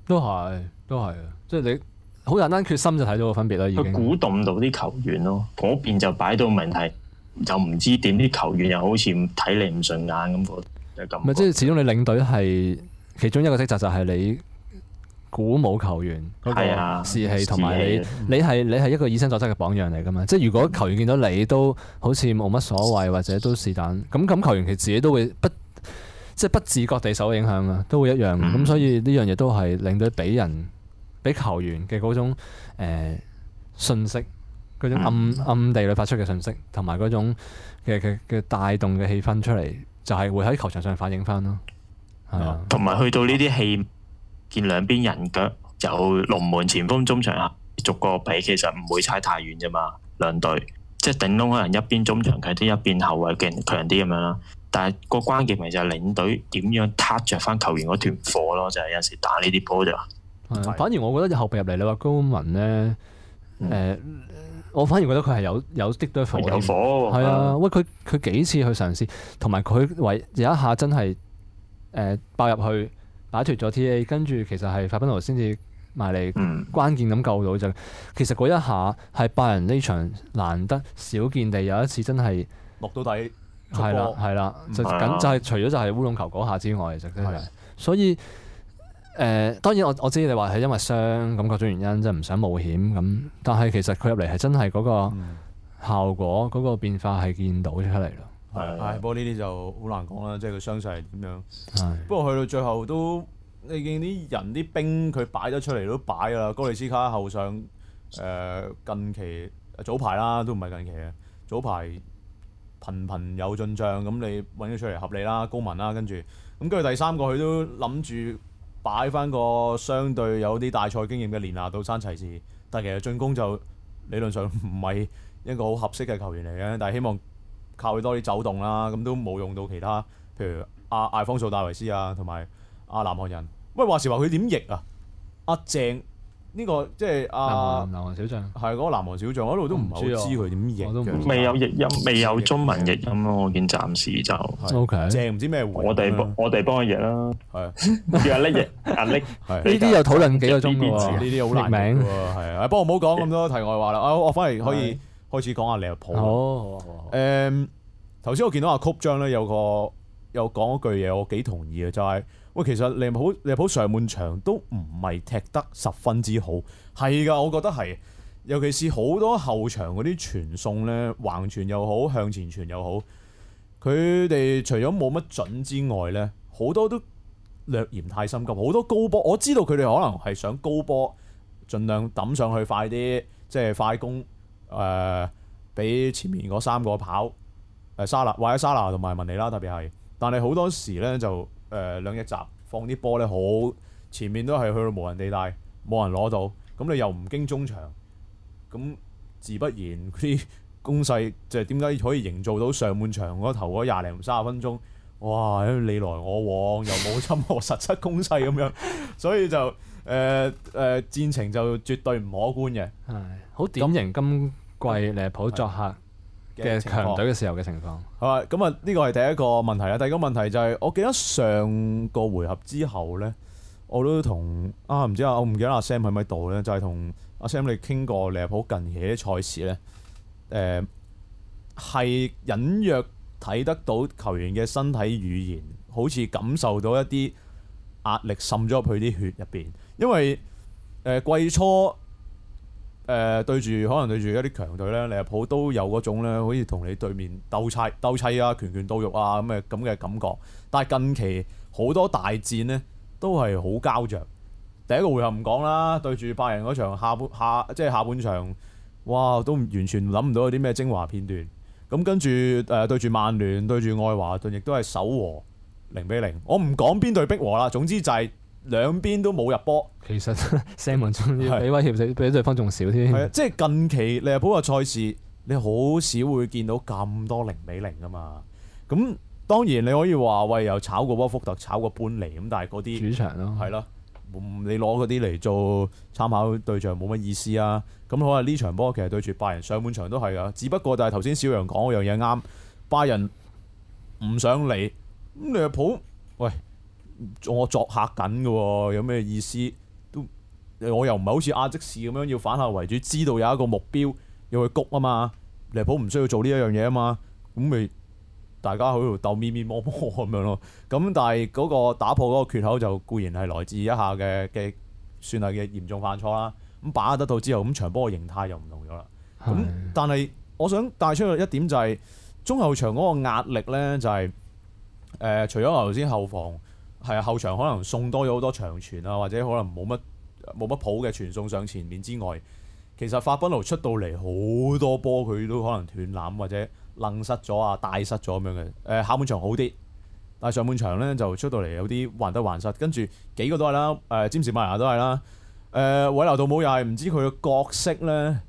都係都係啊，即係你。好簡單，決心就睇到個分別啦。已經佢鼓動到啲球員咯，嗰邊就擺到問題，就唔知點啲球員又好似睇你唔順眼咁個。咁。咪即係始終你領隊係其中一個職責，就係你鼓舞球員，係啊，士氣同埋你、嗯、你係你係一個以身作則嘅榜樣嚟噶嘛。即係如果球員見到你都好似冇乜所謂或者都是但，咁咁球員其實自己都會不即係不自覺地受影響啊，都會一樣。咁、嗯、所以呢樣嘢都係領隊俾人。俾球員嘅嗰種、呃、信息，嗰種暗暗地裏發出嘅信息，同埋嗰種嘅嘅嘅帶動嘅氣氛出嚟，就係會喺球場上反映翻咯。係啊，同埋去到呢啲戲，見兩邊人腳有龍門前鋒、中場逐個比，其實唔會差太遠啫嘛。兩隊即係頂籠可能一邊中場強啲，一邊後衞勁強啲咁樣啦。但係個關鍵咪就係領隊點樣撻着翻球員嗰團火咯，就係有時打呢啲波就。反而我覺得後備入嚟，你話高文咧，誒、呃，嗯、我反而覺得佢係有有啲多火，有，有啊！喂，佢佢幾次去嘗試，同埋佢唯有一下真係誒、呃、爆入去擺脫咗 TA，跟住其實係法賓奴先至埋嚟關鍵咁救到就，其實嗰一下係拜仁呢場難得少見地有一次真係落到底，係啦係啦，就咁、是、就係除咗就係烏龍球嗰下之外，其實真係，所以。誒、呃、當然我，我我知你話係因為傷咁各種原因，即係唔想冒險咁。但係其實佢入嚟係真係嗰個效果嗰、嗯、個變化係見到出嚟咯。不過呢啲就好難講啦，即係佢傷勢係點樣？對不過去到最後都你見啲人啲兵佢擺咗出嚟都擺啦。高利斯卡後上誒、呃、近期早排啦，都唔係近期嘅早排頻頻有進賬咁，你揾咗出嚟合理啦，高文啦，跟住咁跟住第三個佢都諗住。擺翻個相對有啲大賽經驗嘅連拿到山齊士，但其實進攻就理論上唔係一個好合適嘅球員嚟嘅，但係希望靠佢多啲走動啦，咁都冇用到其他，譬如阿艾方素戴維斯啊，同埋阿南韓人，喂話時話佢點逆啊？阿鄭。呢個即係啊，南韓小將，係嗰個南韓小將。我一路都唔係好知佢點譯，未有譯音，未有中文譯音咯。我見暫時就 O K，正唔知咩回。我哋我哋幫佢譯啦，係啊，譯阿叻嘢，阿叻，呢啲又討論幾個鐘㗎喎，呢啲好難名，喎，係啊。不過唔好講咁多題外話啦。我反而可以開始講下利物浦啦。好好好。誒，頭先我見到阿曲張咧有個有講一句嘢，我幾同意嘅，就係。喂，其實利物浦利物浦上半場都唔係踢得十分之好，係噶，我覺得係。尤其是好多後場嗰啲傳送咧，橫傳又好，向前傳又好，佢哋除咗冇乜準之外咧，好多都略嫌太心急。好多高波，我知道佢哋可能係想高波，儘量抌上去快啲，即係快攻。誒，俾前面嗰三個跑，誒沙拿，或者沙拿同埋文尼啦，特別係。但係好多時咧就。誒、呃、兩隻閘放啲波咧，好前面都係去到無人地帶，冇人攞到，咁你又唔經中場，咁自不然啲攻勢就係點解可以營造到上半場嗰頭嗰廿零三十分鐘，哇！你來我往，又冇任何實質攻勢咁樣， 所以就誒誒、呃呃、戰情就絕對唔可觀嘅，係好、 嗯、典型今季利物浦作客嘅強隊嘅時候嘅情況，係嘛？咁啊，呢個係第一個問題啦。第二個問題就係、是，我記得上個回合之後咧，我都同啊唔知啊，知我唔記得阿 Sam 喺咪度咧，就係同阿 Sam 你傾過利物浦近幾啲賽事咧。誒、呃，係隱約睇得到球員嘅身體語言，好似感受到一啲壓力滲咗入去啲血入邊，因為誒、呃、季初。誒、呃、對住可能對住一啲強隊咧，利物浦都有嗰種咧，好似同你對面鬥砌鬥砌啊，拳拳到肉啊咁嘅咁嘅感覺。但係近期好多大戰呢，都係好膠着。第一個回合唔講啦，對住拜仁嗰場下半下，下即係下半場，哇都完全諗唔到有啲咩精華片段。咁跟住誒、呃、對住曼聯對住愛華頓，亦都係守和零比零。0，我唔講邊隊逼和啦，總之就係、是。兩邊都冇入波，其實聲門仲要俾威脅，俾俾是對方仲少添。的 即係近期利物浦嘅賽事，你好少會見到咁多零比零㗎嘛。咁當然你可以話喂，又炒個波福特，炒過半離咁，但係嗰啲主場咯、啊，係咯，你攞嗰啲嚟做參考對象冇乜意思啊。咁可能呢場波其實對住拜仁上半場都係啊，只不過就係頭先小楊講嗰樣嘢啱，拜仁唔想嚟，咁利物浦喂。我作客緊嘅，有咩意思？都我又唔係好似阿即士咁樣要反客為主，知道有一個目標要去谷啊嘛。利物浦唔需要做呢一樣嘢啊嘛，咁咪大家喺度鬥咪咪摸摸咁樣咯。咁但係嗰個打破嗰個缺口就固然係來自一下嘅嘅算係嘅嚴重犯錯啦。咁把握得到之後，咁場波嘅形態又唔同咗啦。咁的但係我想帶出去一點就係、是、中後場嗰個壓力咧，就係、是、誒，除咗頭先後防。係啊，後場可能送多咗好多長傳啊，或者可能冇乜冇乜譜嘅傳送上前面之外，其實法賓奴出到嚟好多波佢都可能斷纜或者愣失咗啊，大失咗咁樣嘅。誒、呃、下半場好啲，但係上半場咧就出到嚟有啲患得患失，跟住幾個都係啦，誒、呃、詹士麥牙都係啦，誒韋拿杜姆又係，唔知佢嘅角色咧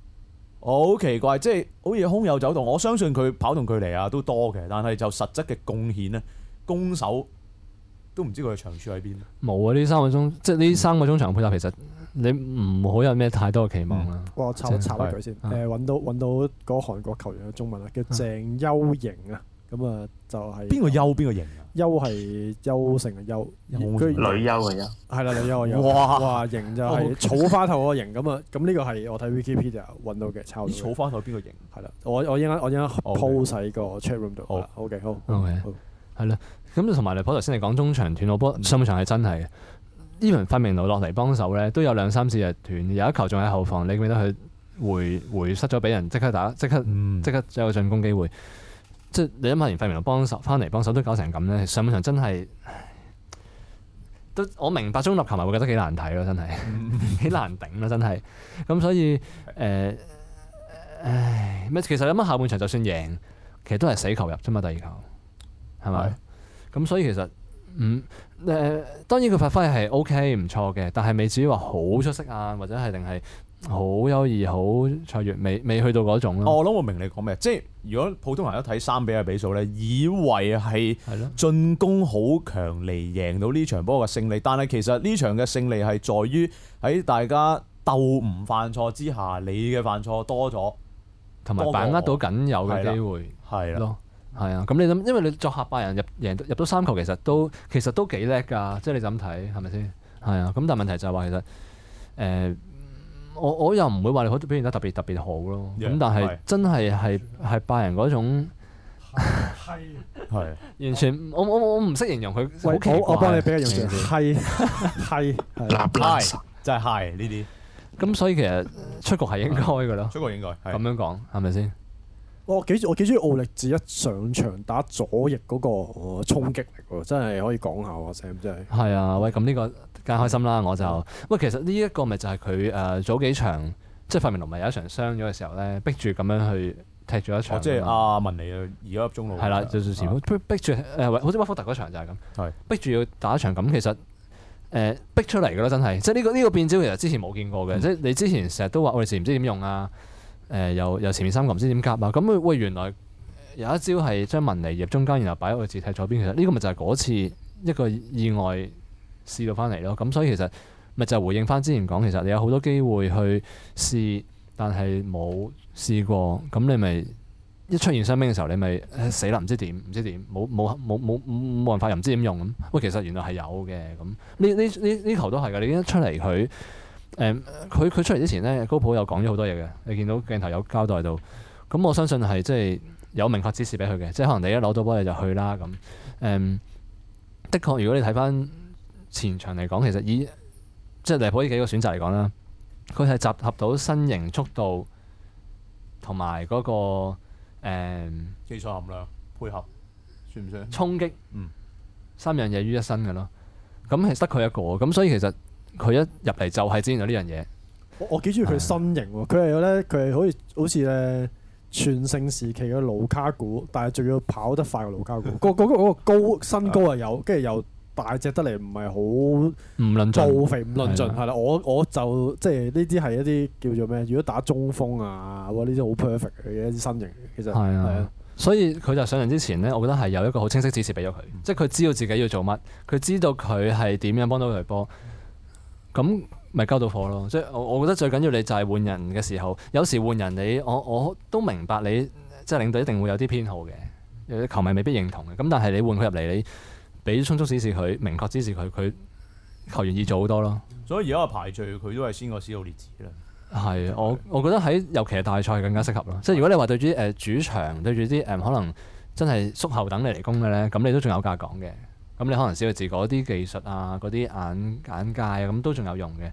好奇怪，即係好似空有走動，我相信佢跑動距離啊都多嘅，但係就實質嘅貢獻咧攻守。都唔知佢嘅長處喺邊。冇啊！呢三個鐘，即係呢三個鐘場配合，其實你唔好有咩太多嘅期望啦。我抄插一句先，誒揾到揾到嗰韓國球員嘅中文啊，叫鄭優瑩啊，咁啊就係邊個優邊個瑩啊？優係優成啊優，女優啊優。係啦，女優啊優。哇！瑩，就係草花頭嗰個瑩咁啊，咁呢個係我睇 Wikipedia 就揾到嘅，抄。草花頭邊個型？係啦，我我而家我而家 po 晒喺個 chat room 度啦。OK 好。O K 好。係啦。咁同埋你普頭先你講中場斷落波，上半場係真係，呢輪費明奴落嚟幫手咧，都有兩三次入斷，有一球仲喺後防，你記得佢回回失咗俾人即刻打，即刻即刻有進攻機會。嗯、即你諗下，連費明奴幫手翻嚟幫手都搞成咁咧，上半場真係都我明白中立球迷會覺得幾難睇咯，真係幾 難頂咯，真係。咁所以誒、呃，唉，咩？其實諗下半場就算贏，其實都係死球入啫嘛，第二球係咪？咁、嗯、所以其實，嗯，誒、呃，當然佢發揮係 OK 唔錯嘅，但係未至於話好出色啊，或者係定係好優異、好卓越，未未去到嗰種、啊哦、我諗我明你講咩，即係如果普通人都睇三比一比數咧，以為係進攻好強嚟贏到呢場波嘅勝利，但係其實呢場嘅勝利係在於喺大家鬥唔犯錯之下，你嘅犯錯多咗，同埋把握到僅有嘅機會，係咯。係啊，咁你諗，因為你作客拜仁入贏入咗三球其，其實都其實都幾叻噶，即係你咁睇，係咪先？係啊，咁但係問題就係話其實，誒、呃，我我又唔會話你可表現得特別特別好咯。咁但係真係係係拜仁嗰種係完全，我我我唔識形容佢。我我幫你俾個形容詞，係係拉就係 high 呢啲。咁所以其實出局係應該嘅咯， 出局應該咁樣講係咪先？哦、我幾我幾中意奧力志一上場打左翼嗰，那個衝擊、哦、力真係可以講下喎 Sam 真係。係啊，喂，咁呢個梗係開心啦，是的 我就喂，其實呢一個咪就係佢誒早幾場即係發明龍咪有一場傷咗嘅時候咧，逼住咁樣去踢咗一場。即係阿文尼移咗入中路。係啦，就就是、前、啊、逼住、呃、好似屈福特嗰場就係咁，是的 逼住要打一場咁，其實誒、呃、逼出嚟噶啦，真係，即係呢、這個呢、這個變招其實之前冇見過嘅，即係你之前成日都話奧利志唔知點用啊。誒又、呃、又前面三個唔知點夾啊。咁、嗯、佢喂原來有一招係將文尼入中間，然後擺喺個字體左邊。其實呢個咪就係嗰次一個意外試到翻嚟咯。咁所以其實咪就回應翻之前講，其實你有好多機會去試，但係冇試過。咁你咪一出現傷兵嘅時候，你咪死啦！唔知點唔知點，冇冇冇冇冇冇冇辦法，又唔知點用咁。喂、嗯，其實原來係有嘅。咁呢呢呢呢球都係㗎。你已經一出嚟佢。誒，佢佢、嗯、出嚟之前咧，高普又講咗好多嘢嘅，你見到鏡頭有交代到，咁我相信係即係有明確指示俾佢嘅，即係可能你一攞到波你就去啦咁。誒、嗯，的確如果你睇翻前場嚟講，其實以即係利物浦呢幾個選擇嚟講啦，佢係集合到身形、速度同埋嗰個誒、嗯、技術含量配合，算唔算？衝擊，嗯，三樣嘢於一身嘅咯，咁係得佢一個，咁所以其實。佢一入嚟就係知道呢樣嘢。我我幾中意佢身形，佢係咧佢係好似好似咧全盛時期嘅盧卡古，但係仲要跑得快嘅盧卡古。個個 個高身高又有，跟住又大隻得嚟，唔係好唔論盡，肥唔論盡係啦。我我就即係呢啲係一啲叫做咩？如果打中鋒啊，呢啲好 perfect 佢嘅一啲身形。其實係啊是的。所以佢就上場之前咧，我覺得係有一個好清晰指示俾咗佢，即係佢知道自己要做乜，佢知道佢係點樣幫到隊波。咁咪交到貨咯，即係我我覺得最緊要你就係換人嘅時候，有時換人你我我都明白你即係、就是、領隊一定會有啲偏好嘅，有啲球迷未必認同嘅。咁但係你換佢入嚟，你俾充足指示，佢，明確指示，佢，佢球員易做好多咯。所以而家個排序佢都係先過斯奧列茲啦。係的，的我我覺得喺尤其係大賽更加適合咯。即係的如果你話對住誒主場，對住啲誒可能真係縮後等你嚟攻嘅咧，咁你都仲有價講嘅。咁你可能小利智嗰啲技術啊，嗰啲眼眼界啊，咁都仲有用嘅。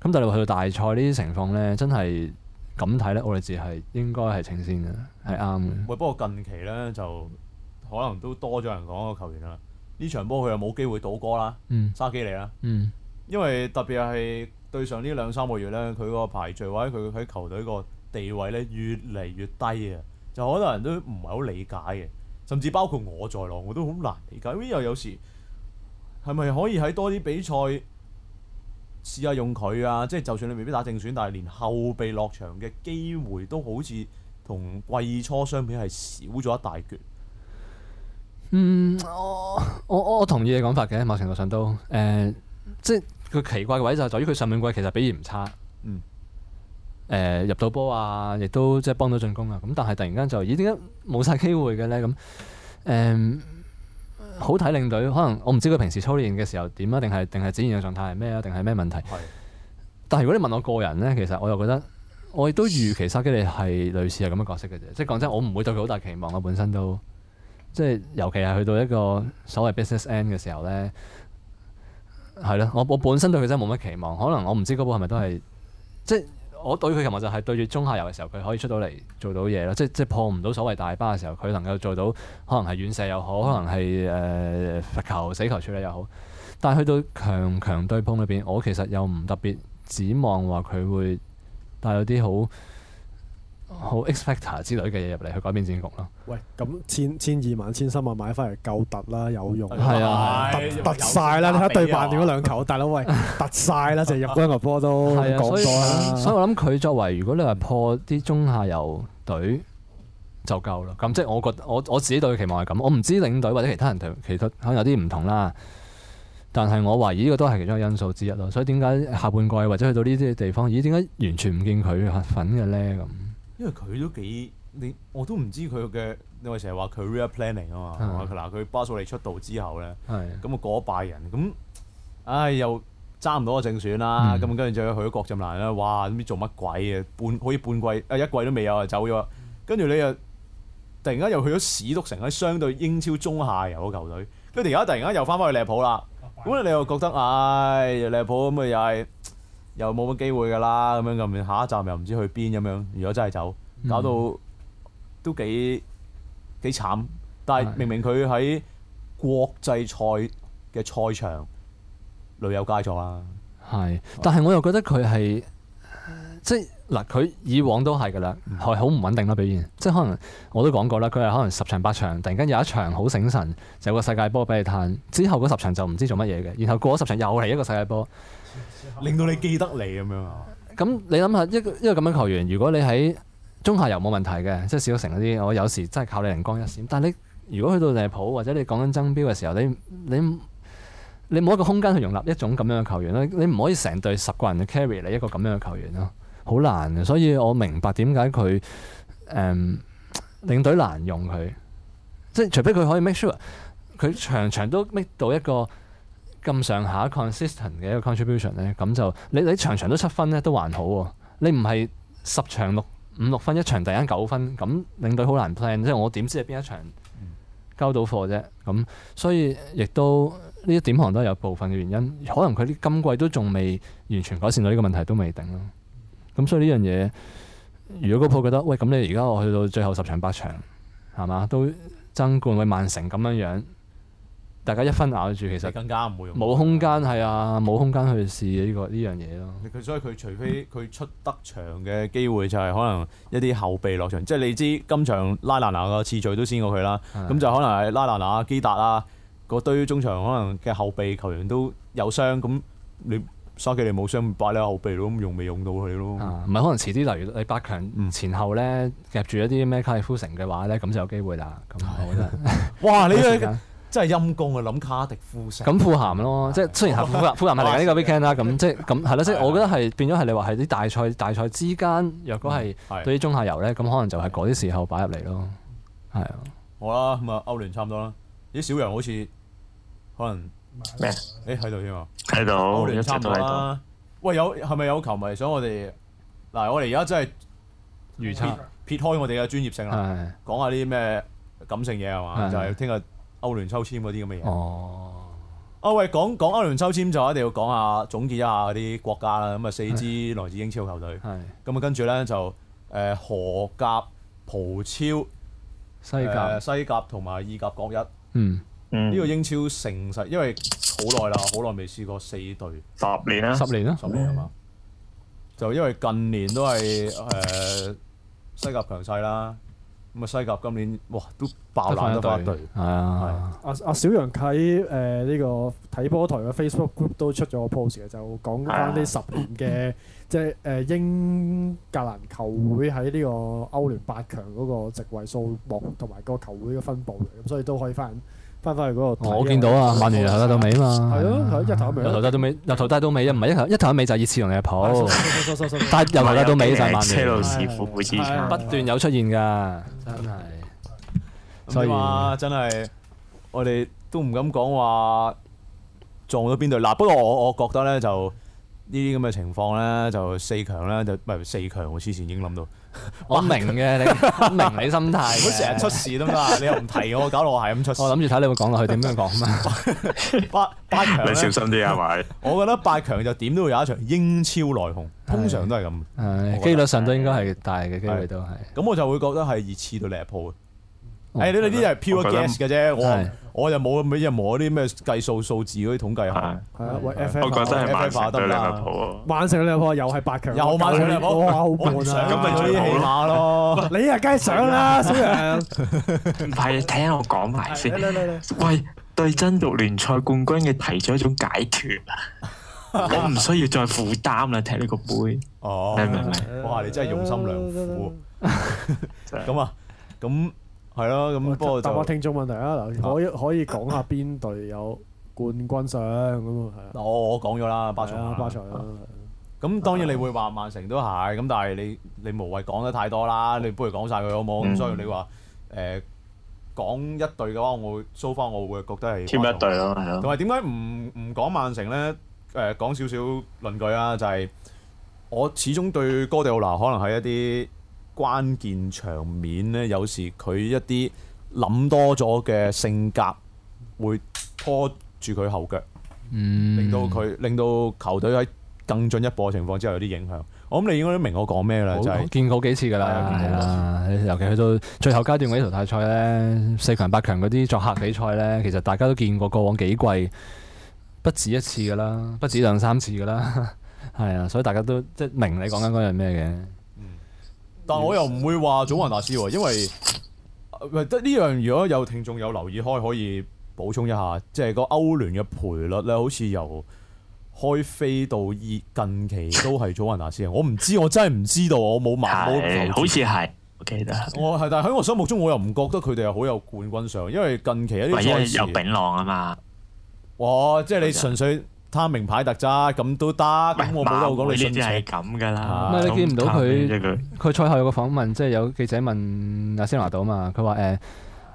咁但係去到大賽呢啲情況咧，真係咁睇咧，奧利治係應該係稱先嘅，係啱嘅。喂、嗯，嗯、不過近期咧就可能都多咗人講個球員啦。呢場波佢又冇機會倒戈啦，嗯、沙基利啦。嗯。因為特別係對上呢兩三個月咧，佢個排序或者佢喺球隊個地位咧越嚟越低啊，就好多人都唔係好理解嘅。甚至包括我在內，我都好難理解。因為又有時係咪可以喺多啲比賽試下用佢啊？即係就算你未必打正選，但係連後備落場嘅機會都好似同季初相比係少咗一大橛。嗯，我我我同意你講法嘅，某程度上都誒，呃、即係佢奇怪嘅位就係在於佢上半季其實表現唔差，嗯。誒、呃、入到波啊，亦都即係幫到進攻啊。咁但係突然間就咦點解冇晒機會嘅咧？咁、嗯、誒好睇領隊，可能我唔知佢平時操練嘅時候點啊，定係定係展現嘅狀態係咩啊？定係咩問題？係。但係如果你問我個人呢，其實我又覺得我亦都預期沙基利係類似係咁嘅角色嘅啫。即係講真，我唔會對佢好大期望。我本身都即係尤其係去到一個所謂 Business End 嘅時候呢，係咯。我我本身對佢真係冇乜期望。可能我唔知嗰波係咪都係即係。我對佢琴日就係對住中下游嘅時候，佢可以出到嚟做到嘢咯，即係即係破唔到所謂大巴嘅時候，佢能夠做到可能係遠射又好，可能係誒罰球死球處理又好。但係去到強強對碰裏邊，我其實又唔特別指望話佢會帶有啲好好 expecter 之類嘅嘢入嚟去改變戰局咯 喂，咁千千二萬、千三萬買翻嚟夠突啦，有用係啊，突晒曬啦！一對半點咗兩球，大佬喂， 突晒啦！就入兩個波都講咗、 啊、所以，所以所以我諗佢作為，如果你話破啲中下游隊就夠啦。咁即係我覺得我我自己對佢期望係咁，我唔知領隊或者其他人隊其實可能有啲唔同啦。但係我懷疑呢個都係其中一個因素之一咯。所以點解下半季或者去到呢啲地方，咦？點解完全唔見佢粉嘅咧？咁？因為佢都幾你我都唔知佢嘅，你話成日話佢 career planning 啊嘛，嗱佢巴素利出道之後咧，咁啊係過咗拜仁，咁唉、哎、又揸唔到個正選啦，咁、嗯、跟住就去咗國陣蘭啦，哇咁啲做乜鬼啊？半好似半季啊一季都未有啊走咗，跟住你又突然間又去咗史篤城，喺相對英超中下游嘅球隊，跟住突然間突然間又翻返去利物浦啦，咁、嗯、你又覺得唉、哎、利物浦又係？又冇乜機會㗎啦，咁樣咁樣，下一站又唔知去邊咁樣。如果真係走，搞到都幾、嗯、幾慘。但係明明佢喺國際賽嘅賽場，屢有佳作啦。係，但係我又覺得佢係即係嗱，佢以往都係㗎啦，係好唔穩定啦表現。即係可能我都講過啦，佢係可能十場八場，突然間有一場好醒神，就有個世界波俾你嘆。之後嗰十場就唔知做乜嘢嘅，然後過咗十場又嚟一個世界波。令到你記得你咁樣啊？咁你諗下，一個一個咁樣球員，如果你喺中下游冇問題嘅，即係小城嗰啲，我有時真係靠你靈光一閃。但係你如果去到利物浦，或者你講緊爭標嘅時候，你你你冇一個空間去容納一種咁樣嘅球員咯。你唔可以成隊十個人去 carry 你一個咁樣嘅球員咯，好難。所以我明白點解佢誒領隊難用佢，即係除非佢可以 make sure 佢場場都 make 到一個。咁上下 consistent 嘅一個 contribution 咧，咁就你你場場都七分咧都還好、啊、你唔係十場六五六分一場突然間九分，咁領隊好難 plan，即係我點知係邊一場交到貨啫？咁所以亦都呢一點可能都有部分嘅原因，可能佢啲今季都仲未完全改善到呢個問題都未定咯。咁所以呢樣嘢，如果個鋪覺得喂，咁你而家我去到最後十場八場，係嘛都爭冠，會曼城咁樣樣。大家一分咬住，其實更加唔會用，冇空間，係啊對，冇空間去試呢、這個呢樣嘢咯。佢所以佢除非佢出得場嘅機會就係可能一啲後備落場，嗯、即係你知今場拉拿拿個次序都先過佢啦。咁的就可能係拉拿拿、基達啊，個堆中場可能嘅後備球員都有傷，咁你沙基利冇傷，擺你後備都用未用到佢咯。唔係可能遲啲，例如你八強前後咧夾住一啲咩卡爾夫城嘅話咧，咁就有機會啦。咁我覺得哇，你 真係陰公啊！諗卡迪夫城咁富咸咯，即係雖然富咸，富咸係嚟緊呢個 weekend 啦。咁即係咁係啦，即係我覺得係變咗係你話係啲大賽大賽之間，若果係對於中下游咧，咁可能就係嗰啲時候擺入嚟咯。係啊，好啦，咁啊歐聯差唔多啦。咦，小陽好似可能咩？誒喺度添啊，喺度。歐聯差唔多啦。喂，有係咪有球迷想我哋嗱？我哋而家真係預測撇開我哋嘅專業性啦，講下啲咩感性嘢係嘛？就係聽日。歐聯抽籤嗰啲咁嘅嘢。哦啊。啊喂，講講歐聯抽籤就一定要講下總結一下啲國家啦。咁啊四支來自英超球隊。係。咁啊跟住咧就誒荷甲、呃、葡超、西甲、呃、西甲、西甲同埋意甲各一。嗯。呢個英超成世，因為好耐啦，好耐未試過四隊。十年啊！十年啦、啊！十年係、啊、嘛？嗯、就因為近年都係誒、呃、西甲強勢啦。咁啊西甲今年哇都爆冷一對，係啊！阿阿、啊啊、小楊喺誒呢個睇波台嘅 Facebook Group 都出咗個 post 嘅，就講翻呢十年嘅即係誒英格蘭球會喺呢個歐聯八強嗰個席位數目同埋個球會嘅分佈，咁所以都可以翻。翻翻去嗰個台，我見到啊！曼聯由頭睇到尾嘛，係咯，係一頭一尾。由頭睇到尾，由頭睇到尾，唔係一頭一頭一尾就係熱刺同利物浦。但係由頭睇到尾係曼聯、車路士苦苦支持，不斷有出現㗎。真係，所以話真係，我哋都唔敢講話撞到邊度。嗱，不過我我覺得咧就。呢啲咁嘅情況咧，就四強啦。就唔係四強，我之前已經諗到。我明嘅，你明你心態嘅。好成日出事啊嘛，你又唔提我，搞到我係咁出事。我諗住睇你會講落去點樣講嘛。八八強你小心啲係咪？我覺得八強就點都會有一場英超內訌，通常都係咁。誒，機率上都應該係大嘅機會都係。咁我就會覺得係熱刺到你鋪嘅。誒，你哋啲係 pure guess 嘅啫。我又冇，咪又冇啲咩計數數字嗰啲統計，係係啊，喂，FF，我覺得係萬城兩粒球啊！萬城兩粒球又係八強，又萬城兩粒球，哇，好勁啊！咁咪可以好拉咯，你啊，梗係想啦，小人唔係，聽我講埋先。喂，對爭奪聯賽冠軍嘅提出一種解脫啊！我唔需要再負擔啦，踢呢個杯。哦，明唔明？我話你真係用心良苦。咁啊，咁。係咯，咁、啊、不過就答下聽眾問題啊！嗱、啊，可以可以講下邊隊有冠軍相，咁啊？哦、我我講咗啦，巴塞、啊啊、巴塞咁當然你會話曼城都係，咁但係你你無謂講得太多啦，你不如講晒佢好冇？咁、嗯、所以你話誒講一隊嘅話，我 so far 我，我會覺得係、啊。添一隊咯，係咯、啊。同埋點解唔唔講曼城咧？誒講、呃、少，少少論據啦、啊，就係、是、我始終對哥迪奧拿可能係一啲。關鍵場面呢，有時佢一啲諗多咗嘅性格，會拖住佢後腳，嗯、令到佢令到球隊喺更進一步嘅情況之下有啲影響。我諗你應該都明我講咩啦，好就係、係、見過幾次㗎啦、啊。尤其去到最後階段啲淘汰賽咧，四強、八強嗰啲作客比賽呢，其實大家都見過過，過往幾季不止一次㗎啦，不止兩三次㗎啦。係 啊，所以大家都即係明你講緊嗰樣咩嘅。但我又唔會話祖雲達斯喎，因為得呢樣。如果有聽眾有留意開，可以補充一下，即係個歐聯嘅賠率咧，好似由開飛到依近期都係祖雲達斯。我唔知，我真係唔知道，我冇買，冇留意。誒，好似係，我記得是。我係我，但喺我心目中，我又唔覺得佢哋係好有冠軍相，因為近期一啲開始有丙浪啊嘛。哇！即係你純粹。他名牌特質咁，啊、都得，咁我冇理由講你信邪咁㗎啦。咩你見唔到佢？佢賽他後有個訪問，即係有記者問阿仙奴到嘛？佢話誒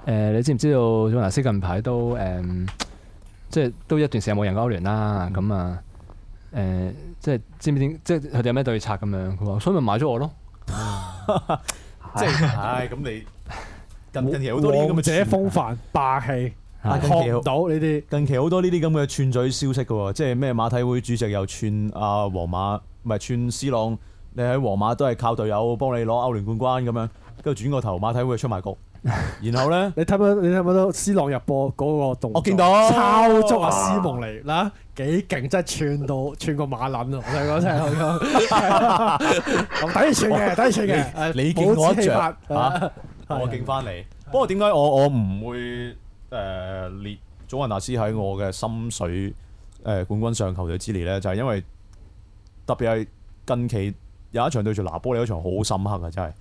誒，你知唔知道？小納斯近排都誒，哎，即係都一段時間冇贏歐聯啦。咁啊誒，即係知唔知？即係佢哋有咩對策咁樣？佢話所以咪買咗我咯。即係唉，咁你近近，近年好多年咁嘅，啊、王者風範霸氣。近期好呢啲，近期好多呢啲咁嘅串嘴消息嘅喎，即係咩馬體會主席又串阿、啊、皇馬，唔係串 C 朗，你喺皇馬都係靠隊友幫你攞歐聯冠軍咁樣，跟住轉個頭馬體會出埋局，然後咧， 你睇唔睇你睇到 C 朗入波嗰個動作我、啊啊？我見到抄足阿施蒙嚟，啦我，幾勁真係串到串個馬林啊！我哋講真，我講，睇住串嘅，睇住串嘅，你見我一、啊、我敬翻你。 不過點解我我唔會？誒列、呃、祖雲達斯喺我嘅心水誒、呃、冠軍上球隊之列咧，就係、是、因為特別係近期有一場對住拿波利嗰場好深刻嘅、啊，真係誒、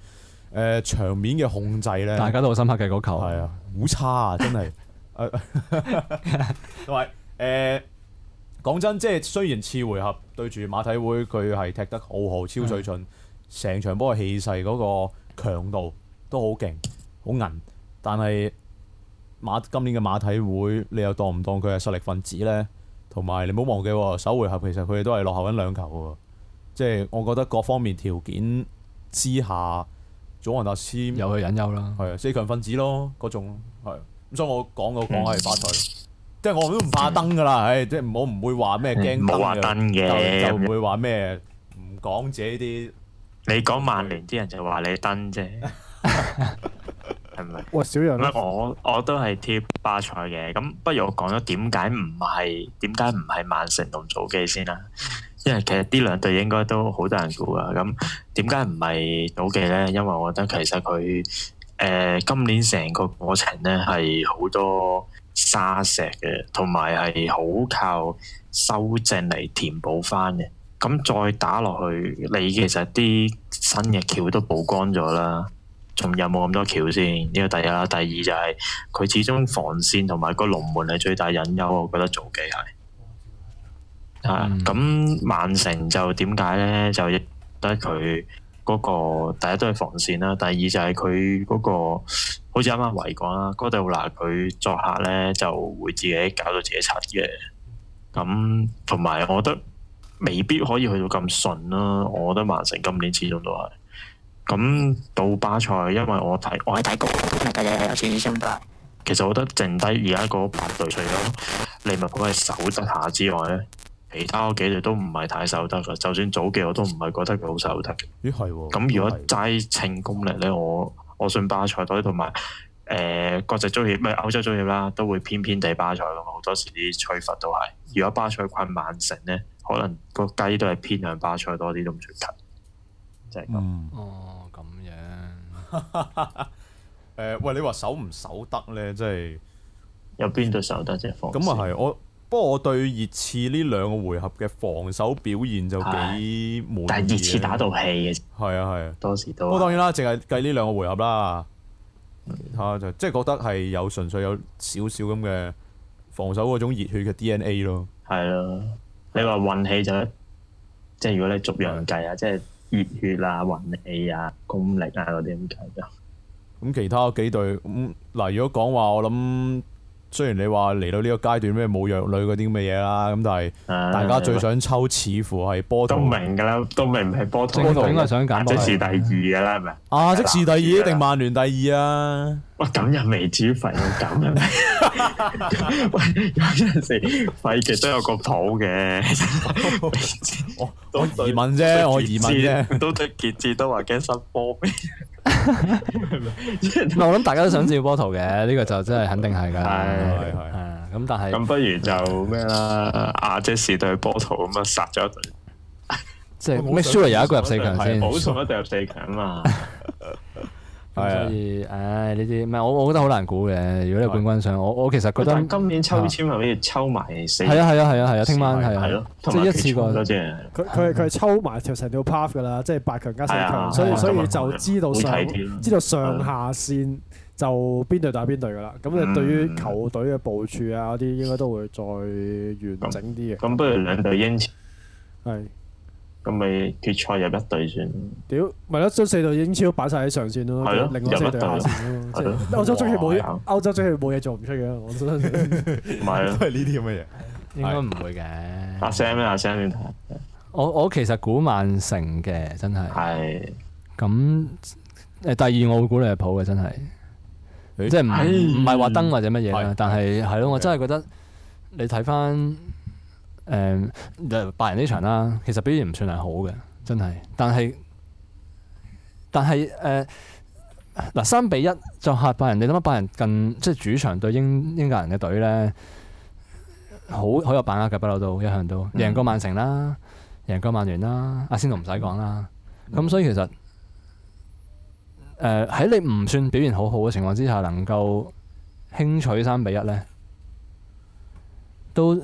呃、場面嘅控制咧，大家都好深刻嘅嗰球，係啊，好差啊，真係同埋誒講真，即係雖然次回合對住馬體會，佢係踢得好好超水準，成、嗯、場波嘅氣勢嗰個強度都好勁，好韌，但係，馬今年嘅馬體會，你又當唔當佢係實力分子咧？同埋你唔好忘記、哦，首回合其實佢哋都係落後緊兩球喎。即、就、係、是、我覺得各方面條件之下，祖雲達斯有佢隱憂啦。係、嗯、四強分子咯，嗰種咁所以我講、嗯、我講係發財，即係我都唔怕燈㗎啦。唉、嗯，即係好唔會話咩驚燈嘅，就唔、是、會話咩唔講自己啲。你講曼聯啲人就話你燈啫。 咪？喂，小楊，唔係我，我都係貼巴塞嘅。咁不如我講咗點解唔係點解唔係曼城同祖記先啦？因為其實呢兩隊應該都好多人估㗎。咁點解唔係祖記咧？因為我覺得其實佢誒、呃、今年成個過程咧係好多沙石嘅，同埋係好靠修正嚟填補翻嘅。咁再打落去，你其實啲新嘅橋都曝光咗啦。仲有冇咁多橋先？呢個第一啦，第二就係佢始終防線同埋個龍門係最大隱憂，我覺得做幾係。嗯、啊，咁曼城就點解呢？就覺得佢嗰、嗰個第一都係防線啦，第二就係佢嗰個，好似啱啱維講啦，哥迪奧拿佢作客呢就會自己搞到自己柒嘅。咁同埋，我覺得未必可以去到咁順啦、啊。我覺得曼城今年始終都係。咁到巴塞，因為我睇我喺睇局，其實我覺得剩低而家個八隊除咗利物浦係守得下之外咧，其他嗰幾隊都唔係太守得嘅。就算早幾我都唔係覺得佢好守得。咦係？咁、哦、如果齋稱功力咧，我我信巴塞多啲，同埋誒國際足協咪歐洲足協啦，都會偏偏地巴塞噶嘛，好多時啲吹罰都係。如果巴塞困曼城咧，可能個雞都係偏向巴塞多啲都唔出奇。咁、嗯、哦，咁樣誒，喂、 呃，你話守唔守得咧？即係有邊度守得啫？即防咁啊，係我。不過我對熱刺呢兩個回合嘅防守表現就幾滿意嘅。但係熱刺打到氣嘅，係啊係啊。多、啊啊、時不過當然啦，淨係計呢兩個回合啦。其他、嗯啊、就即係覺得係有純粹有少少咁嘅防守嗰種熱血嘅 DNA 咯。係咯、啊，你話運氣就即係如果你逐樣計啊，即係。即熱血啊，運氣啊，功力啊，嗰啲咁，計咁其他幾隊咁嗱，如果講話我諗，雖然你話嚟到呢個階段咩冇弱旅嗰啲咁嘅嘢啦，咁但係大家最想抽，似乎係波都明噶啦，都明係波。波都梗係想揀即係第二噶啦，係咪？啊？啊，即係第二定曼聯第二啊？啊、 喂，咁又未至於肥，咁樣？喂，有陣時廢極都有個譜嘅，我 我疑問啫，我疑問啫， 都對傑志都話驚失波。嗱 ， 我諗大家都想笑波圖嘅，呢、這個就真係肯定係噶。係係咁，但係咁不如就咩啦？阿積士對波圖咁樣殺咗一隊， 即係<是 >make sure 有一個入四強先，保送一定入四強嘛。係所以，唉、哎，呢啲唔係我，我覺得好難估嘅。如果你冠軍上，的我，我其實覺得今年抽籤係咪抽埋死？係啊，係啊，係啊，係啊，聽晚係啊，係咯，即係一次過即係。佢佢佢抽埋條成條 path 噶啦，即係八強加四強，所以所以就知道上、嗯、知道上下綫就邊隊打邊隊噶啦。咁你對於球隊嘅部署啊嗰啲，應該都會再完整啲嘅。咁、嗯、不如兩隊英超係。咁咪決賽入一隊算？屌咪咯，將 四隊英超擺晒喺上線咯，另外對四隊下線咯。 歐洲足球冇嘢， 歐洲足球冇嘢做唔出嘅，我 都係呢啲咁嘅嘢，的應該唔會嘅。壓聲咩？壓聲點講？我我其實估曼城嘅真係。係的。咁誒第二我會估利物浦嘅真係，哎、即係唔唔係話登或者乜嘢，但係係咯，我真係覺得你睇翻。誒，拜、嗯、仁呢場啦，其實表現唔算係好嘅，真係。但係但係誒，嗱、呃、三比一就吓拜仁。你諗下拜仁近即係主場對英英格蘭嘅隊咧，好好有把握嘅不嬲，都一向都贏過曼城啦，贏過曼聯啦，阿仙奴唔使講啦。咁所以其實誒喺、呃、你唔算表現好好嘅情況之下，能夠輕取三比一咧，都。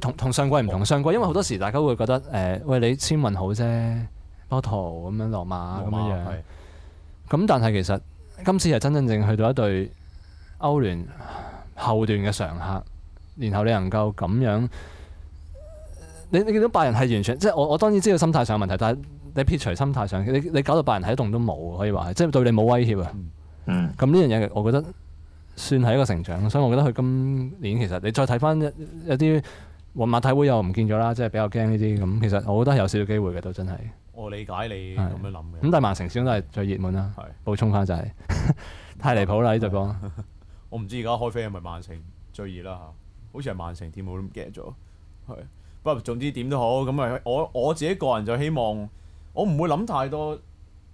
同同上季唔同上季，因為好多時大家會覺得誒、呃，喂你簽運好啫，波圖咁樣，羅馬咁樣，咁但係其實今次係真真正正去到一對歐聯後段嘅常客，然後你能夠咁樣，你你見到拜仁係完全，即係我我當然知道心態上有問題，但係你撇除心態上，你你搞到拜仁係一動都冇，可以話係，即係對你冇威脅啊。嗯，咁呢、嗯、樣嘢我覺得。算係一個成長，所以我覺得佢今年其實你再睇翻一啲皇馬體會又唔見咗啦，即係比較驚呢啲咁。其實我覺得有少少機會嘅都真係。我理解你咁樣諗嘅。咁但曼城始終都係最熱門啦。係是補充翻就係、是、 太離譜啦！呢度講，我唔知而家開飛係咪曼城最熱啦嚇？好似係曼城添，唔記得咗。係，不過，總之點都好咁啊！我我自己個人就希望我唔會諗太多。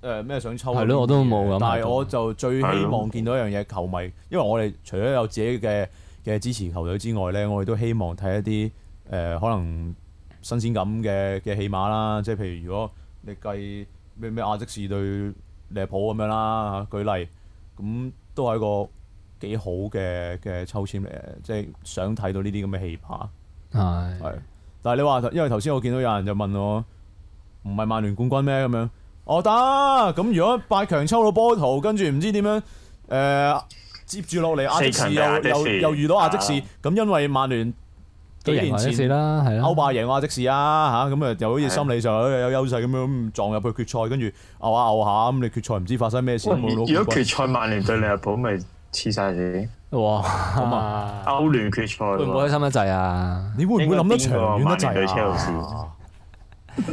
誒咩、呃、想抽？係咯，我都冇咁。但係我就最希望見到一樣嘢， 球迷，因為我哋除咗有自己嘅嘅支持球隊之外咧，我哋都希望睇一啲誒、呃、可能新鮮感嘅嘅戲碼啦。即係譬如如果你計咩咩亞積士對利物浦咁樣啦，舉例，咁都係一個幾好嘅嘅抽籤嚟嘅，即係想睇到呢啲咁嘅戲碼。係。係。但係你話，因為頭先我見到有人就問我，唔係曼聯冠，冠軍咩咁樣？哦得，咁如果八強抽到波圖，跟住唔知點樣，誒、呃、接住落嚟阿積士又阿積士又,又遇到阿積士，咁、嗯、因為曼聯幾年前啦，係啦，歐霸贏阿積士啊吓，咁啊就好似心理上又有優勢咁樣撞入去決賽，跟住牛下牛下，咁你決賽唔知發生咩事喂。如果決賽曼聯對利物浦，咪黐晒線。哇，咁 啊，歐聯決賽，會唔會開心一窒啊！你會唔會諗得長遠得滯啊？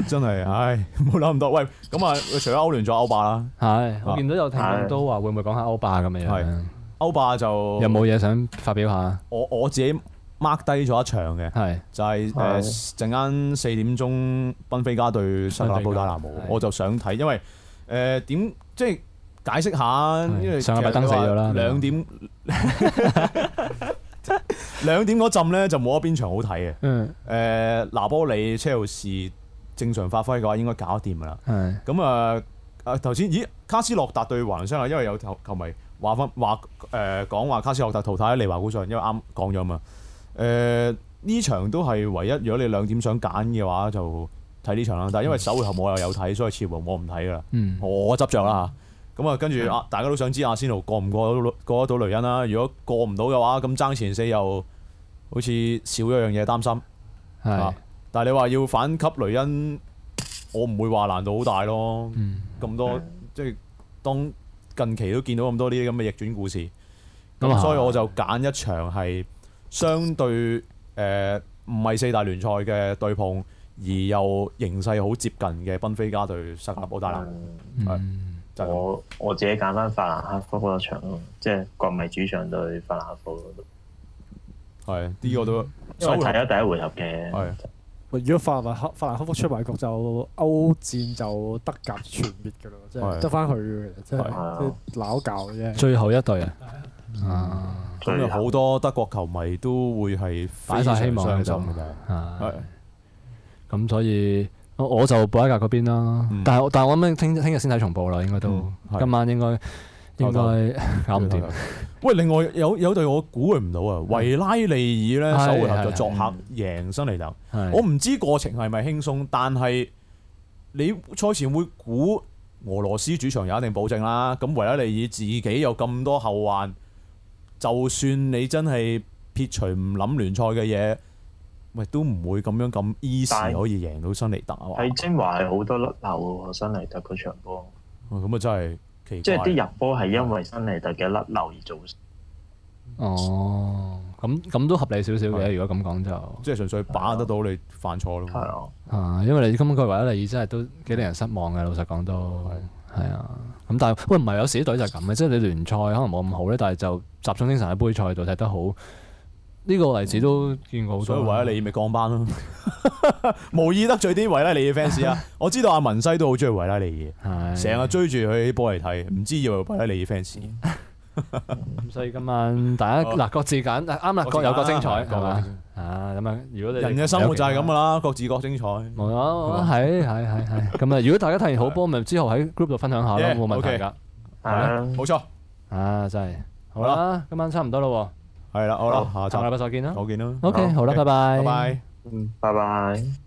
真係，唉，冇諗咁多。喂，咁啊，除咗歐聯仲有歐霸啦，係，我見到有聽都話會唔會講下歐霸咁樣樣。係，歐霸就有冇嘢想發表下？我我自己 mark 低咗一場嘅，係，就係誒，陣間四點鐘，賓菲加對上布達拿冇，我就想睇，因為誒點即係解釋下，因為上個禮拜燈死咗啦，兩點，兩點嗰陣咧就冇一邊場好睇嘅。嗯，誒，拿波里、車路士。正常發揮嘅話，應該搞掂噶啦。咁啊是的，頭、呃、先咦，卡斯洛達對華倫西亞啊，因為有球球迷話翻話誒講話卡斯洛達淘汰利華古遜，因為啱講咗嘛。誒、呃、呢場都係唯一，如果你兩點想揀嘅話，就睇呢場啦。但係因為首回合我又有睇，所以次回合我唔睇噶啦。嗯、我執着啦嚇。咁啊、嗯，跟住啊，大家都想知阿仙奴過唔過到過得到雷恩啦、啊。如果過唔到嘅話，咁爭前四又好似少咗樣嘢擔心。係的。但係你話要反擊雷恩，我唔會話難度好大咯。咁、嗯、多、嗯、即係當近期都見到咁多呢啲咁嘅逆轉故事，咁、嗯、所以我就揀一場係相對誒唔係四大聯賽嘅對碰，而又形勢好接近嘅賓菲加對塞拉堡大拿。嗯，就是、我我自己揀返法蘭克福嗰場咯，即、就、係、是、國米主場對法蘭克福。係、嗯，呢、這個都所以睇咗第一回合嘅。如果法蘭克法蘭克福出埋局就歐戰就德甲全滅嘅咯，即係得翻佢嘅，即係撈教嘅啫。最後一隊啊，咁好多德國球迷都會係擺曬希望嘅就係，咁所以我就布拉格嗰邊啦，但係但係我諗聽聽日先睇重播啦，應該都今晚應該。應該搞唔掂。喂，另外有有隊我估佢唔到啊，維、嗯、拉利爾咧首回合就作，作客贏新尼特。嗯、我唔知過程係咪輕鬆，嗯、但係你賽前會估俄羅斯主場有一定保證啦。咁維拉利爾自己有咁多後患，就算你真係撇除唔諗聯賽嘅嘢，喂都唔會咁樣咁 easy 可以贏到新尼特啊！喺精華係好多甩流喎，新尼特嗰場波。咁啊、哦、真係。即係啲入波係因為新尼特嘅甩漏而造成。哦，咁咁都合理少少嘅。的如果咁講就，即係純粹把握得到你犯錯咯。係啊，啊，因為你根本為咗益真係都幾令人失望嘅。老實講都係啊。咁的的但係喂唔係有時啲隊就係咁嘅，即係的你聯賽可能冇咁好咧，但係就集中精神喺杯賽度踢得好。呢個例子都見過好多，所以維拉利爾咪降班咯，無意得罪啲維拉利爾 fans 啊！我知道阿文西都好中意維拉利爾，成日追住佢啲波嚟睇，唔知以為維拉利爾 fans。咁所以今晚大家嗱各自揀，啱啦，各有各精彩係嘛。啊咁樣！如果你人嘅生活就係咁噶啦，各自各精彩。冇錯，係係係係。咁啊，如果大家睇完好波咪之後喺 group 度分享下啦，冇問題噶。係啊，冇錯。啊，真係好啦，今晚差唔多啦。係啦，好啦，好，下個禮拜，再見啦，再見啦。OK，好啦，拜拜，拜拜，嗯，拜拜。